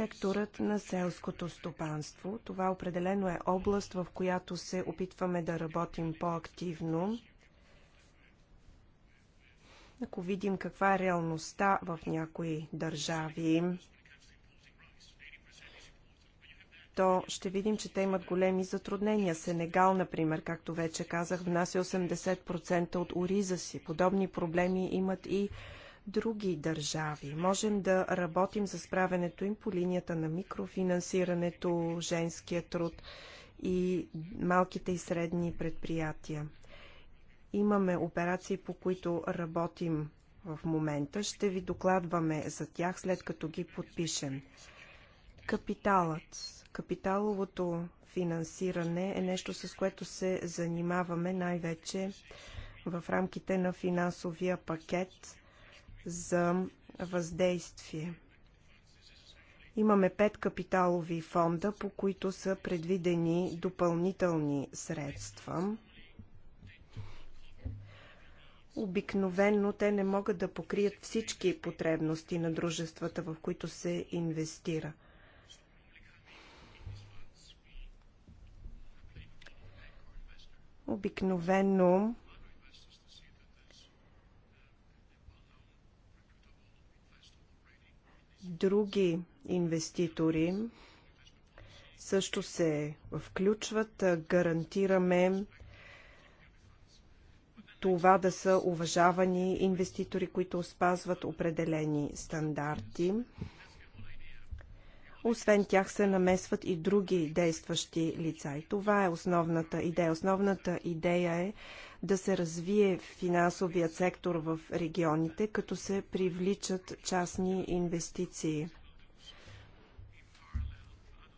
Секторът на селското стопанство. Това определено е област, в която се опитваме да работим по-активно. Ако видим каква е реалността в някои държави, то ще видим, че те имат големи затруднения. Сенегал, например, както вече казах, внася 80% от ориза си. Подобни проблеми имат и други държави. Можем да работим за справянето им по линията на микрофинансирането, женския труд и малките и средни предприятия. Имаме операции, по които работим в момента. Ще ви докладваме за тях, след като ги подпишем. Капиталът. Капиталовото финансиране е нещо, с което се занимаваме най-вече в рамките на финансовия пакет за въздействие. Имаме пет капиталови фонда, по които са предвидени допълнителни средства. Обикновенно те не могат да покрият всички потребности на дружествата, в които се инвестира. Обикновено. Други инвеститори също се включват. Гарантираме това да са уважавани инвеститори, които спазват определени стандарти. Освен тях се намесват и други действащи лица. И това е основната идея. Основната идея е да се развие финансовият сектор в регионите, като се привличат частни инвестиции.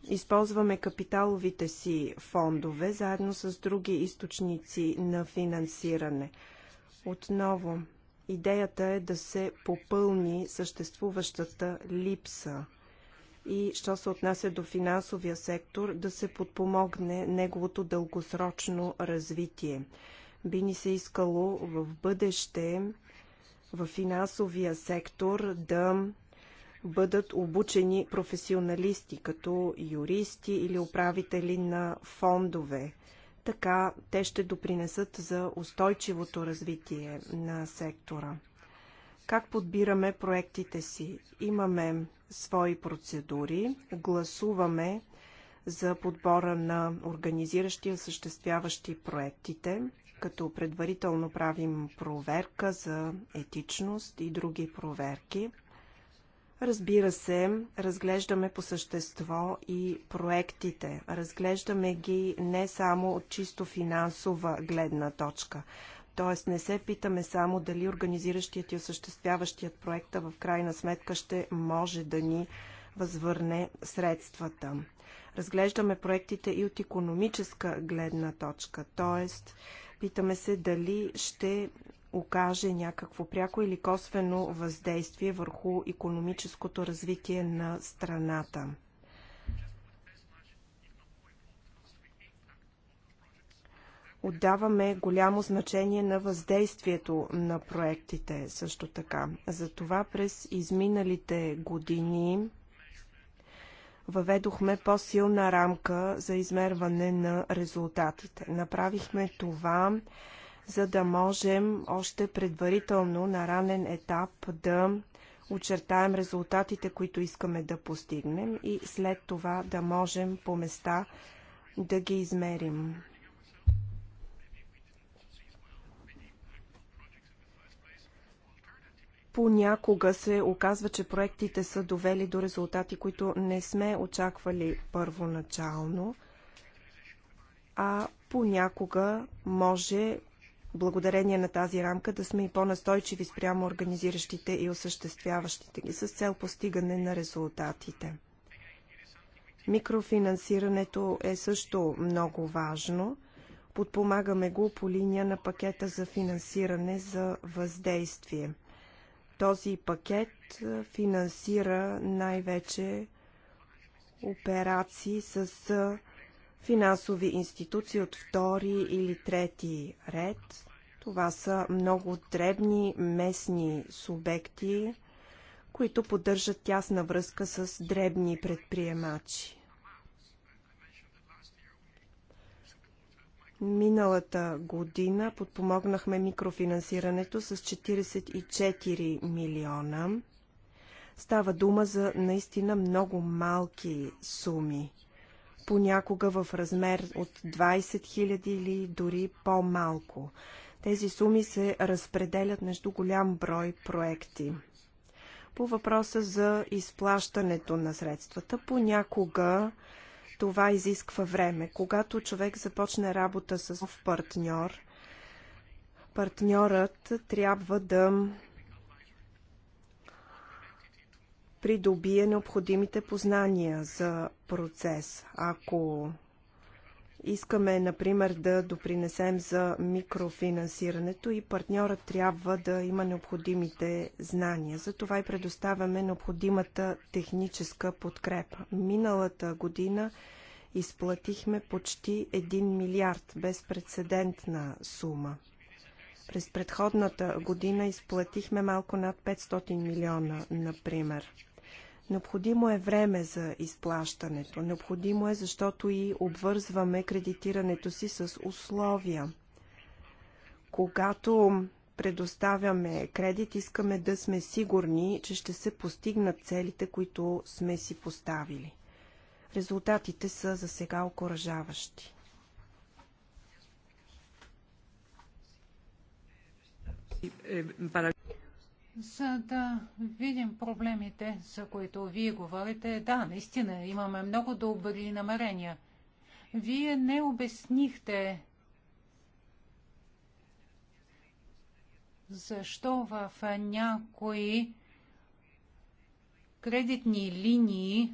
Използваме капиталовите си фондове заедно с други източници на финансиране. Отново, идеята е да се попълни съществуващата липса и, що се отнася до финансовия сектор, да се подпомогне неговото дългосрочно развитие. Би ни се искало в бъдеще в финансовия сектор да бъдат обучени професионалисти, като юристи или управители на фондове. Така те ще допринесат за устойчивото развитие на сектора. Как подбираме проектите си? Имаме свои процедури, гласуваме за подбора на организиращи и осъществяващи проектите като предварително правим проверка за етичност и други проверки. Разбира се, разглеждаме по същество и проектите. Разглеждаме ги не само от чисто финансова гледна точка. Тоест не се питаме само дали организиращият и осъществяващият проекта в крайна сметка ще може да ни възвърне средствата. Разглеждаме проектите и от економическа гледна точка, т.е. Питаме се дали ще окаже някакво пряко или косвено въздействие върху економическото развитие на страната. Отдаваме голямо значение на въздействието на проектите също така. Затова през изминалите години въведохме по-силна рамка за измерване на резултатите. Направихме това, за да можем още предварително на ранен етап да очертаем резултатите, които искаме да постигнем и след това да можем по места да ги измерим. Понякога се оказва, че проектите са довели до резултати, които не сме очаквали първоначално, а понякога може благодарение на тази рамка да сме и по-настойчиви спрямо организиращите и осъществяващите ги с цел постигане на резултатите. Микрофинансирането е също много важно. Подпомагаме го по линия на пакета за финансиране за въздействие – този пакет финансира най-вече операции с финансови институции от втори или трети ред. Това са много дребни местни субекти, които поддържат тясна връзка с дребни предприемачи. Миналата година подпомогнахме микрофинансирането с 44 милиона. Става дума за наистина много малки суми. Понякога в размер от 20 000 или дори по-малко. Тези суми се разпределят между голям брой проекти. По въпроса за изплащането на средствата, понякога това изисква време. Когато човек започне работа с нов партньор, партньорът трябва да придобие необходимите познания за процес. Ако Искаме, например, да допринесем за микрофинансирането и партньорът трябва да има необходимите знания. Затова и предоставяме необходимата техническа подкрепа. Миналата година изплатихме почти 1 милиард безпредседентна сума. През предходната година изплатихме малко над 500 милиона, например. Необходимо е време за изплащането. Необходимо е, защото и обвързваме кредитирането си с условия. Когато предоставяме кредит, искаме да сме сигурни, че ще се постигнат целите, които сме си поставили. Резултатите са за сега окоръжаващи. Е, е, за да видим проблемите, за които вие говорите. Да, наистина имаме много добри намерения. Вие не обяснихте защо в някои кредитни линии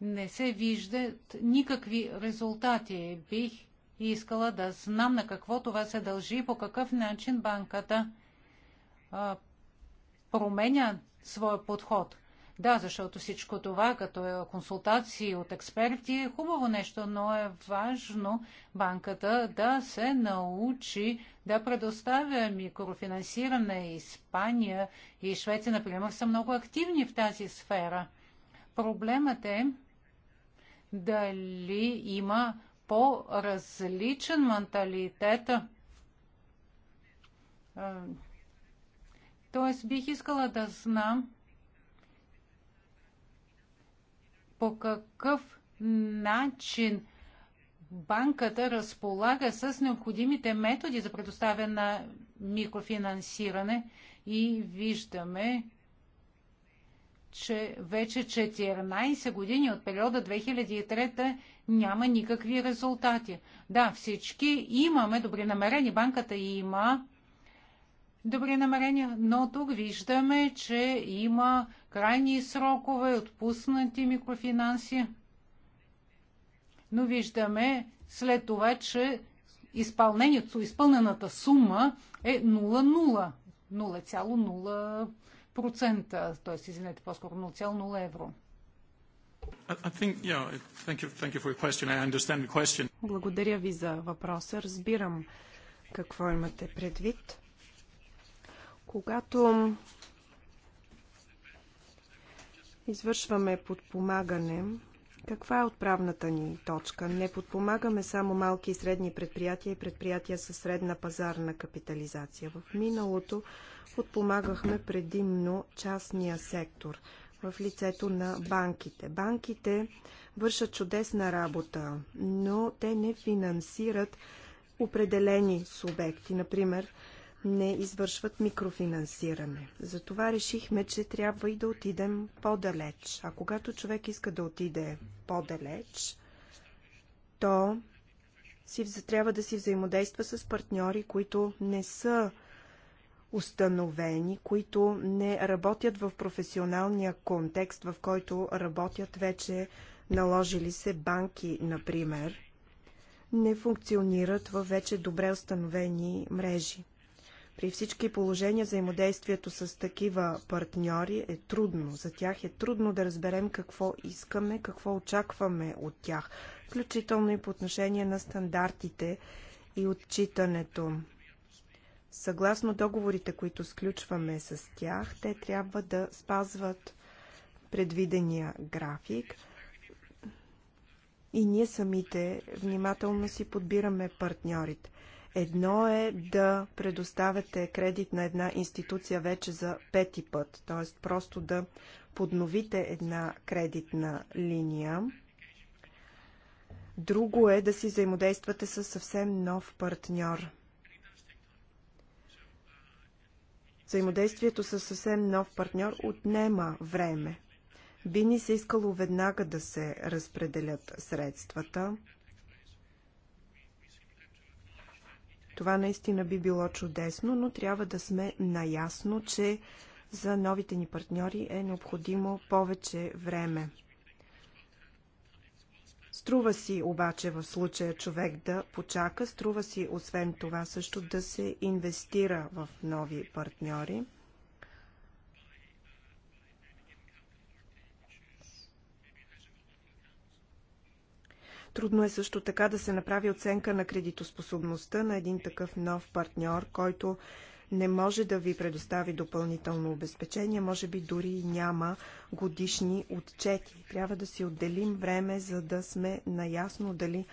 не се виждат никакви резултати. Бих искала да знам на какво това се дължи и по какъв начин банката променя своя подход. Да, защото всичко това, като е консултации от експерти, е хубаво нещо, но е важно банката да се научи да предоставя микрофинансиране. Испания и Швеция, например, са много активни в тази сфера. Проблемът е дали има по-различен менталитет е, Тоест бих искала да знам по какъв начин банката разполага с необходимите методи за предоставяне на микрофинансиране и виждаме, че вече 14 години от периода 2003 няма никакви резултати. Да, всички имаме добри намерения, банката има добри намерения, но тук виждаме, че има крайни срокове, отпуснати микрофинанси. Но виждаме след това, че изпълнението, изпълнената сума е 0,0. 0,0%, т.е. извинете, по-скоро 0,0 евро. Благодаря ви за въпроса. Разбирам какво имате предвид. Когато извършваме подпомагане, каква е отправната ни точка? Не подпомагаме само малки и средни предприятия и предприятия със средна пазарна капитализация. В миналото подпомагахме предимно частния сектор в лицето на банките. Банките вършат чудесна работа, но те не финансират определени субекти, например не извършват микрофинансиране. Затова решихме, че трябва и да отидем по-далеч. А когато човек иска да отиде по-далеч, то си, трябва да си взаимодейства с партньори, които не са установени, които не работят в професионалния контекст, в който работят вече наложили се банки, например, не функционират във вече добре установени мрежи. При всички положения взаимодействието с такива партньори е трудно. За тях е трудно да разберем какво искаме, какво очакваме от тях, включително и по отношение на стандартите и отчитането. Съгласно договорите, които сключваме с тях, те трябва да спазват предвидения график – и ние самите внимателно си подбираме партньорите. Едно е да предоставяте кредит на една институция вече за пети път, т.е. просто да подновите една кредитна линия. Друго е да си взаимодействате с съвсем нов партньор. Взаимодействието с съвсем нов партньор отнема време. Би ни се искало веднага да се разпределят средствата. Това наистина би било чудесно, но трябва да сме наясно, че за новите ни партньори е необходимо повече време. Струва си обаче в случая човек да почака, струва си освен това също да се инвестира в нови партньори. Трудно е също така да се направи оценка на кредитоспособността на един такъв нов партньор, който не може да ви предостави допълнително обезпечение, може би дори няма годишни отчети. Трябва да си отделим време, за да сме наясно дали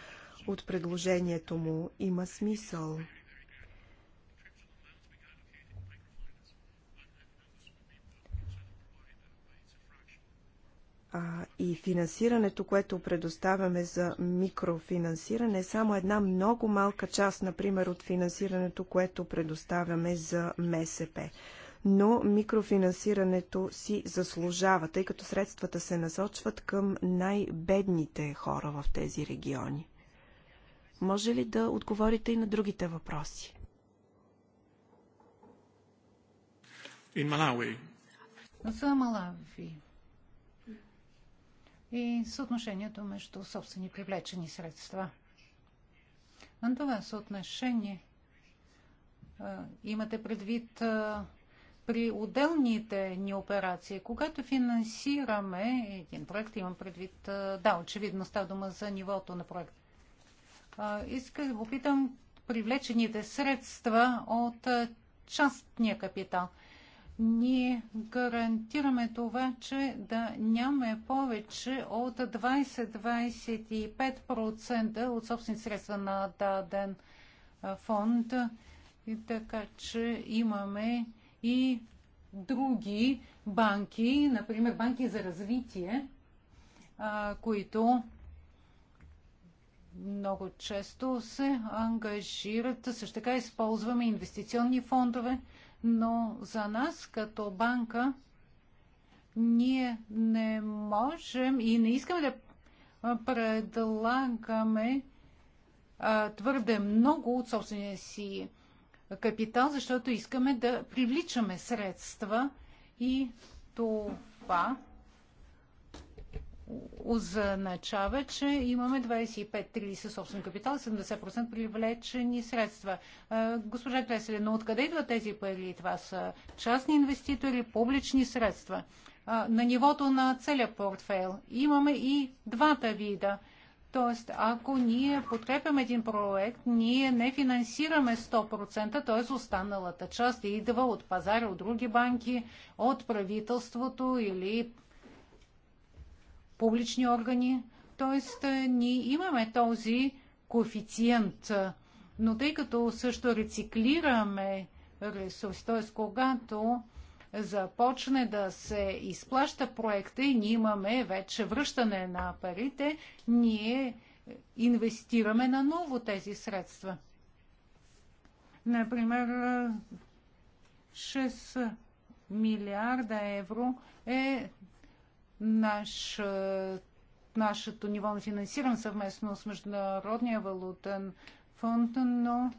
от предложението му има смисъл. а, и финансирането, което предоставяме за микрофинансиране, е само една много малка част, например, от финансирането, което предоставяме за МСП. Но микрофинансирането си заслужава, тъй като средствата се насочват към най-бедните хора в тези региони. Може ли да отговорите и на другите въпроси? In Malawi. За Малави и съотношението между собствени привлечени средства. На това съотношение имате предвид при отделните ни операции, когато финансираме един проект, имам предвид, да, очевидно става дума за нивото на проект. Иска да попитам привлечените средства от частния капитал – ние гарантираме това, че да нямаме повече от 20-25% от собствени средства на даден фонд, и така че имаме и други банки, например банки за развитие, които много често се ангажират. Също така използваме инвестиционни фондове, но за нас като банка ние не можем и не искаме да предлагаме а, твърде много от собствения си капитал, защото искаме да привличаме средства и това означава, че имаме 25-30 със собствен капитал, 70% привлечени средства. Госпожа Клеселе, но откъде идват тези пари? Това са частни инвеститори, публични средства. На нивото на целият портфейл имаме и двата вида. Тоест, ако ние подкрепяме един проект, ние не финансираме 100%, т.е. останалата част идва от пазара, от други банки, от правителството или публични органи. Тоест, е, ние имаме този коефициент, но тъй като също рециклираме ресурс, т.е. когато започне да се изплаща проекта и ние имаме вече връщане на парите, ние инвестираме на ново тези средства. Например, 6 милиарда евро е наш, нашето ниво на финансиране съвместно с Международния валутен фонд, но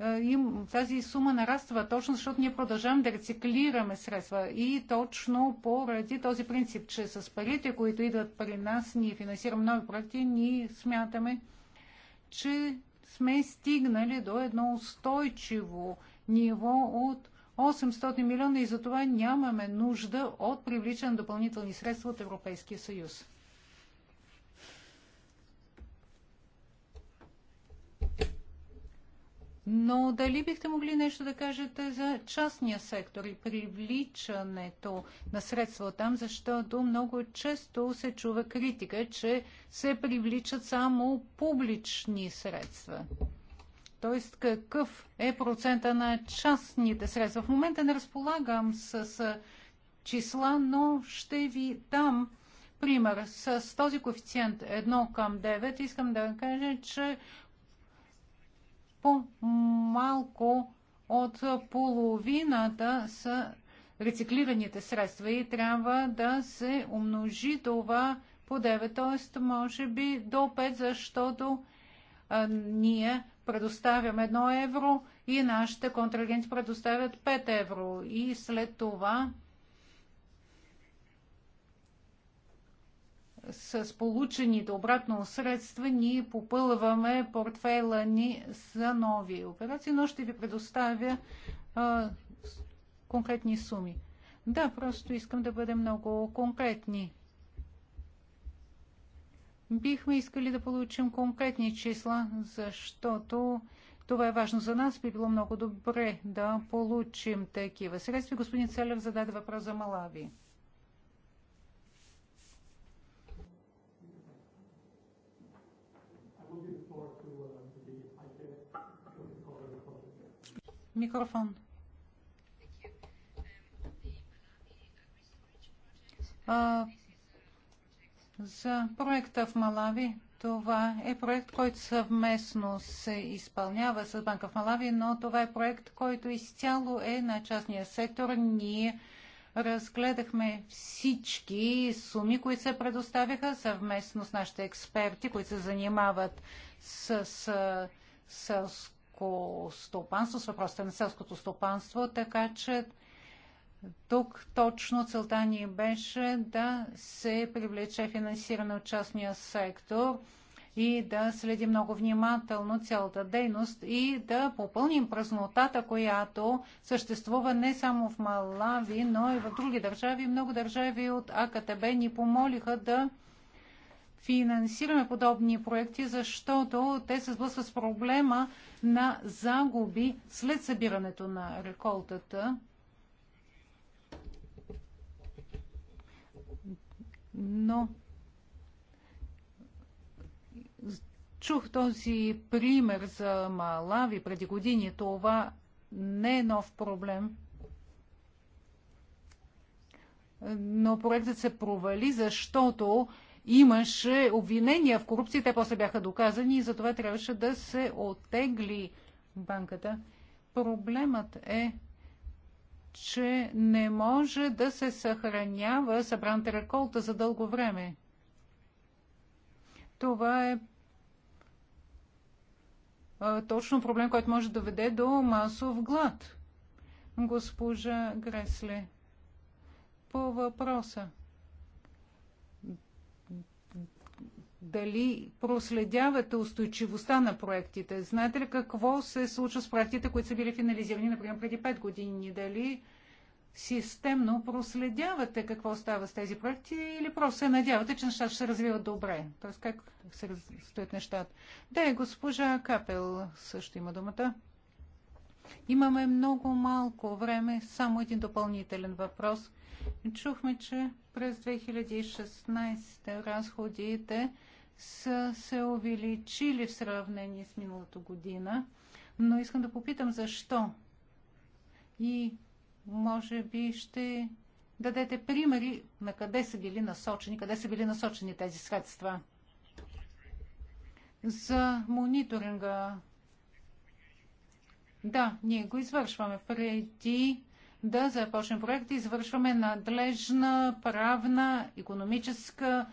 е, им, тази сума нараства точно защото ние продължаваме да рециклираме средства и точно поради този принцип, че с парите, които идват при нас, ние финансираме нови проекти, ние смятаме, че сме стигнали до едно устойчиво ниво от 800 милиона и за това нямаме нужда от привличане на допълнителни средства от Европейския съюз. Но дали бихте могли нещо да кажете за частния сектор и привличането на средства там, защото много често се чува критика, че се привличат само публични средства. Тоест, какъв е процента на частните средства? В момента не разполагам с числа, но ще ви дам пример. С този коефициент 1 към 9 искам да кажа, че по-малко от половината са рециклираните средства и трябва да се умножи това по 9, т.е. може би до 5, защото ние предоставяме 1 евро и нашите контрагенти предоставят 5 евро. И след това с получените обратно средства ние попълваме портфейла ни за нови операции, но ще ви предоставя а, конкретни суми. Да, просто искам да бъдем много конкретни. Бихме искали да получим конкретни числа, защото това е важно за нас. Би било много добре да получим такива средства. Господин Целев зададе въпрос за Малави. Микрофон. А, за проекта в Малави, това е проект, който съвместно се изпълнява с Банка в Малави, но това е проект, който изцяло е на частния сектор. Ние разгледахме всички суми, които се предоставяха съвместно с нашите експерти, които се занимават с, селско стопанство, с въпросите на селското стопанство, така че тук точно целта ни беше да се привлече финансиране от частния сектор и да следи много внимателно цялата дейност и да попълним празнотата, която съществува не само в Малави, но и в други държави. Много държави от АКТБ ни помолиха да финансираме подобни проекти, защото те се сблъсват с проблема на загуби след събирането на реколтата но чух този пример за Малави преди години. Това не е нов проблем. Но проектът се провали, защото имаше обвинения в корупция, те после бяха доказани и затова трябваше да се отегли банката. Проблемът е, че не може да се съхранява събраната реколта за дълго време. Това е, е точно проблем, който може да доведе до масов глад. Госпожа Гресле, по въпроса дали проследявате устойчивостта на проектите? Знаете ли какво се случва с проектите, които са били финализирани, например, преди 5 години? Дали системно проследявате какво става с тези проекти или просто се надявате, че нещата ще се развиват добре? Тоест как се стоят нещата? Да, госпожа Капел също има думата. Имаме много малко време, само един допълнителен въпрос. Чухме, че през 2016 разходите са се увеличили в сравнение с миналата година, но искам да попитам защо. И може би ще дадете примери на къде са били насочени, къде са били насочени тези средства. За мониторинга. Да, ние го извършваме преди да започнем проект, извършваме надлежна правна, економическа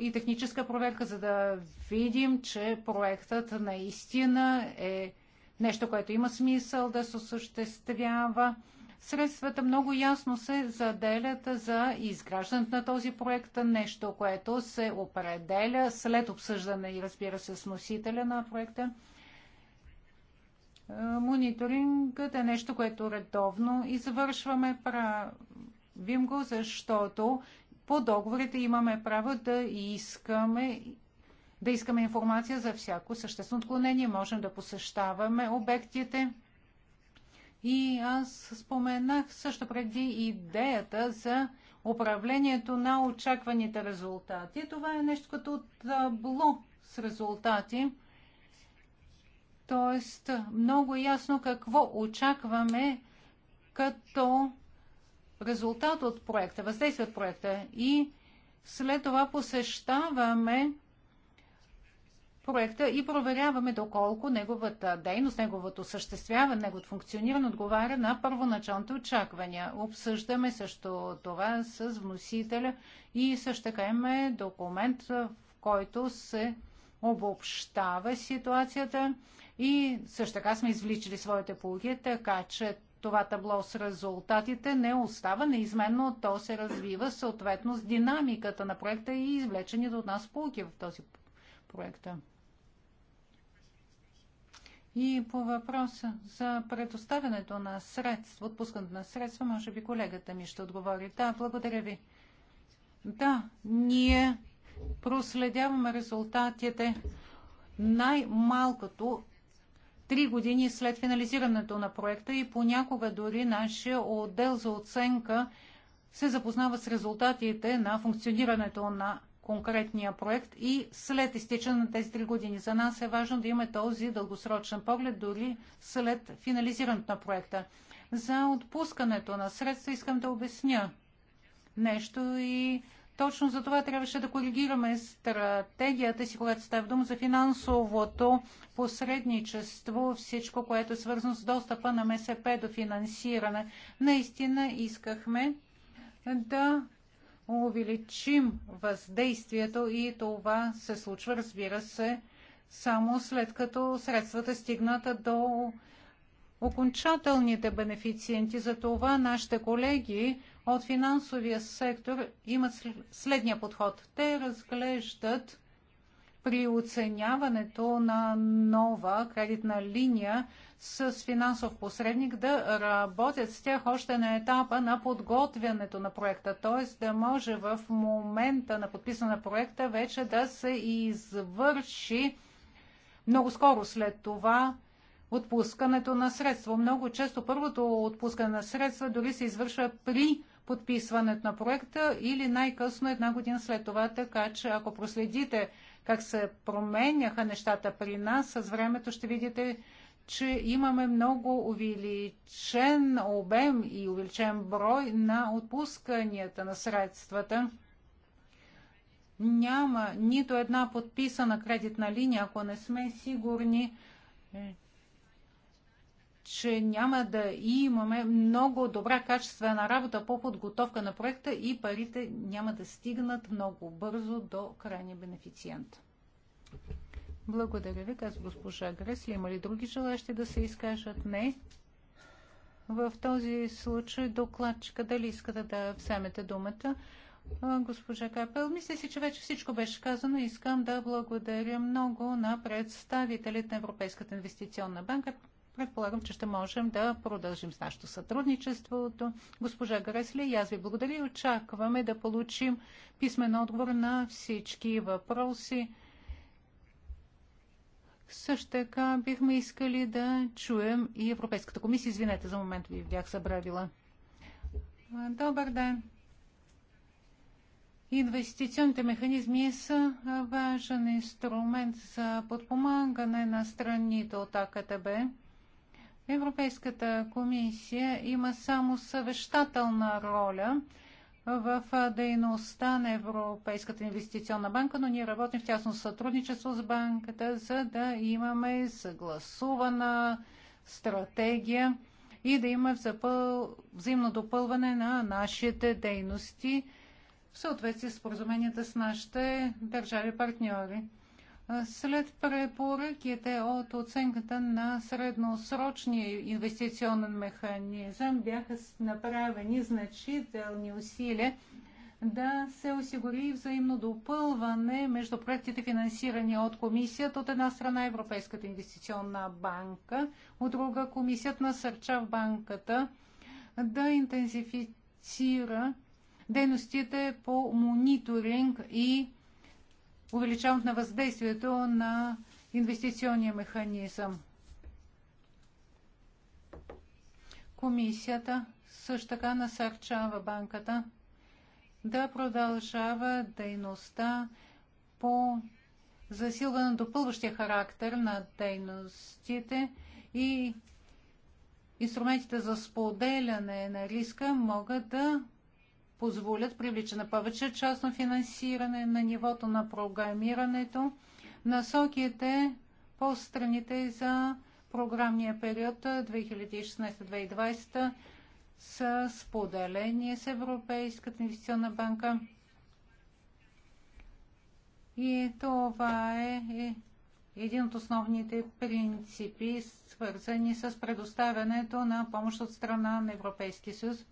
и техническа проверка, за да видим, че проектът наистина е нещо, което има смисъл да се осъществява. Средствата много ясно се заделят за изграждането на този проект, нещо, което се определя след обсъждане и разбира се с носителя на проекта. Мониторингът е нещо, което редовно извършваме, правим го, защото по договорите имаме право да искаме да искаме информация за всяко съществено отклонение, можем да посещаваме обектите. И аз споменах също преди идеята за управлението на очакваните резултати. Това е нещо като табло с резултати. Тоест, много ясно какво очакваме като резултат от проекта, въздействие от проекта и след това посещаваме проекта и проверяваме доколко неговата дейност, неговото съществяване, неговото функциониране отговаря на първоначалните очаквания. Обсъждаме също това с вносителя и също така имаме документ, в който се обобщава ситуацията и също така сме извличали своите полуги, така че това табло с резултатите не остава неизменно, то се развива съответно с динамиката на проекта и извлечените от нас полки в този проект. И по въпроса за предоставянето на средства, отпускането на средства, може би колегата ми ще отговори. Да, благодаря ви. Да, ние проследяваме резултатите най-малкото три години след финализирането на проекта и понякога дори нашия отдел за оценка се запознава с резултатите на функционирането на конкретния проект и след изтичане на тези три години. За нас е важно да имаме този дългосрочен поглед дори след финализирането на проекта. За отпускането на средства искам да обясня нещо и точно за това трябваше да коригираме стратегията си, когато става дума за финансовото посредничество, всичко, което е свързано с достъпа на МСП до финансиране. Наистина искахме да увеличим въздействието и това се случва, разбира се, само след като средствата стигнат до окончателните бенефициенти. За това нашите колеги от финансовия сектор имат следния подход. Те разглеждат при оценяването на нова кредитна линия с финансов посредник да работят с тях още на етапа на подготвянето на проекта, т.е. да може в момента на подписване на проекта вече да се извърши много скоро след това отпускането на средства. Много често първото отпускане на средства дори се извършва при подписването на проекта или най-късно една година след това. Така че ако проследите как се променяха нещата при нас, с времето ще видите, че имаме много увеличен обем и увеличен брой на отпусканията на средствата. Няма нито една подписана кредитна линия, ако не сме сигурни, че няма да имаме много добра качествена работа по подготовка на проекта и парите няма да стигнат много бързо до крайния бенефициент. Благодаря ви, каза госпожа Гресли. Има ли други желащи да се изкажат? Не. В този случай докладчика, дали искате да вземете думата? Госпожа Капел, мисля си, че вече всичко беше казано. Искам да благодаря много на представителите на Европейската инвестиционна банка, предполагам, че ще можем да продължим с нашето сътрудничество госпожа Гресли. аз ви благодаря и очакваме да получим писмен отговор на всички въпроси. Също така бихме искали да чуем и Европейската комисия. Извинете, за момент ви бях събравила. Добър ден! Инвестиционните механизми са важен инструмент за подпомагане на страните от АКТБ. Европейската комисия има само съвещателна роля в дейността на Европейската инвестиционна банка, но ние работим в тясно сътрудничество с банката, за да имаме съгласувана стратегия и да има взаимно допълване на нашите дейности в съответствие с поразуменията с нашите държави партньори. След препоръките от оценката на средносрочния инвестиционен механизъм бяха направени значителни усилия да се осигури взаимно допълване между проектите, финансирани от комисията, от една страна Европейската инвестиционна банка, от друга комисията насърча банката да интензифицира дейностите по мониторинг и увеличаването на въздействието на инвестиционния механизъм. Комисията също така насърчава банката да продължава дейността по засилване на допълващия характер на дейностите и инструментите за споделяне на риска могат да позволят привлича на повече частно финансиране на нивото на програмирането. Насоките по страните за програмния период 2016-2020 са споделени с Европейската инвестиционна банка. И това е един от основните принципи, свързани с предоставянето на помощ от страна на Европейския съюз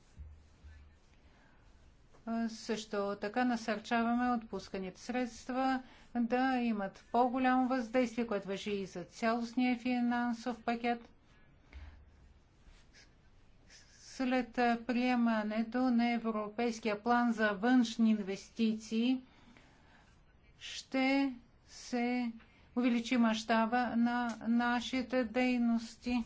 също така насърчаваме отпусканите средства да имат по-голямо въздействие, което въжи и за цялостния финансов пакет. След приемането на Европейския план за външни инвестиции ще се увеличи мащаба на нашите дейности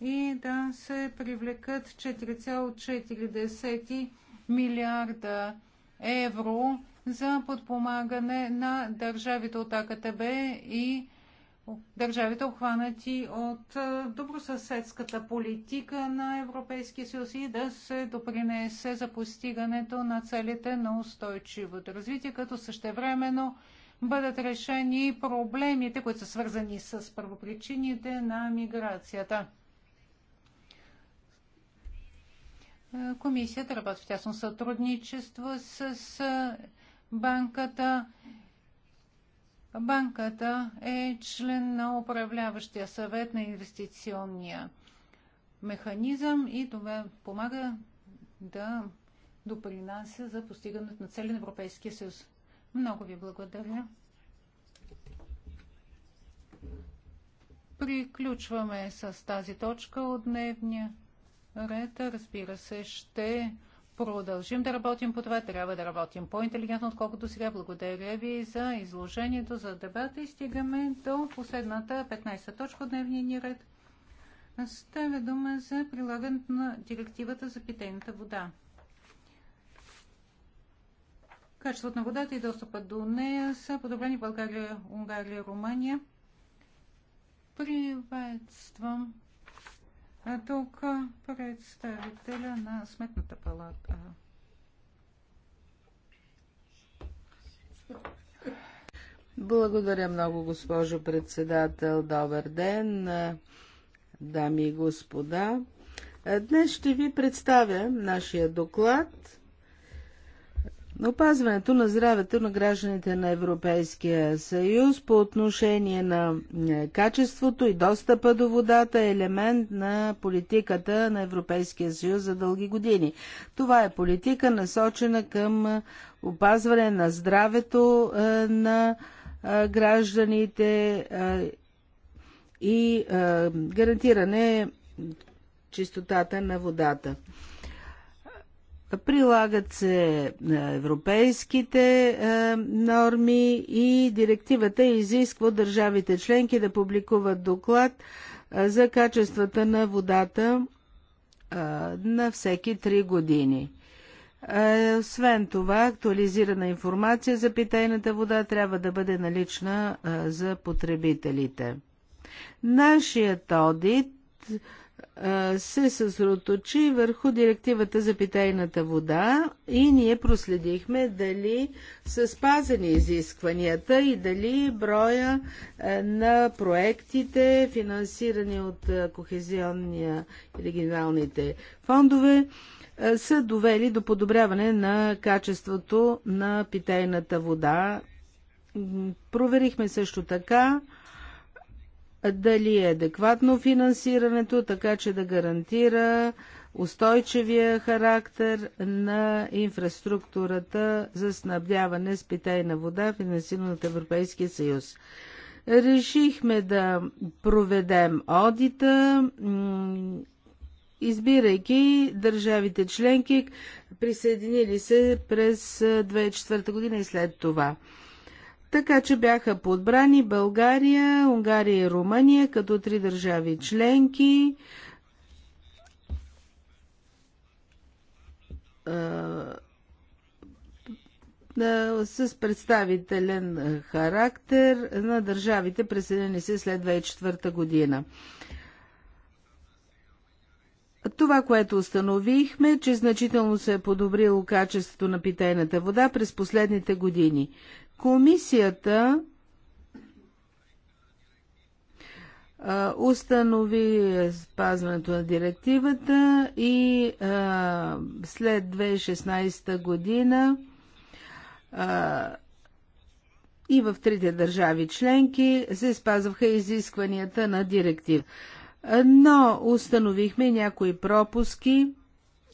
и да се привлекат 4,4 милиарда евро за подпомагане на държавите от АКТБ и държавите обхванати от добросъседската политика на Европейския съюз и да се допринесе за постигането на целите на устойчивото развитие, като същевременно бъдат решени проблемите, които са свързани с първопричините на миграцията. Комисията работи в тясно сътрудничество с банката. Банката е член на управляващия съвет на инвестиционния механизъм и това помага да допринася за постигането на цели на Европейския съюз. Много ви благодаря. Приключваме с тази точка от дневния ред. Разбира се, ще продължим да работим по това. Трябва да работим по-интелигентно, отколкото сега. Благодаря ви за изложението, за дебата и стигаме до последната 15 точка от дневния ни ред. Ставя дума за прилагането на директивата за питейната вода. Качеството на водата и достъпа до нея са подобрени в България, Унгария, Румъния. Приветствам тук представителя на Сметната палата. Благодаря много, госпожо председател. Добър ден, дами и господа. Днес ще ви представя нашия доклад Опазването на здравето на гражданите на Европейския съюз по отношение на е, качеството и достъпа до водата е елемент на политиката на Европейския съюз за дълги години. Това е политика насочена към е, опазване на здравето е, на гражданите и гарантиране чистотата на водата. Прилагат се е, европейските е, норми и директивата изисква държавите членки да публикуват доклад е, за качествата на водата на всеки 3 години. Освен това, актуализирана информация за питейната вода трябва да бъде налична за потребителите. Нашият одит се съсредоточи върху директивата за питейната вода и ние проследихме дали са спазени изискванията и дали броя на проектите, финансирани от кохезионния и регионалните фондове, са довели до подобряване на качеството на питейната вода. Проверихме също така дали е адекватно финансирането, така че да гарантира устойчивия характер на инфраструктурата за снабдяване с питейна вода, финансирана от Европейския съюз. Решихме да проведем одита, избирайки държавите членки, присъединили се през 2004 година и след това. Така че бяха подбрани България, Унгария и Румъния като три държави членки. с представителен характер на държавите, преселени се след 2004 година. Това, което установихме, че значително се е подобрило качеството на питейната вода през последните години. Комисията установи спазването на директивата и след 2016 година и в трите държави членки се спазваха изискванията на директив. Но установихме някои пропуски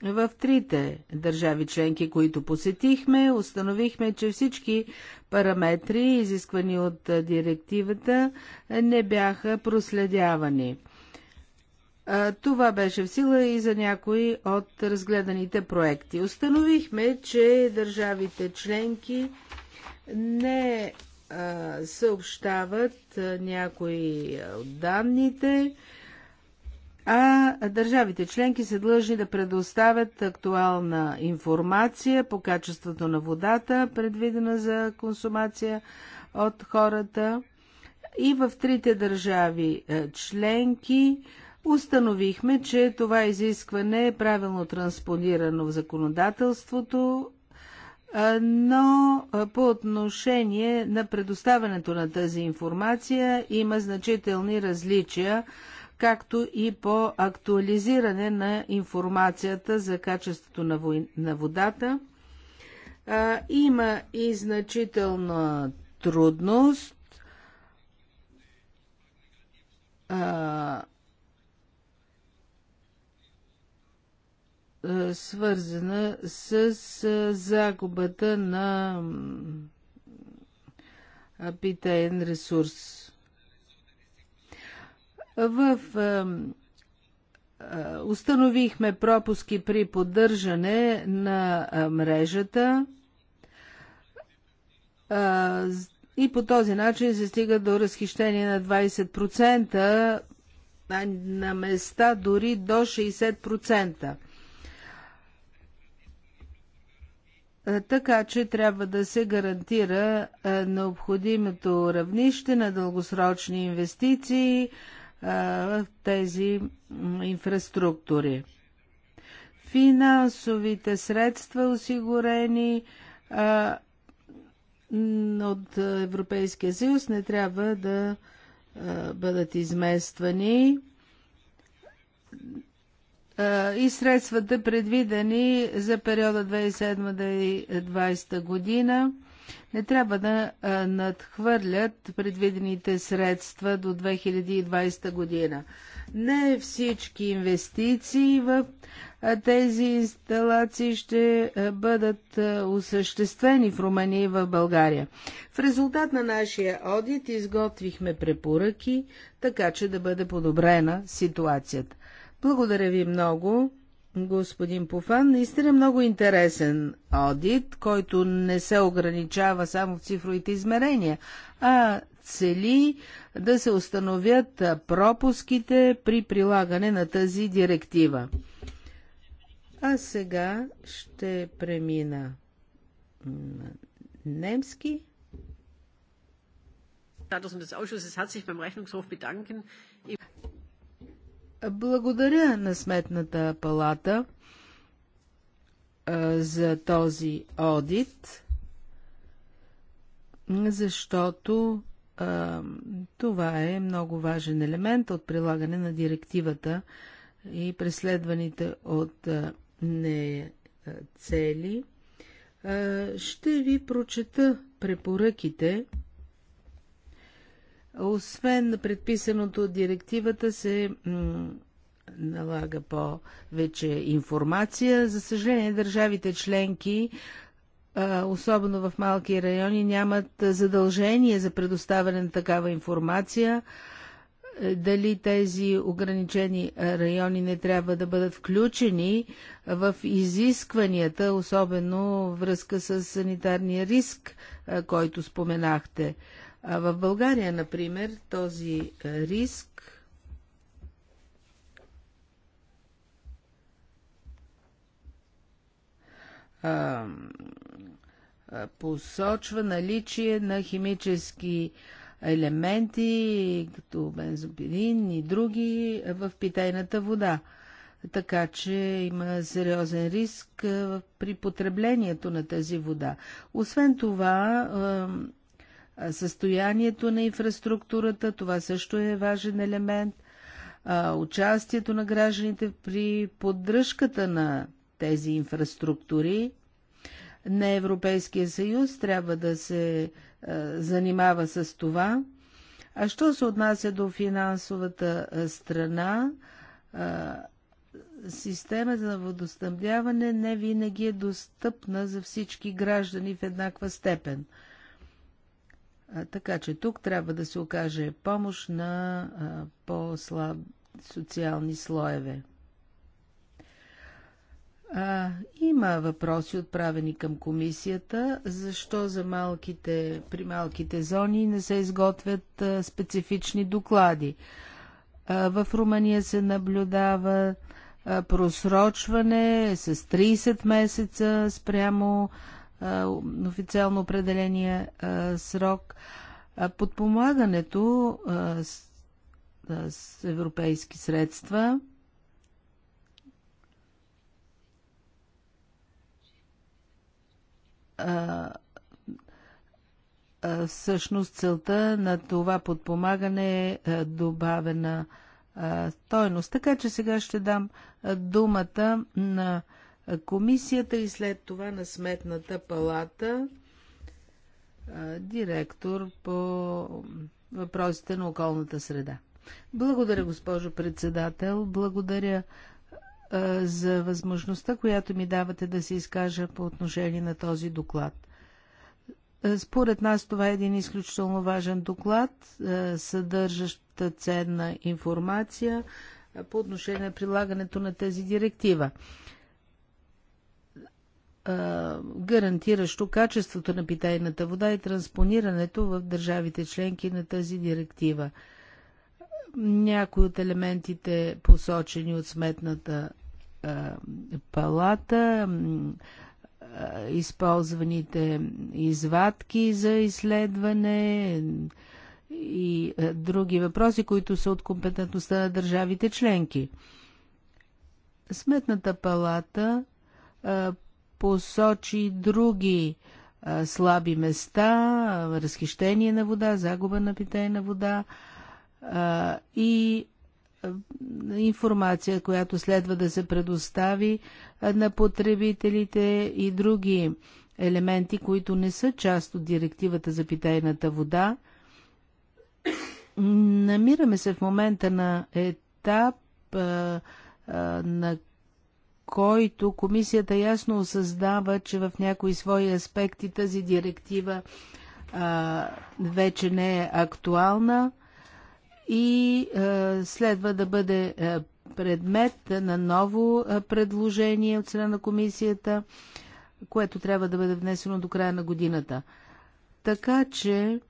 в трите държави членки, които посетихме, установихме, че всички параметри, изисквани от директивата, не бяха проследявани. Това беше в сила и за някои от разгледаните проекти. Установихме, че държавите членки не съобщават някои от данните, а държавите членки се длъжни да предоставят актуална информация по качеството на водата, предвидена за консумация от хората. И в трите държави е, членки установихме, че това изискване е правилно транспонирано в законодателството, е, но е, по отношение на предоставянето на тази информация има значителни различия както и по актуализиране на информацията за качеството на, вой... на водата. А, има и значителна трудност. А, свързана с загубата на питаен ресурс. В е, е, установихме пропуски при поддържане на е, мрежата и по този начин се стига до разхищение на 20%, на, на места дори до 60%. Така че трябва да се гарантира необходимото равнище на дългосрочни инвестиции, в тези инфраструктури. Финансовите средства осигурени от Европейския съюз не трябва да бъдат измествани и средствата предвидени за периода 2007-2020 година не трябва да надхвърлят предвидените средства до 2020 година. Не всички инвестиции в тези инсталации ще бъдат осъществени в Румъния и в България. В резултат на нашия одит изготвихме препоръки, така че да бъде подобрена ситуацията. Благодаря ви много господин Пофан. Наистина много интересен одит, който не се ограничава само в цифровите измерения, а цели да се установят пропуските при прилагане на тази директива. А сега ще премина на немски. Благодаря на Сметната палата за този одит, защото това е много важен елемент от прилагане на директивата и преследваните от не цели. ще ви прочета препоръките, освен предписаното от директивата се налага повече информация. За съжаление, държавите членки, особено в малки райони, нямат задължение за предоставяне на такава информация. Е, дали тези ограничени райони не трябва да бъдат включени в изискванията, особено връзка с санитарния риск, който споменахте. А в България, например, този риск а, посочва наличие на химически елементи, като бензопирин и други в питейната вода. Така че има сериозен риск при потреблението на тази вода. Освен това, състоянието на инфраструктурата, това също е важен елемент, участието на гражданите при поддръжката на тези инфраструктури. На Европейския съюз трябва да се занимава с това. А що се отнася до финансовата страна, системата на водоснабдяване не винаги е достъпна за всички граждани в еднаква степен. Така че тук трябва да се окаже помощ на по-слаби социални слоеве. А, има въпроси отправени към комисията, защо за малките, при малките зони не се изготвят а, специфични доклади. А, в Румъния се наблюдава а, просрочване с 30 месеца спрямо а, официално определения срок. Подпомагането с европейски средства всъщност целта на това подпомагане е добавена стойност. Така че сега ще дам думата на комисията и след това на Сметната палата директор по въпросите на околната среда. Благодаря, госпожо председател. Благодаря за възможността, която ми давате да се изкажа по отношение на този доклад. Според нас това е един изключително важен доклад, съдържащ ценна информация по отношение на прилагането на тази директива гарантиращо качеството на питейната вода и транспонирането в държавите членки на тази директива. Някои от елементите, посочени от сметната палата, използваните извадки за изследване и други въпроси, които са от компетентността на държавите членки. Сметната палата посочи други а, слаби места, разхищение на вода, загуба на питейна вода а, и а, информация, която следва да се предостави на потребителите и други елементи, които не са част от директивата за питейната вода. Намираме се в момента на етап, на който комисията ясно осъзнава, че в някои свои аспекти тази директива а, вече не е актуална и а, следва да бъде а, предмет на ново а, предложение от страна на комисията, което трябва да бъде внесено до края на годината. Така че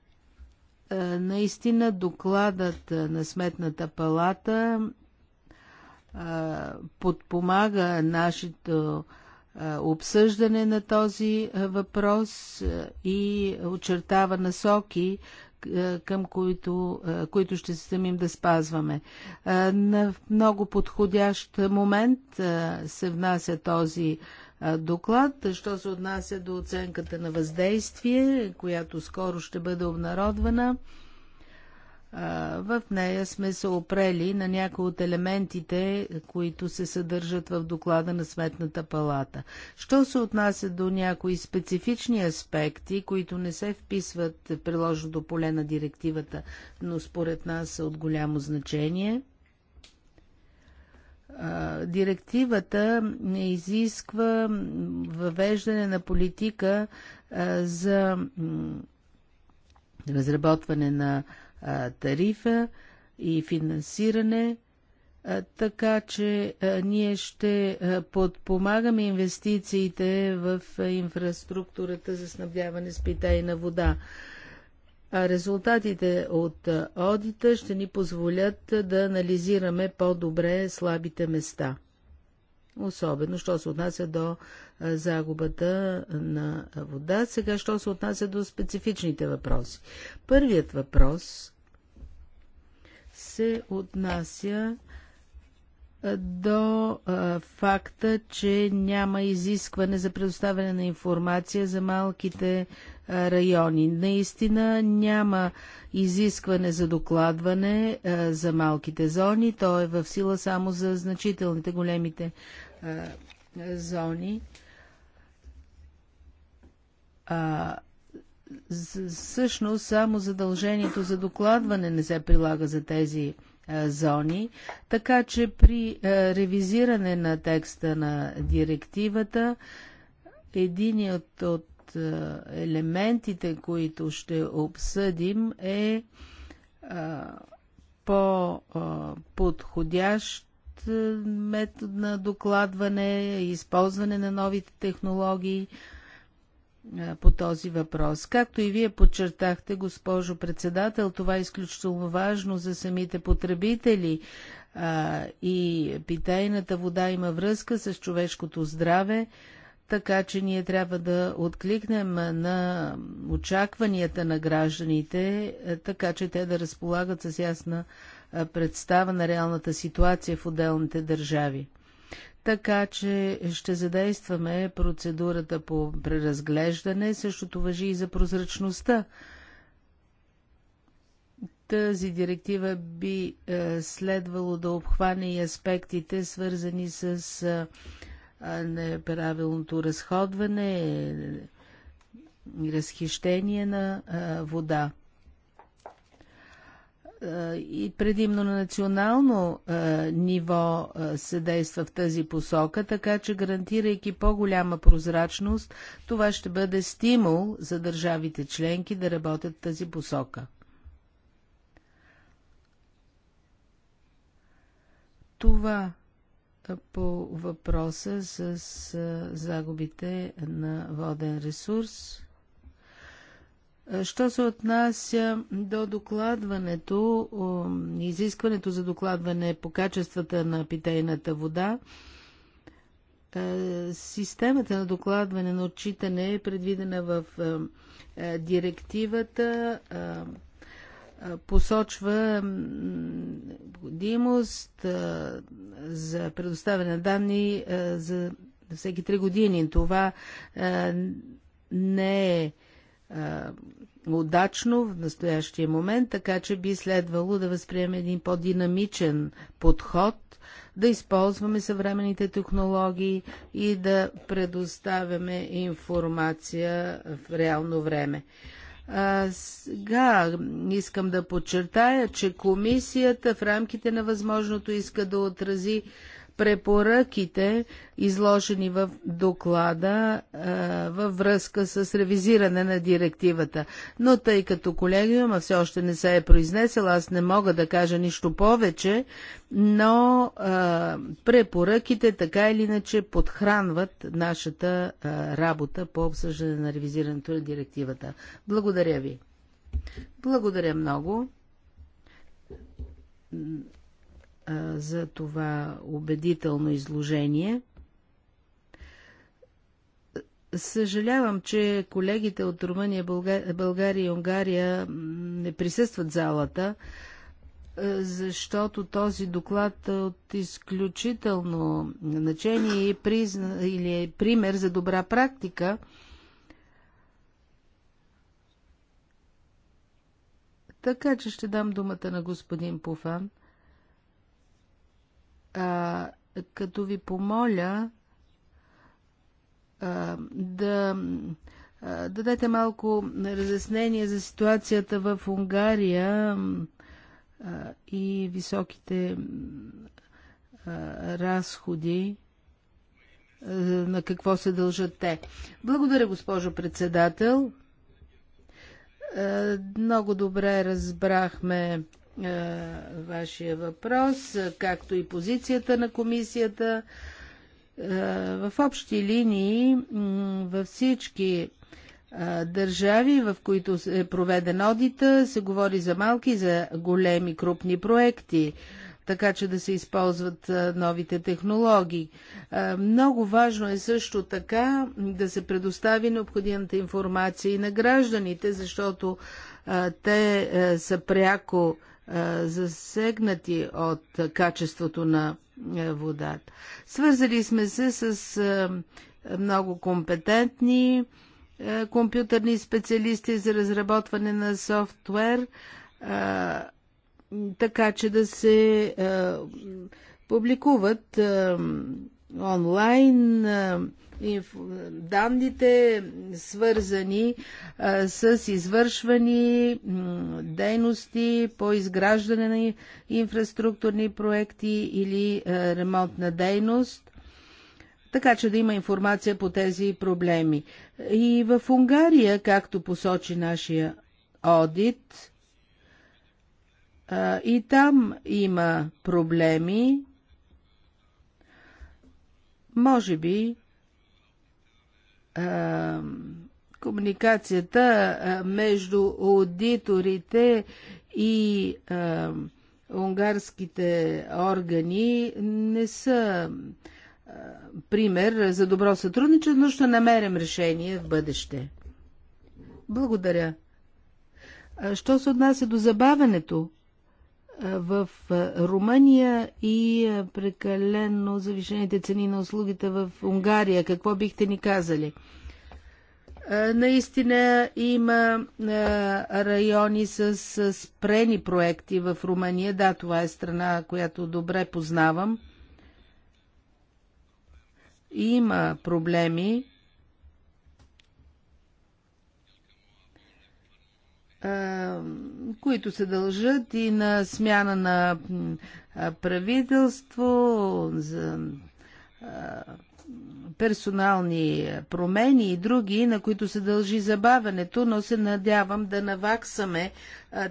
наистина докладът на Сметната палата подпомага нашето обсъждане на този въпрос и очертава насоки, към които, които ще се стремим да спазваме. На много подходящ момент се внася този доклад, що се отнася до оценката на въздействие, която скоро ще бъде обнародвана. В нея сме се опрели на някои от елементите, които се съдържат в доклада на Сметната палата. Що се отнася до някои специфични аспекти, които не се вписват в е приложното поле на директивата, но според нас са от голямо значение, директивата не изисква въвеждане на политика за разработване на а, тарифа и финансиране, а, така че а, ние ще подпомагаме инвестициите в инфраструктурата за снабдяване с питейна вода. А резултатите от одита ще ни позволят да анализираме по-добре слабите места особено, що се отнася до загубата на вода. Сега, що се отнася до специфичните въпроси. Първият въпрос се отнася до а, факта, че няма изискване за предоставяне на информация за малките а, райони. Наистина няма изискване за докладване а, за малките зони, то е в сила само за значителните големите е, зони. А, всъщност само задължението за докладване не се прилага за тези а, е, зони, така че при а, е, ревизиране на текста на директивата, един от а, елементите, които ще обсъдим е по-подходящ е, метод на докладване, използване на новите технологии е, по този въпрос. Както и вие подчертахте, госпожо председател, това е изключително важно за самите потребители и питейната вода има връзка с човешкото здраве, така че ние трябва да откликнем на очакванията на гражданите, е, така че те да разполагат с ясна представа на реалната ситуация в отделните държави. Така че ще задействаме процедурата по преразглеждане. Същото въжи и за прозрачността. Тази директива би следвало да обхване и аспектите, свързани с неправилното разходване, разхищение на вода. Е, и предимно на национално е, ниво е, се действа в тази посока, така че гарантирайки по-голяма прозрачност, това ще бъде стимул за държавите членки да работят в тази посока. Това по въпроса с загубите на воден ресурс. Е, що се отнася до докладването, изискването за докладване по качествата на питейната вода, е, системата на докладване на отчитане е предвидена в е, директивата, посочва необходимост за предоставяне на данни за всеки три години. Това не е е, удачно в настоящия момент, така че би следвало да възприемем един по-динамичен подход, да използваме съвременните технологии и да предоставяме информация в реално време. А, сега искам да подчертая, че комисията в рамките на възможното иска да отрази препоръките, изложени в доклада във връзка с ревизиране на директивата. Но тъй като колегиума все още не се е произнесел, аз не мога да кажа нищо повече, но препоръките така или иначе подхранват нашата работа по обсъждане на ревизирането на директивата. Благодаря ви. Благодаря много за това убедително изложение. Съжалявам, че колегите от Румъния, България, България и Унгария не присъстват в залата, защото този доклад е от изключително значение и призна, или е пример за добра практика. Така че ще дам думата на господин Пуфан а, като ви помоля а, да а, дадете малко разяснение за ситуацията в Унгария а, и високите а, разходи на какво се дължат те. Благодаря, госпожо председател. Много добре разбрахме е, вашия въпрос, е, както и позицията на комисията. Е, в общи линии във всички държави, в които е проведен одита, се говори за малки и за големи крупни проекти, така че да се използват новите технологии. Много важно е също така да се предостави необходимата информация и на гражданите, защото те са пряко засегнати от качеството на водата. Свързали сме се с много компетентни компютърни специалисти за разработване на софтуер, така че да се публикуват онлайн данните, свързани с извършвани дейности по изграждане на инфраструктурни проекти или ремонтна дейност, така че да има информация по тези проблеми. И в Унгария, както посочи нашия одит, и там има проблеми може би а, комуникацията а, между аудиторите и а, унгарските органи не са а, пример за добро сътрудничество, но ще намерим решение в бъдеще. Благодаря. А, що се отнася до забавенето? в Румъния и е, прекалено завишените цени на услугите в Унгария. Какво бихте ни казали? Е, наистина има е, райони с спрени проекти в Румъния. Да, това е страна, която добре познавам. Има проблеми които се дължат и на смяна на правителство, за персонални промени и други, на които се дължи забавянето, но се надявам да наваксаме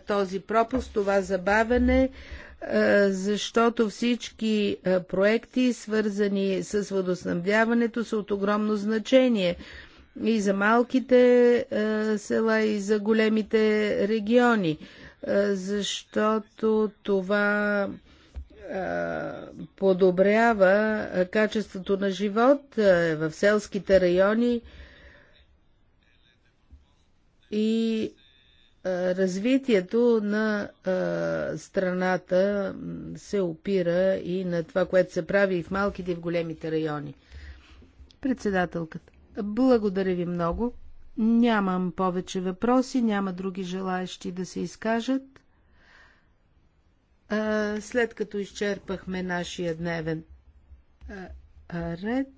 този пропуск, това забавяне, защото всички проекти, свързани с водоснабдяването, са от огромно значение и за малките села, и за големите региони, защото това подобрява качеството на живот в селските райони и развитието на страната се опира и на това, което се прави и в малките и в големите райони. Председателката. Благодаря ви много. Нямам повече въпроси, няма други желаящи да се изкажат. След като изчерпахме нашия дневен ред,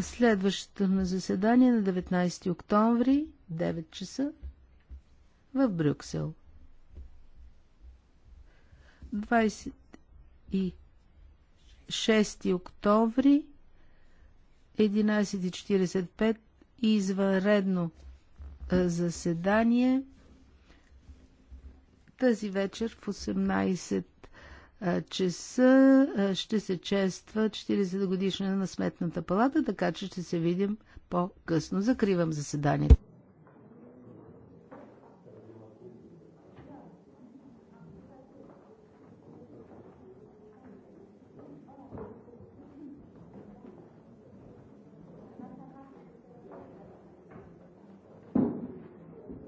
следващото на заседание на 19 октомври, 9 часа, в Брюксел. 20 и 6 октомври 11.45 и извънредно заседание тази вечер в 18 часа ще се чества 40 годишна на Сметната палата, така че ще се видим по-късно. Закривам заседанието.